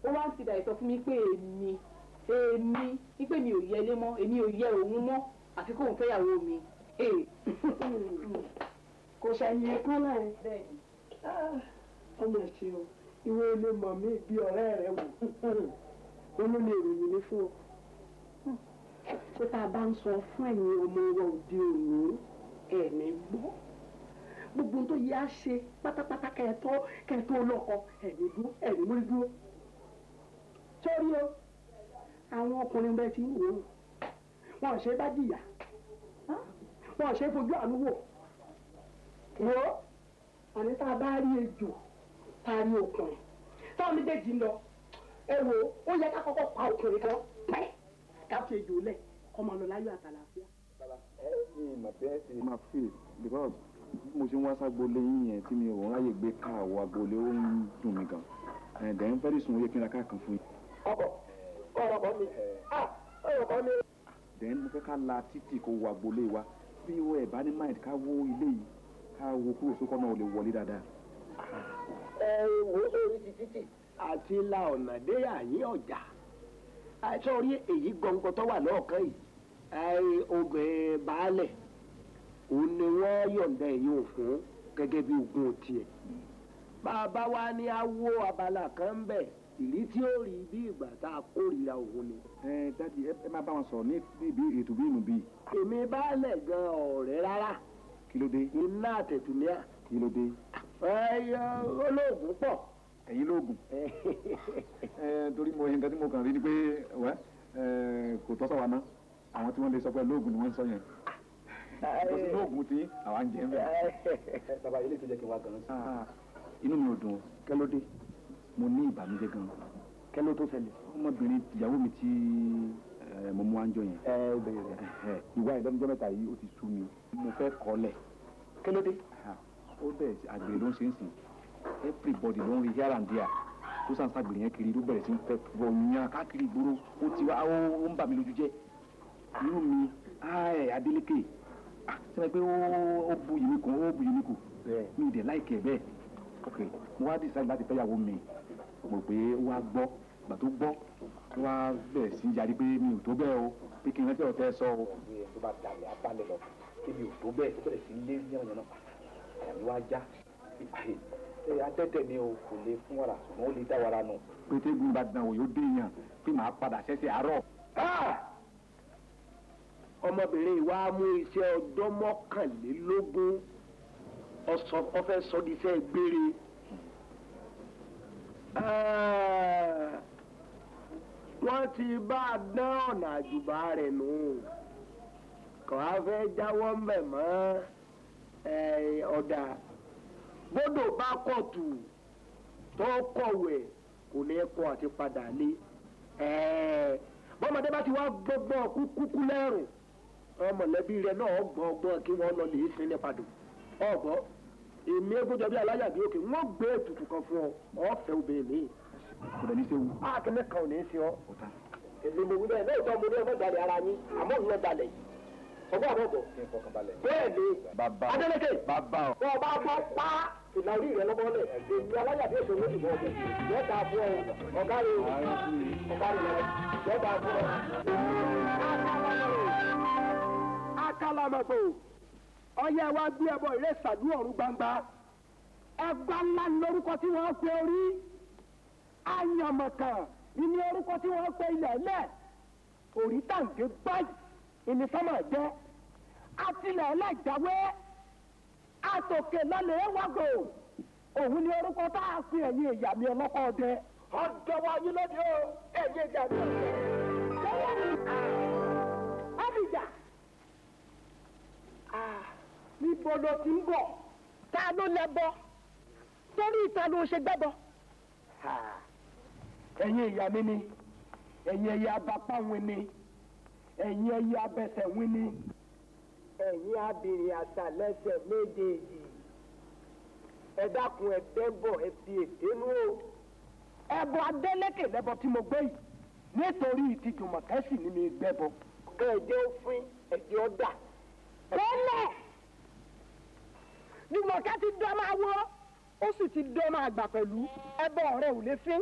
ó wá ń ti dà ìsọ fún mi pé èmi èmi wípé mi ò yẹ ilé mọ́ èmi ò yẹ òun mọ́ àfi kóun fẹ́yàwó mi. Eh. kò ṣàyìn ẹ̀kọ́ náà. bẹ́ẹ̀ni. Ah, ọmọ ẹ̀ṣẹ̀ o ìwọ ilé mọ̀ mí bí ọ̀rẹ́ rẹ wò olólè ìròyìn ní fún ọ. pé tá a bá ń sọ fún ẹ̀yin ọmọ wa òde òní ẹ̀mí gbọ́ gbogbo tó yẹ á ṣe pátápátá kẹtọ kẹtọ ọlọkọ ẹ̀mí dúró ẹ̀mí múrí dúró. sórí o àwọn ọkùnrin bẹ́ẹ̀ ti ń wò ó wọn ò ṣe bá jìyà wọn ò ṣe fojú àánú wò wo àní tá a bá rí ejò tá a rí òkun táwọn méjèèjì lọ ẹ wo ó yẹ ká kọ́kọ́ pa òkun kan pẹ́ ká fi ejò lẹ̀ kọ́ máa lọ láyọ̀ àtàlàáfíà. bàbá ẹ ṣe mọ̀ pé ṣe máa fè because mo ṣe ń wá ságbolé yín yẹn tí mi ò ráyè gbé ká àwọ agbolé ó ń dùn mí gan ẹ̀ẹ́dẹ̀ ń fẹ́ẹ́ sùn ó yẹ kí n ra káàkan fún yín. ọkọ ọ̀rọ̀ kan mi ah, ọ̀rọ̀ kan mi. then mo fẹ́ ká la títì kó wọ agbolé wa bí ẹ bá ní mind ká wó ilé yìí ká wo kúrò sókọ́ náà ò lè wọlé dáadáa. ẹ wo orí ti títì àti la ọ̀nà dé àyín ọjà sọ́ọ́rí èyí gbọ̀ngàn tó wà lọ́ọ̀kan yìí obìnrin baálẹ̀ òun ni wọ́n yọ̀ǹda ẹ̀yìn òfin gẹ́gẹ́ bí ogún tiẹ̀. bàbá wa ní awo abala kan bẹ̀ ìlí tí ó rí bí ìgbà tá a kórìíra òun ni. ẹ dájú ẹ máa bá wọn sọ̀rọ̀ ní ibi ètò bíi nù bíi. èmi baálẹ̀ gan ọ̀rẹ́ rárá kí ló dé. ilá àtẹ̀tùlẹ́à. kí ló dé. olóògùn pọ̀. ẹ̀yin lóògùn. torí mo nǹkan tí mo kàn rí ni pé wẹ́ kò tọ́sọ̀ wa ná àwọn tí wọ́n lè sọ pé lóògùn ni wọ́n ń sọ yẹn kò sí lóògùn tí àwa ń jẹ ń bẹ. bàbá ilé tó jẹ́ kí n wá gan sí. Ah, inú mi ò dùn kẹ́ ló dé mo ní ìbànújẹ́ gan. kẹ́ tó ṣẹlẹ̀. ọmọbìnrin ìyàwó mi ti ẹ eh, mo mú wájọ yẹn. ẹ eh, ó bẹ̀rẹ̀ rẹ̀ eh, ìwà ìdánijọ́ mẹ́ta yìí ó ti sú mi mo fẹ́ kọ́lẹ̀. kílódé. Ah, ó bẹ̀ àgbèrè ló ń ṣe ń sìn everybody ló ń rí here and there tó sàn sàgbèrè yẹn kiri ló bẹ̀rẹ̀ sí ń fẹ́ bọ̀ yan káàkiri ìgboro ó ti wá ó ń bà mí lójú jẹ́ irú mi ah, Adeleke sẹ́ni ah, pé ó bu yìí mi kù ó bu yìí mi kù mi ì dẹ̀ láìkẹ̀ bẹ́ẹ̀ ok mo wá dìsáì láti fẹ́yàwó mi mo pé ó wá gbọ́ ìgbà tó gbọ́ ló wá bẹ̀rẹ̀ sí yarí pé mi ò tó bẹ́ẹ̀ o pé kí n rántí ọ̀tẹ́ sọ o. tó bá dalẹ̀ abalẹ̀ lọ ebi ò tó bẹ́ẹ̀ tó bẹ̀rẹ̀ sí lé ní ọ̀yàn náà àyà wá já adẹ́tẹ̀ ni o kò lè fún wàrà ṣùgbọ́n ó lè dá wàrà nù. pété gun bá dàn yóò dé yàn pé màá padà ṣẹ̀ṣẹ̀ àárọ̀. ọmọbìnrin wa mú iṣẹ́ ọdún mọ́kànlélógún ọfẹ́ wọ́n ti bá a dán ọ̀nà àjùbá rẹ̀ nù kò á fẹ́ jáwọ́ mbẹ̀ mọ́ ọ̀dà bódò bá kọ̀tù tó kọ̀wẹ̀ kò ní kọ́ àti padà lé bọ́mọdé bá ti wá gbọ́gbọ́n kúkúkú lẹ́rùn ọmọlẹ́bí rẹ náà gbọ́n ọgbọ́n kí wọ́n lọ lè sin ní padò ọ̀gbọ́n èmi egúnjọ bí aláyàgbé òkè wọ́n gbé ètùtù kan fún ọ ọ̀fẹ́ obìnrin mi kò dẹ̀ ní ṣe wù. a ah, kìnnì kan ò ní í ṣe ọ́. èmi mo wí bẹ́ẹ̀ náà ìtọ́ mo ní ọmọ ìdàlẹ̀ ara yín àmọ́ ìlú ọ̀dàlẹ̀ yìí ọgbọ́n àbọ̀ bọ̀. bẹ́ẹ̀ ni Adeleke bọ́ ọ bá pa ìlà orí rẹ lọ́wọ́ lẹ̀ èmi alájà bí èso lóṣù bọ̀ ọ̀gbẹ́ yóò dáa fún ọ ọ̀gá rẹ ọ̀gá rẹ yóò dáa fún ọ. akalamọ̀gbò ọyẹ wa gbé ẹbọ ìrẹsàdú ọ̀run gbangba ẹgbàá ńlá lórúkọ tí wọ́n pe orí. àyànmọ̀kàn ìní orúkọ tí wọ́n pẹ ilẹ̀ lẹ̀ òrítàǹdé báyìí ìní sọ́mọ̀ jẹ́ àtìlẹ̀ ẹlẹ́jàwé àtòkè lọ́lẹ̀ wàgò òun ni orúkọ tá a fi ẹ̀yìn ìyá mi ọlọ́kọ̀ ọdẹ. ọjọ́ wa yín lóde o ẹ̀yìn ìyá mi ọdẹ. lọ́wọ́ mi níbo ló ti ń bọ̀ ta ló lẹ torí ìta ló ṣe ẹ̀yin ìyá mi ni ẹ̀yin ẹyẹ abapá wín ni ẹ̀yin ẹyẹ abẹsẹ̀ wín ni. ẹ̀yin abìrì àtàlẹ́sẹ̀ méjèèjì ẹ dákun ẹ bẹ́bọ̀ ẹ fi èdè nú o. ẹbọ adélékè lẹbọ tí mo gbé yìí nítorí ti jùmọ̀kẹ́sì ni mi gbẹ́bọ. ẹ̀jẹ̀ òfin ẹ̀jẹ̀ ọ̀dà. tẹ́lẹ̀ jùmọ̀kẹ́ ti dán máa wọ́ ó sì ti dán máa gbà pẹ̀lú ẹbọ ọ̀rẹ́ ò lè fín.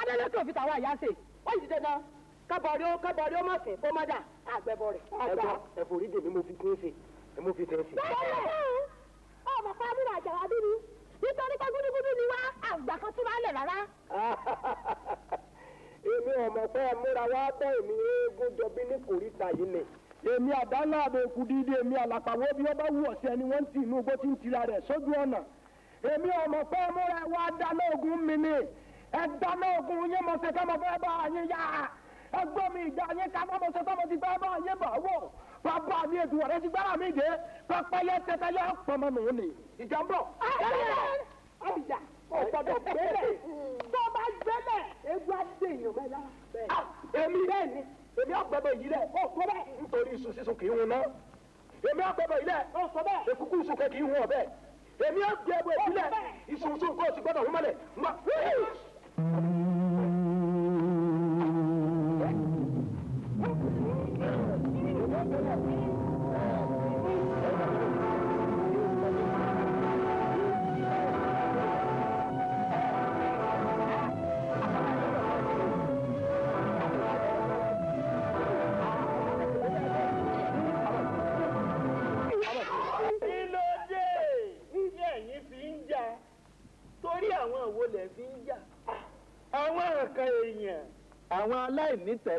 adeleke òfin tàwa ìyá ṣe ó yìí dandan kábọ̀rí ó kábọ̀rí ó má sìn kó má dà àgbẹ̀bọ̀ rẹ̀. ẹ̀gbọ́n ẹ̀fọ́ orí dèmi mo fi tún ṣe ẹ̀ mo fi tún ṣe. bẹ́ẹ̀ ọmọ kan abúlé àjàrà bí ni nítorí pé gúdúgúdú ni wá àgbà kan tún máa ń lẹ̀ rárá. èmi ọmọ fẹ́ múra wá bọ́ èmi eégún jọbí ní kòríta yìí ni èmi àdáná àbẹ̀kù dídí èmi àlàpàwọ́ bí ó bá wù ọ̀sẹ̀ ni wọ́n ń tì inú igbó tí ń tira rẹ̀ sójú ọ̀nà èmi ọmọ fẹ́ múra wá dáná ogun mi ni ẹ̀dáná ogun yín mo ṣe kẹ́ mo fẹ́ bá yín yá ẹgbẹ́ mi ìjà yín ká mọ́ mo ṣe ti fẹ́ bá yín bá wò bàbá mi ètò ọ̀rẹ́ ti gbára mi dé pẹ́pẹ́yẹ tẹ́tẹ́yẹ pọ̀mọ́ mi ò ní ìjà ń bọ̀. ọjà o gbọ́dọ̀ gbélé tó bá gbélé ewu adé èèyàn mẹ́la. Ah, èmi bẹ́ẹ̀ ni èmi ọ̀gbẹ́bẹ̀ yìí rẹ̀ ó kọ́ bẹ́ẹ̀ nítorí iṣu sísun kì í hun náà èmi ọ̀gbẹ́bẹ̀ yìí rẹ̀ ó sọ bẹ́ẹ̀ èkúkú iṣu kẹ́ kì í hun ọ̀bẹ́ èmi ọ̀gbẹ́bẹ̀ yìí rẹ̀ iṣu iṣu kó o ti gbọ́dọ̀ hun mọ́lẹ̀ Mm-hmm.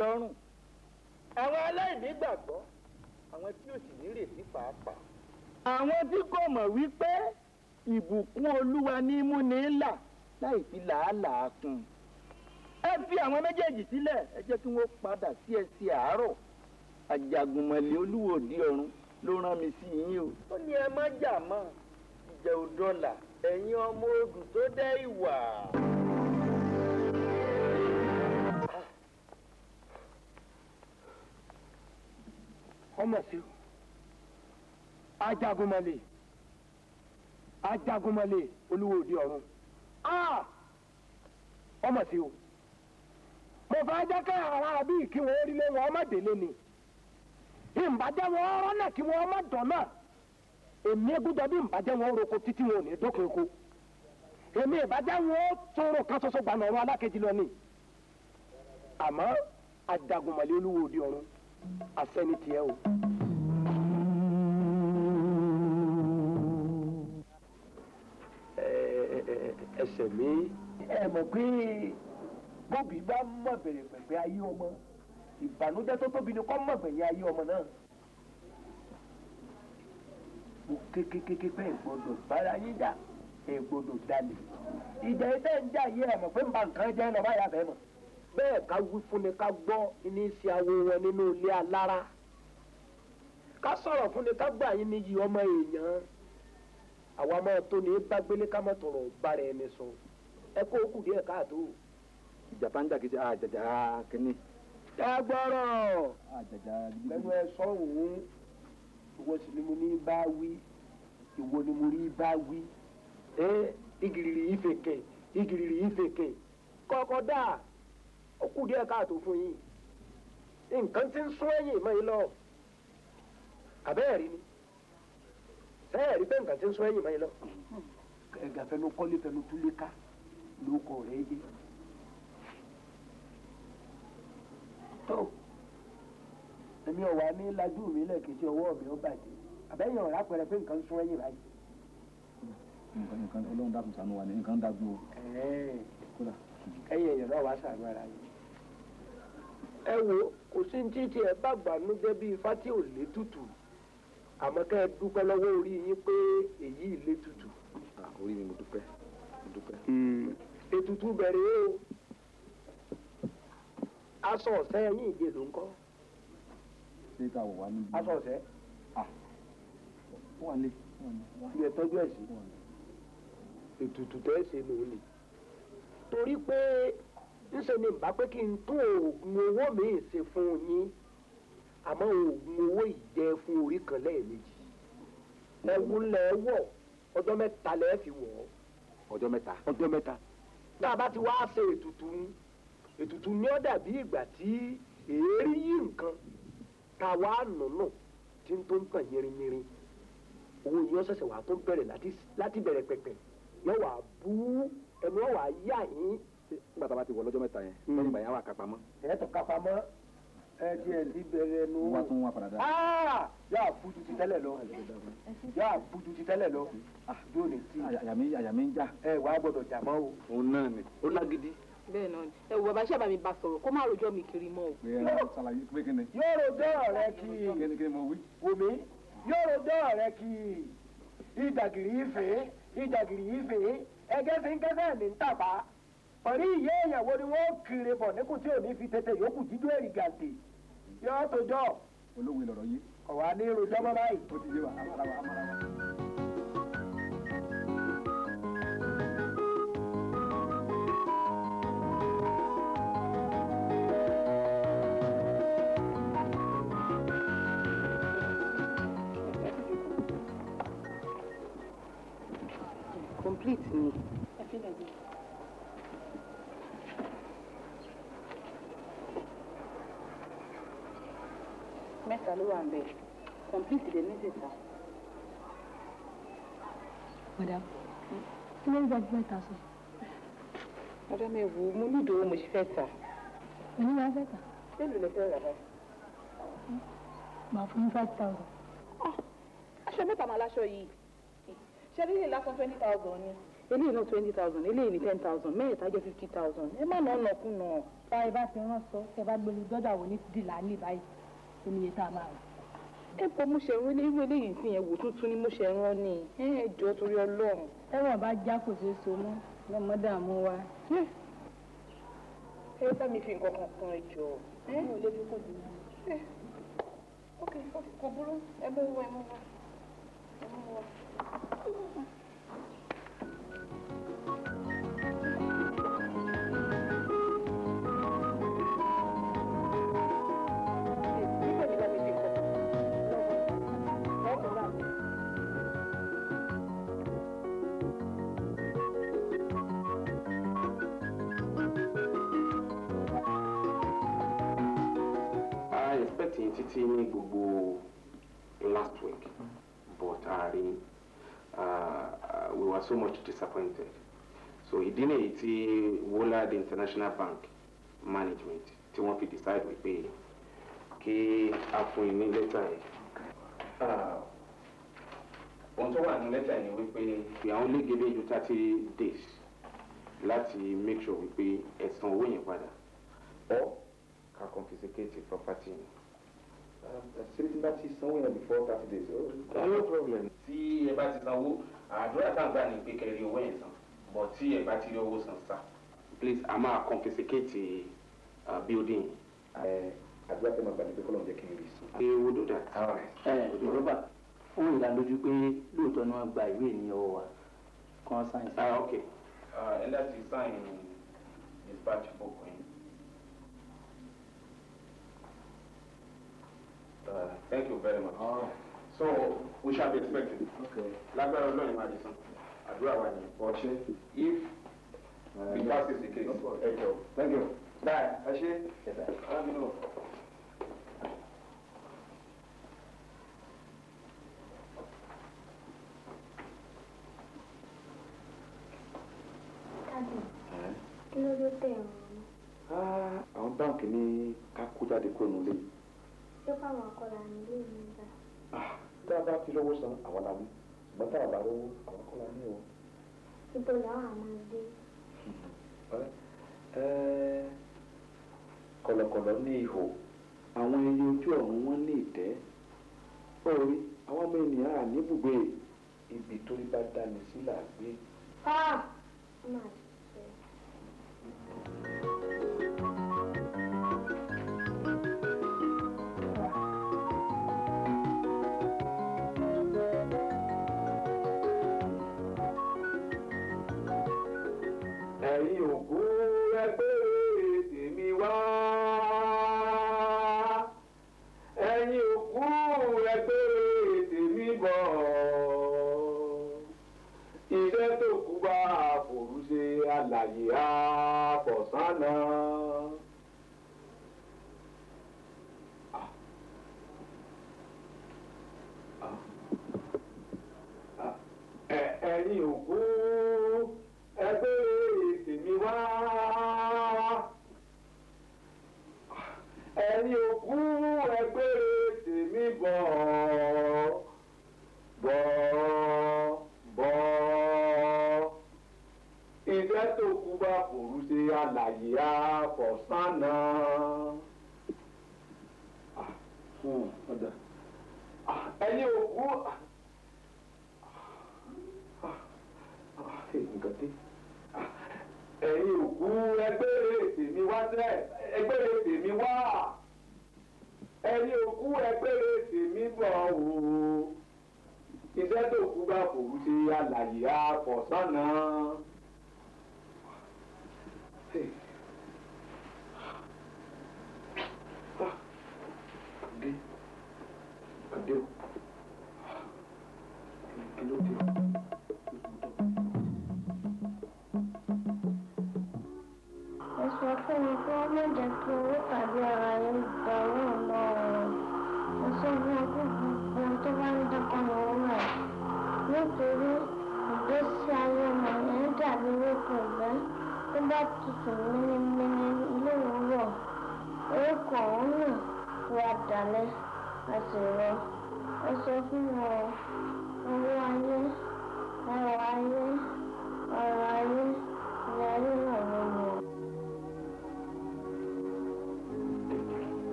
lọ́rùn àwọn aláìnígbàgbọ́ àwọn tí ò sì nírètí pàápàá àwọn tí kò mọ̀ wípé ìbùkún olúwa ní múni là láì fi làálàá kún ẹ fi àwọn méjèèjì sílẹ̀ ẹ jẹ́ kí wọ́n padà sí ẹsẹ̀ àárọ̀ àjàgùnmọ̀lẹ̀ olúwo òdi ọ̀run ló rán mi sí yín o. ó ní ẹ má jà mọ́ ìjà ò ẹ̀yin ọmọ ogun tó dé ìwà. ọmọsí ajagunmalè ajagunmalè olúwo òde ọ̀run ọmọsí o mo fẹ́ jẹ́ kí àwọn àbí kí bi rí lé wọn ọmọdélé ni ìbàjẹ́ wọn ọ̀rọ̀ náà kí wọ́n má dọ̀ náà èmi egúdọ̀ bí ìbàjẹ́ wọn roko títí wọn ò ní dókè oko èmi ìbàjẹ́ wọn tóró kan ṣoṣo gbàna ọ̀run alákejì lọ ni àmọ́ ajagunmalè olúwo òde ọ̀run. asẹ́ni tiẹ̀ o. ẹsẹ̀ mi. ẹ mọ̀ pé bóbi bá mọ̀ bẹ̀rẹ̀ pẹ̀pẹ́ ayé ọmọ ìbànújẹ́ tó tóbi ni kọ́ mọ̀ gbẹ̀yìn ayé ọmọ náà. mo kékékéké pé ìgbọ́dọ̀ bára yín jà ìgbọ́dọ̀ dalẹ̀ ìjà yìí tẹ́ ń jà yìí ẹ̀ mọ̀ pé nǹkan jẹ́ ẹ̀ lọ́ bá yà fẹ́ mọ̀ bẹ́ẹ̀ ká wí fúnni ká gbọ́ ní í ṣe awo wọn nínú ilé alára ká sọ̀rọ̀ fúnni ká gbà yín níyì ọmọ èèyàn àwa máa tó ní bá gbélé ká má tọrọ bára ẹni sọ ẹ kó kù díẹ̀ káàtó. ìjàpá ń dàgídí àjàjà kínní. ẹ gbọ́rọ̀ ẹ sọ òun ìwọ sì ni mo ní bá wí ìwọ ni mo rí bá wí. ẹ igiriri ife kẹ igiriri ife kẹ kọkọ dáa ó kù díẹ̀ káàtó fún yín nǹkan tí ń sún ẹ̀yìn mọ́ yín lọ àbẹ́ẹ̀rí ni sẹ́ẹ̀rí pé nǹkan tí ń sún ẹ̀yìn mọ́ yín lọ. ẹ̀gà fẹnu kọ́lé fẹnu túlé ká ló kọ rẹ̀ yé. tó èmi ọ̀wà mi lajú mi lẹ́ẹ̀kejì ọwọ́ mi ó bàjẹ́ àbẹ́yìn ọ̀rá pẹrẹ pé nǹkan ń sún ẹ̀yìn báyìí. nǹkan ọlọ́run dákun ṣàánú wa ni nǹkan dágbó. ẹ̀ẹ́n ẹ̀yẹ̀ yọ̀rọ̀ wa ṣàánú ara yìí ẹ wo kò sí ní títí ẹ bá gbàánú jẹ́ bíi fátí ò lé tutù àmọ́ kẹ́ ẹ dúpẹ́ lọ́wọ́ orí yín pé èyí lé tutù. orí mi mo dúpẹ́ mo dúpẹ́. Hmm. ètùtù bẹ̀rẹ̀ o aṣọ ọ̀sẹ́ yín ìdè ló ń kọ́. ṣé ká wọ̀ wá níbí. aṣọ ọ̀sẹ́. wọ́n lè. ìyẹn tọ́jú ẹ̀ sí. ètùtù tẹ́ ṣe lòun torí pé ńṣe ni bá pé kí n tún oògùn owó mi-ín ṣe fún yín àmọ́ oògùn owó ìjẹ fún orí kan lẹ́ẹ̀mejì ẹ̀wù lẹ̀ ẹ wọ̀ ọjọ́ mẹ́ta lẹ́ẹ̀ fi wọ̀ ọ́. ọjọ́ mẹ́ta. ọjọ́ mẹ́ta. tá a bá ti wá ṣe ètùtù ètùtù ni ó dàbí ìgbà tí èérí yí nǹkan ta wá nùnù tí n tó ń tàn yìnrìnyìnrìn owó yìí ó ṣẹ̀ṣẹ̀ tó bẹ̀rẹ̀ láti bẹ̀rẹ̀ pẹ̀pẹ̀ yóò wà bú ẹnu ọ̀ wà yín nígbà tá a bá ti wọ lọ́jọ́ mẹ́ta yẹn hmm. lẹ́yìn ìgbà yẹn wà kápamọ́. ẹ tó kápamọ́ ẹ díẹ̀ ní bẹ̀rẹ̀ nu. wọ́n tún wá padà dá. Ah! yóò àfújú ti tẹ́lẹ̀ lọ yóò àfújú ti tẹ́lẹ̀ lọ yóò ah, ní tí. àyàmí àyàmí ń jà. ẹ wàá gbọ́dọ̀ jà mọ́ o. òun náà ni ó lágídí bẹ́ẹ̀ náà ẹ wò bàbá sábà mi bá sọ̀rọ̀ kó má rojọ́ mi kiri mọ́ o. yóò rojọ́ rẹ kí wòmí yóò rojọ́ rẹ kí ìdàgìrì ìfẹ́ ìdàgìrì ìfẹ́ ẹgẹ́ fi ọ̀rí ìyá èèyàn wo ni wọ́n kiri bọ̀ níkù tí ò ní fi tètè yòókù jíjó èrì gàǹtì yọ́ tó jọ. olówó ìlọ̀rọ̀ yìí. ọ̀wá ní irun jọ́mọ́ báyìí. ó ti yé wa amarawa amarawa. madam kí ló ń gbàgbé mẹ́ta sọ. madam ẹ wo mo ní ìdòwò mo ṣe fẹ́ tà. èmi máa fẹ́ tà. bẹ́ẹ̀ ló lè fẹ́ rà báyìí. màá fún mi five thousand. Ah, aṣọ mẹ́ta máa láṣọ yìí ṣé ilé lásán twenty thousand ni eléyìí náà twenty thousand eléyìí ní ten thousand mẹ́ẹ̀ta jẹ́ fifty thousand ẹ má nà ọ́ nàkúnà. báyìí bá ti rán sọ ẹ bá gbẹlú dọ́dà wò ní dìlà ní báyìí omi tá a máa rà epo mo ṣe rán irú eléyìí fi yẹn wò tuntun ni mo ṣe rán ni ẹ jọ torí Ọlọ́run. ẹwọn bá já kò ṣeé so mọ lọmọ dààmú wa. ẹ bá mi fi nǹkan kan kún ẹ jọ mi ò lè fi kún mi. ok kò burú ẹ mú wa ẹ mú wa ẹ mú wa. ní gbogbo last week but ààrí uh, we were so much disappointed so ìdí nìyí tí Woolard International Bank management tí wọ́n fi decide wípé kí a fún yín ní lẹ́tà yìí. ohun tó wà ní lẹ́tà yìí wípé we are only giving you thirty days láti make sure wípé ẹ san owó yẹn padà or ká confiscate property yẹn ṣèlérí bá ti sanwó yẹn before thirty days. no problem. tí ẹ bá ti sanwó àdúrà tàǹgbà ní pé kẹrin owó yẹn san but tí ẹ bá ti rí owó san sá. please a máa confiscate uh, building. Eh, àdúrà tẹ́ máa gbà ní pé kọ́lọ́ọ̀ jẹ́ kí n rí sùn. ẹ wo dòdà. ẹ rọ́bà ó ń dá lójú pé lóòótọ́ ni wọ́n gba ìwé ní ọwọ́ wa kan sáyẹn. Ah, ah, ẹ láti sáyẹn dispatch book Uh, thank you very much. All So we shall be expecting. Okay. Lágbára Ọlọ́run máa di san. Àdúrà wa ni. Ọ̀ṣẹ́. If uh, we pass this the case. Ẹ jọ. Thank you. Bye. Ẹ ṣe. Ẹ ṣe. Eh? kí ló dé tẹ̀ ọ́. Ah, àwọn báńkì ní ká kó jáde kúrò nílé yìí tá ah, a bá ti rówó san àwọn la ṣùgbọ́n tá a bá rówó àwọn kọ́ la ní o. ibo làwọn hmm, eh, ojú ọ̀run wọn ní ìtẹ́ orí àwọn ọmọ ibi tó rí bá ẹ̀yin òkú ẹgbẹ́rẹ́ tèmi wá. ẹ̀yin òkú ẹgbẹ́rẹ́ tèmi bọ̀. iṣẹ́ tó kú bá àfòrúṣe alàyè àbọ̀sánà.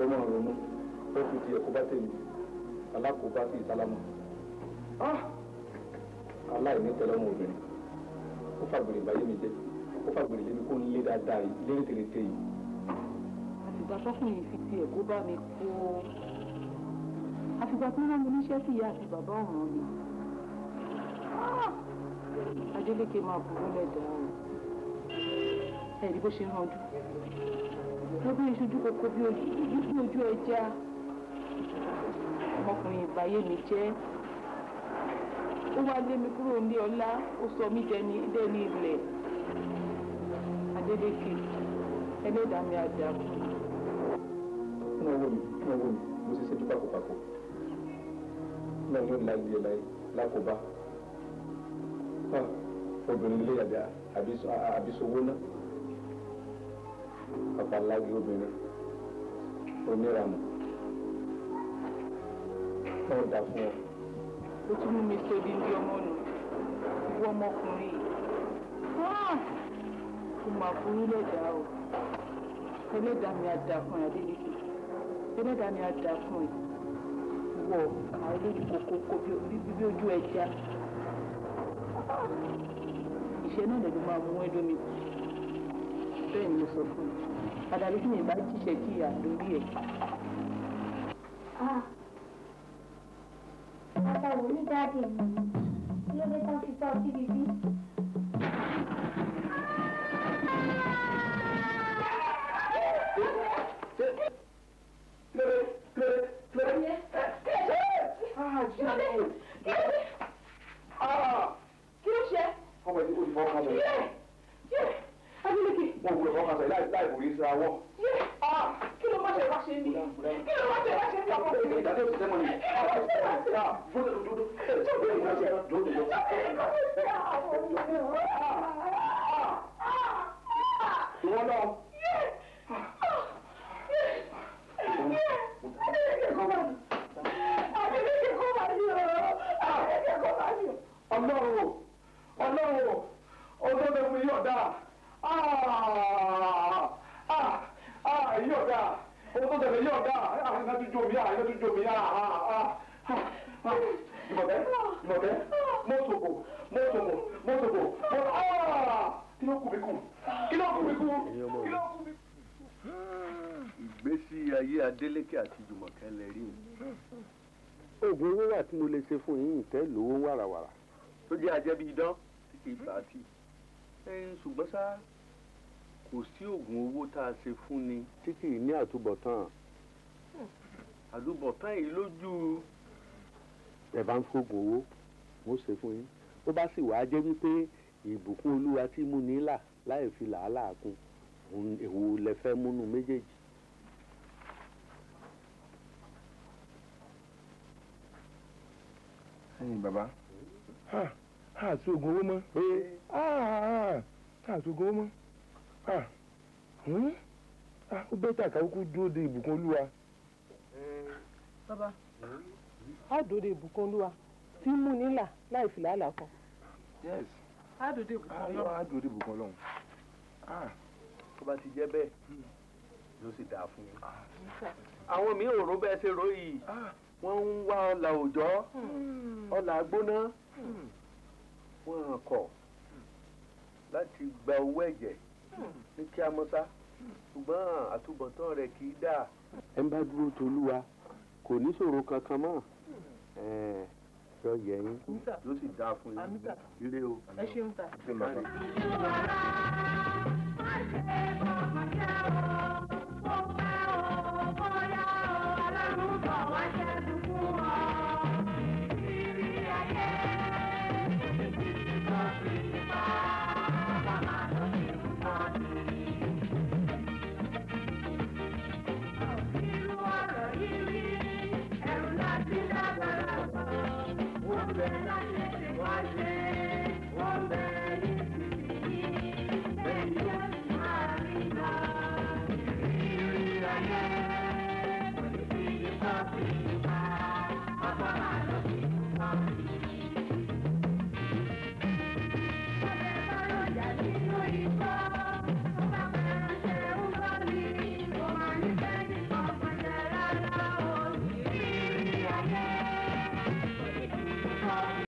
ó mọ̀ ronú ó fi di ẹ̀kọ́ bá tèmi alákòóbá sí ìsálámù aláìní ah! tẹlẹmú obìnrin ó fàgbèrè ìbáyé mi jẹ ó fàgbèrè yé mi kó ń lé dáadáa yìí lé tèrètè yìí. àtìgbà sọ́kùnrin fi ti ẹ̀kọ́ bá mi kú o àtìgbà tí wọ́n mú níṣẹ́ sí ìyá àti bàbá ọ̀ràn mi ah! Adeleke máa burú lẹ́dàá o ẹ̀rí bó ṣe ń rànjú lóbi ìṣojú kòkó bí ojú ẹja ọmọkùnrin ìbáyé mi jẹ́ ó wá lé mi kúrò ní ọlá ó sọ mí dẹni dẹni ilẹ̀ adédèké ẹlẹ́dàá mi àdàbò. kí wọ́n wò mí kí wọ́n wò mí mo ṣe ṣẹ́jú pákópákó náà yóò la ilé láyé lákòóbá ah, obìnrin ilé àbí àbí sowó náà àbálágé obìnrin oníranù náà dà fún ọ. ó tún mú mi sódì ní ọmọ nù ìwọ ọmọkùnrin kò ah! máa burú lẹ́dàá o ẹlẹ́dàá mi àdá fún ẹ adédìkì ẹlẹ́dàá mi àdá fún ẹ wọ àwọn olórí kòkòkò bí ojú ẹja ìṣe náà lè ló máa mú ẹdọ mi kù bẹ́ẹ̀ ni mo sọ fún un àdàbí kí mi bá jíṣẹ́ kí ìyá lórí ẹ̀. Ah. àtàwọn onídàájì mi ló dé tán fi tọ́ síbi bí. ra wọ́. kí ló má ṣe wá ṣe mí kí ló má ṣe wá ṣe mí ọmọ mi. ìdájọ́ ti tẹ́mọ̀ ni. ìwọ náà. ọlọ́run o ọlọ́run o ọlọ́run mi yọ̀ọ̀dà èyí ọ̀dà owó tó tẹ̀lé èyí ọ̀dà àwọn iná tún jó mi àwọn ah, iná tún jó mi ah, ah, ìmọ̀tẹ́ ìmọ̀tẹ́ mọ́sòkò mọ́sòkò mọ́sòkò kí ló kù mí kù kí ló kù mí kù kí ló kù mí kù. ìgbésí ayé Adélékè àti Jùmọ̀kẹ́ lè rí o. oògùn owó wà tí mo lè ṣe fún yín ìtẹ́ lówó wàràwàrà. tó jẹ́ ajẹ́bí idán tí kì í bàá tì. ṣùgbọ́n sáà kò sí oògùn owó tá a ṣe fún ni tí kì í ní àtúbọ̀tán àtúbọ̀tán yìí lójú. ẹ bá ń fògùn owó mo ṣe fún yín ó bá sì wáá jẹ́ wípé ìbùkún olúwa tí mú ní là láì fi làálàá kún èwo lẹ fẹ́ múnú méjèèjì. ẹ̀yin bàbá àti oògùn owó mọ́ àti oògùn owó mọ́. Ah, hmm? ah, ó bẹ́tà káwọ́kú dúró de ìbùkún olúwa. bàbá a dúró de ìbùkún olúwa tí mú nílà láì fìlà àlà kan. yes a dúró de ìbùkún ah, ọlọ́run. a dúró de ìbùkún ọlọ́run. tó bá ti jẹ́ bẹ́ẹ̀ yóò sì dáa fún yín. àwọn mi ò rò bẹ́ẹ̀ ṣe rò yìí wọ́n ń wá ọlà òòjọ́ hmm. ọlà gbóná wọ́n kọ̀ láti gba owó ẹ̀jẹ̀ ní kí a mọ́sá ṣùgbọ́n àtúbọ̀tán rẹ̀ kì í dà. ẹ ń bá dúró tolúwa kò ní ṣòro kankan mọ́ yọ yẹ yín yóò sì dáa fún yín ire o. ẹ ṣeun ta. Thank you. One,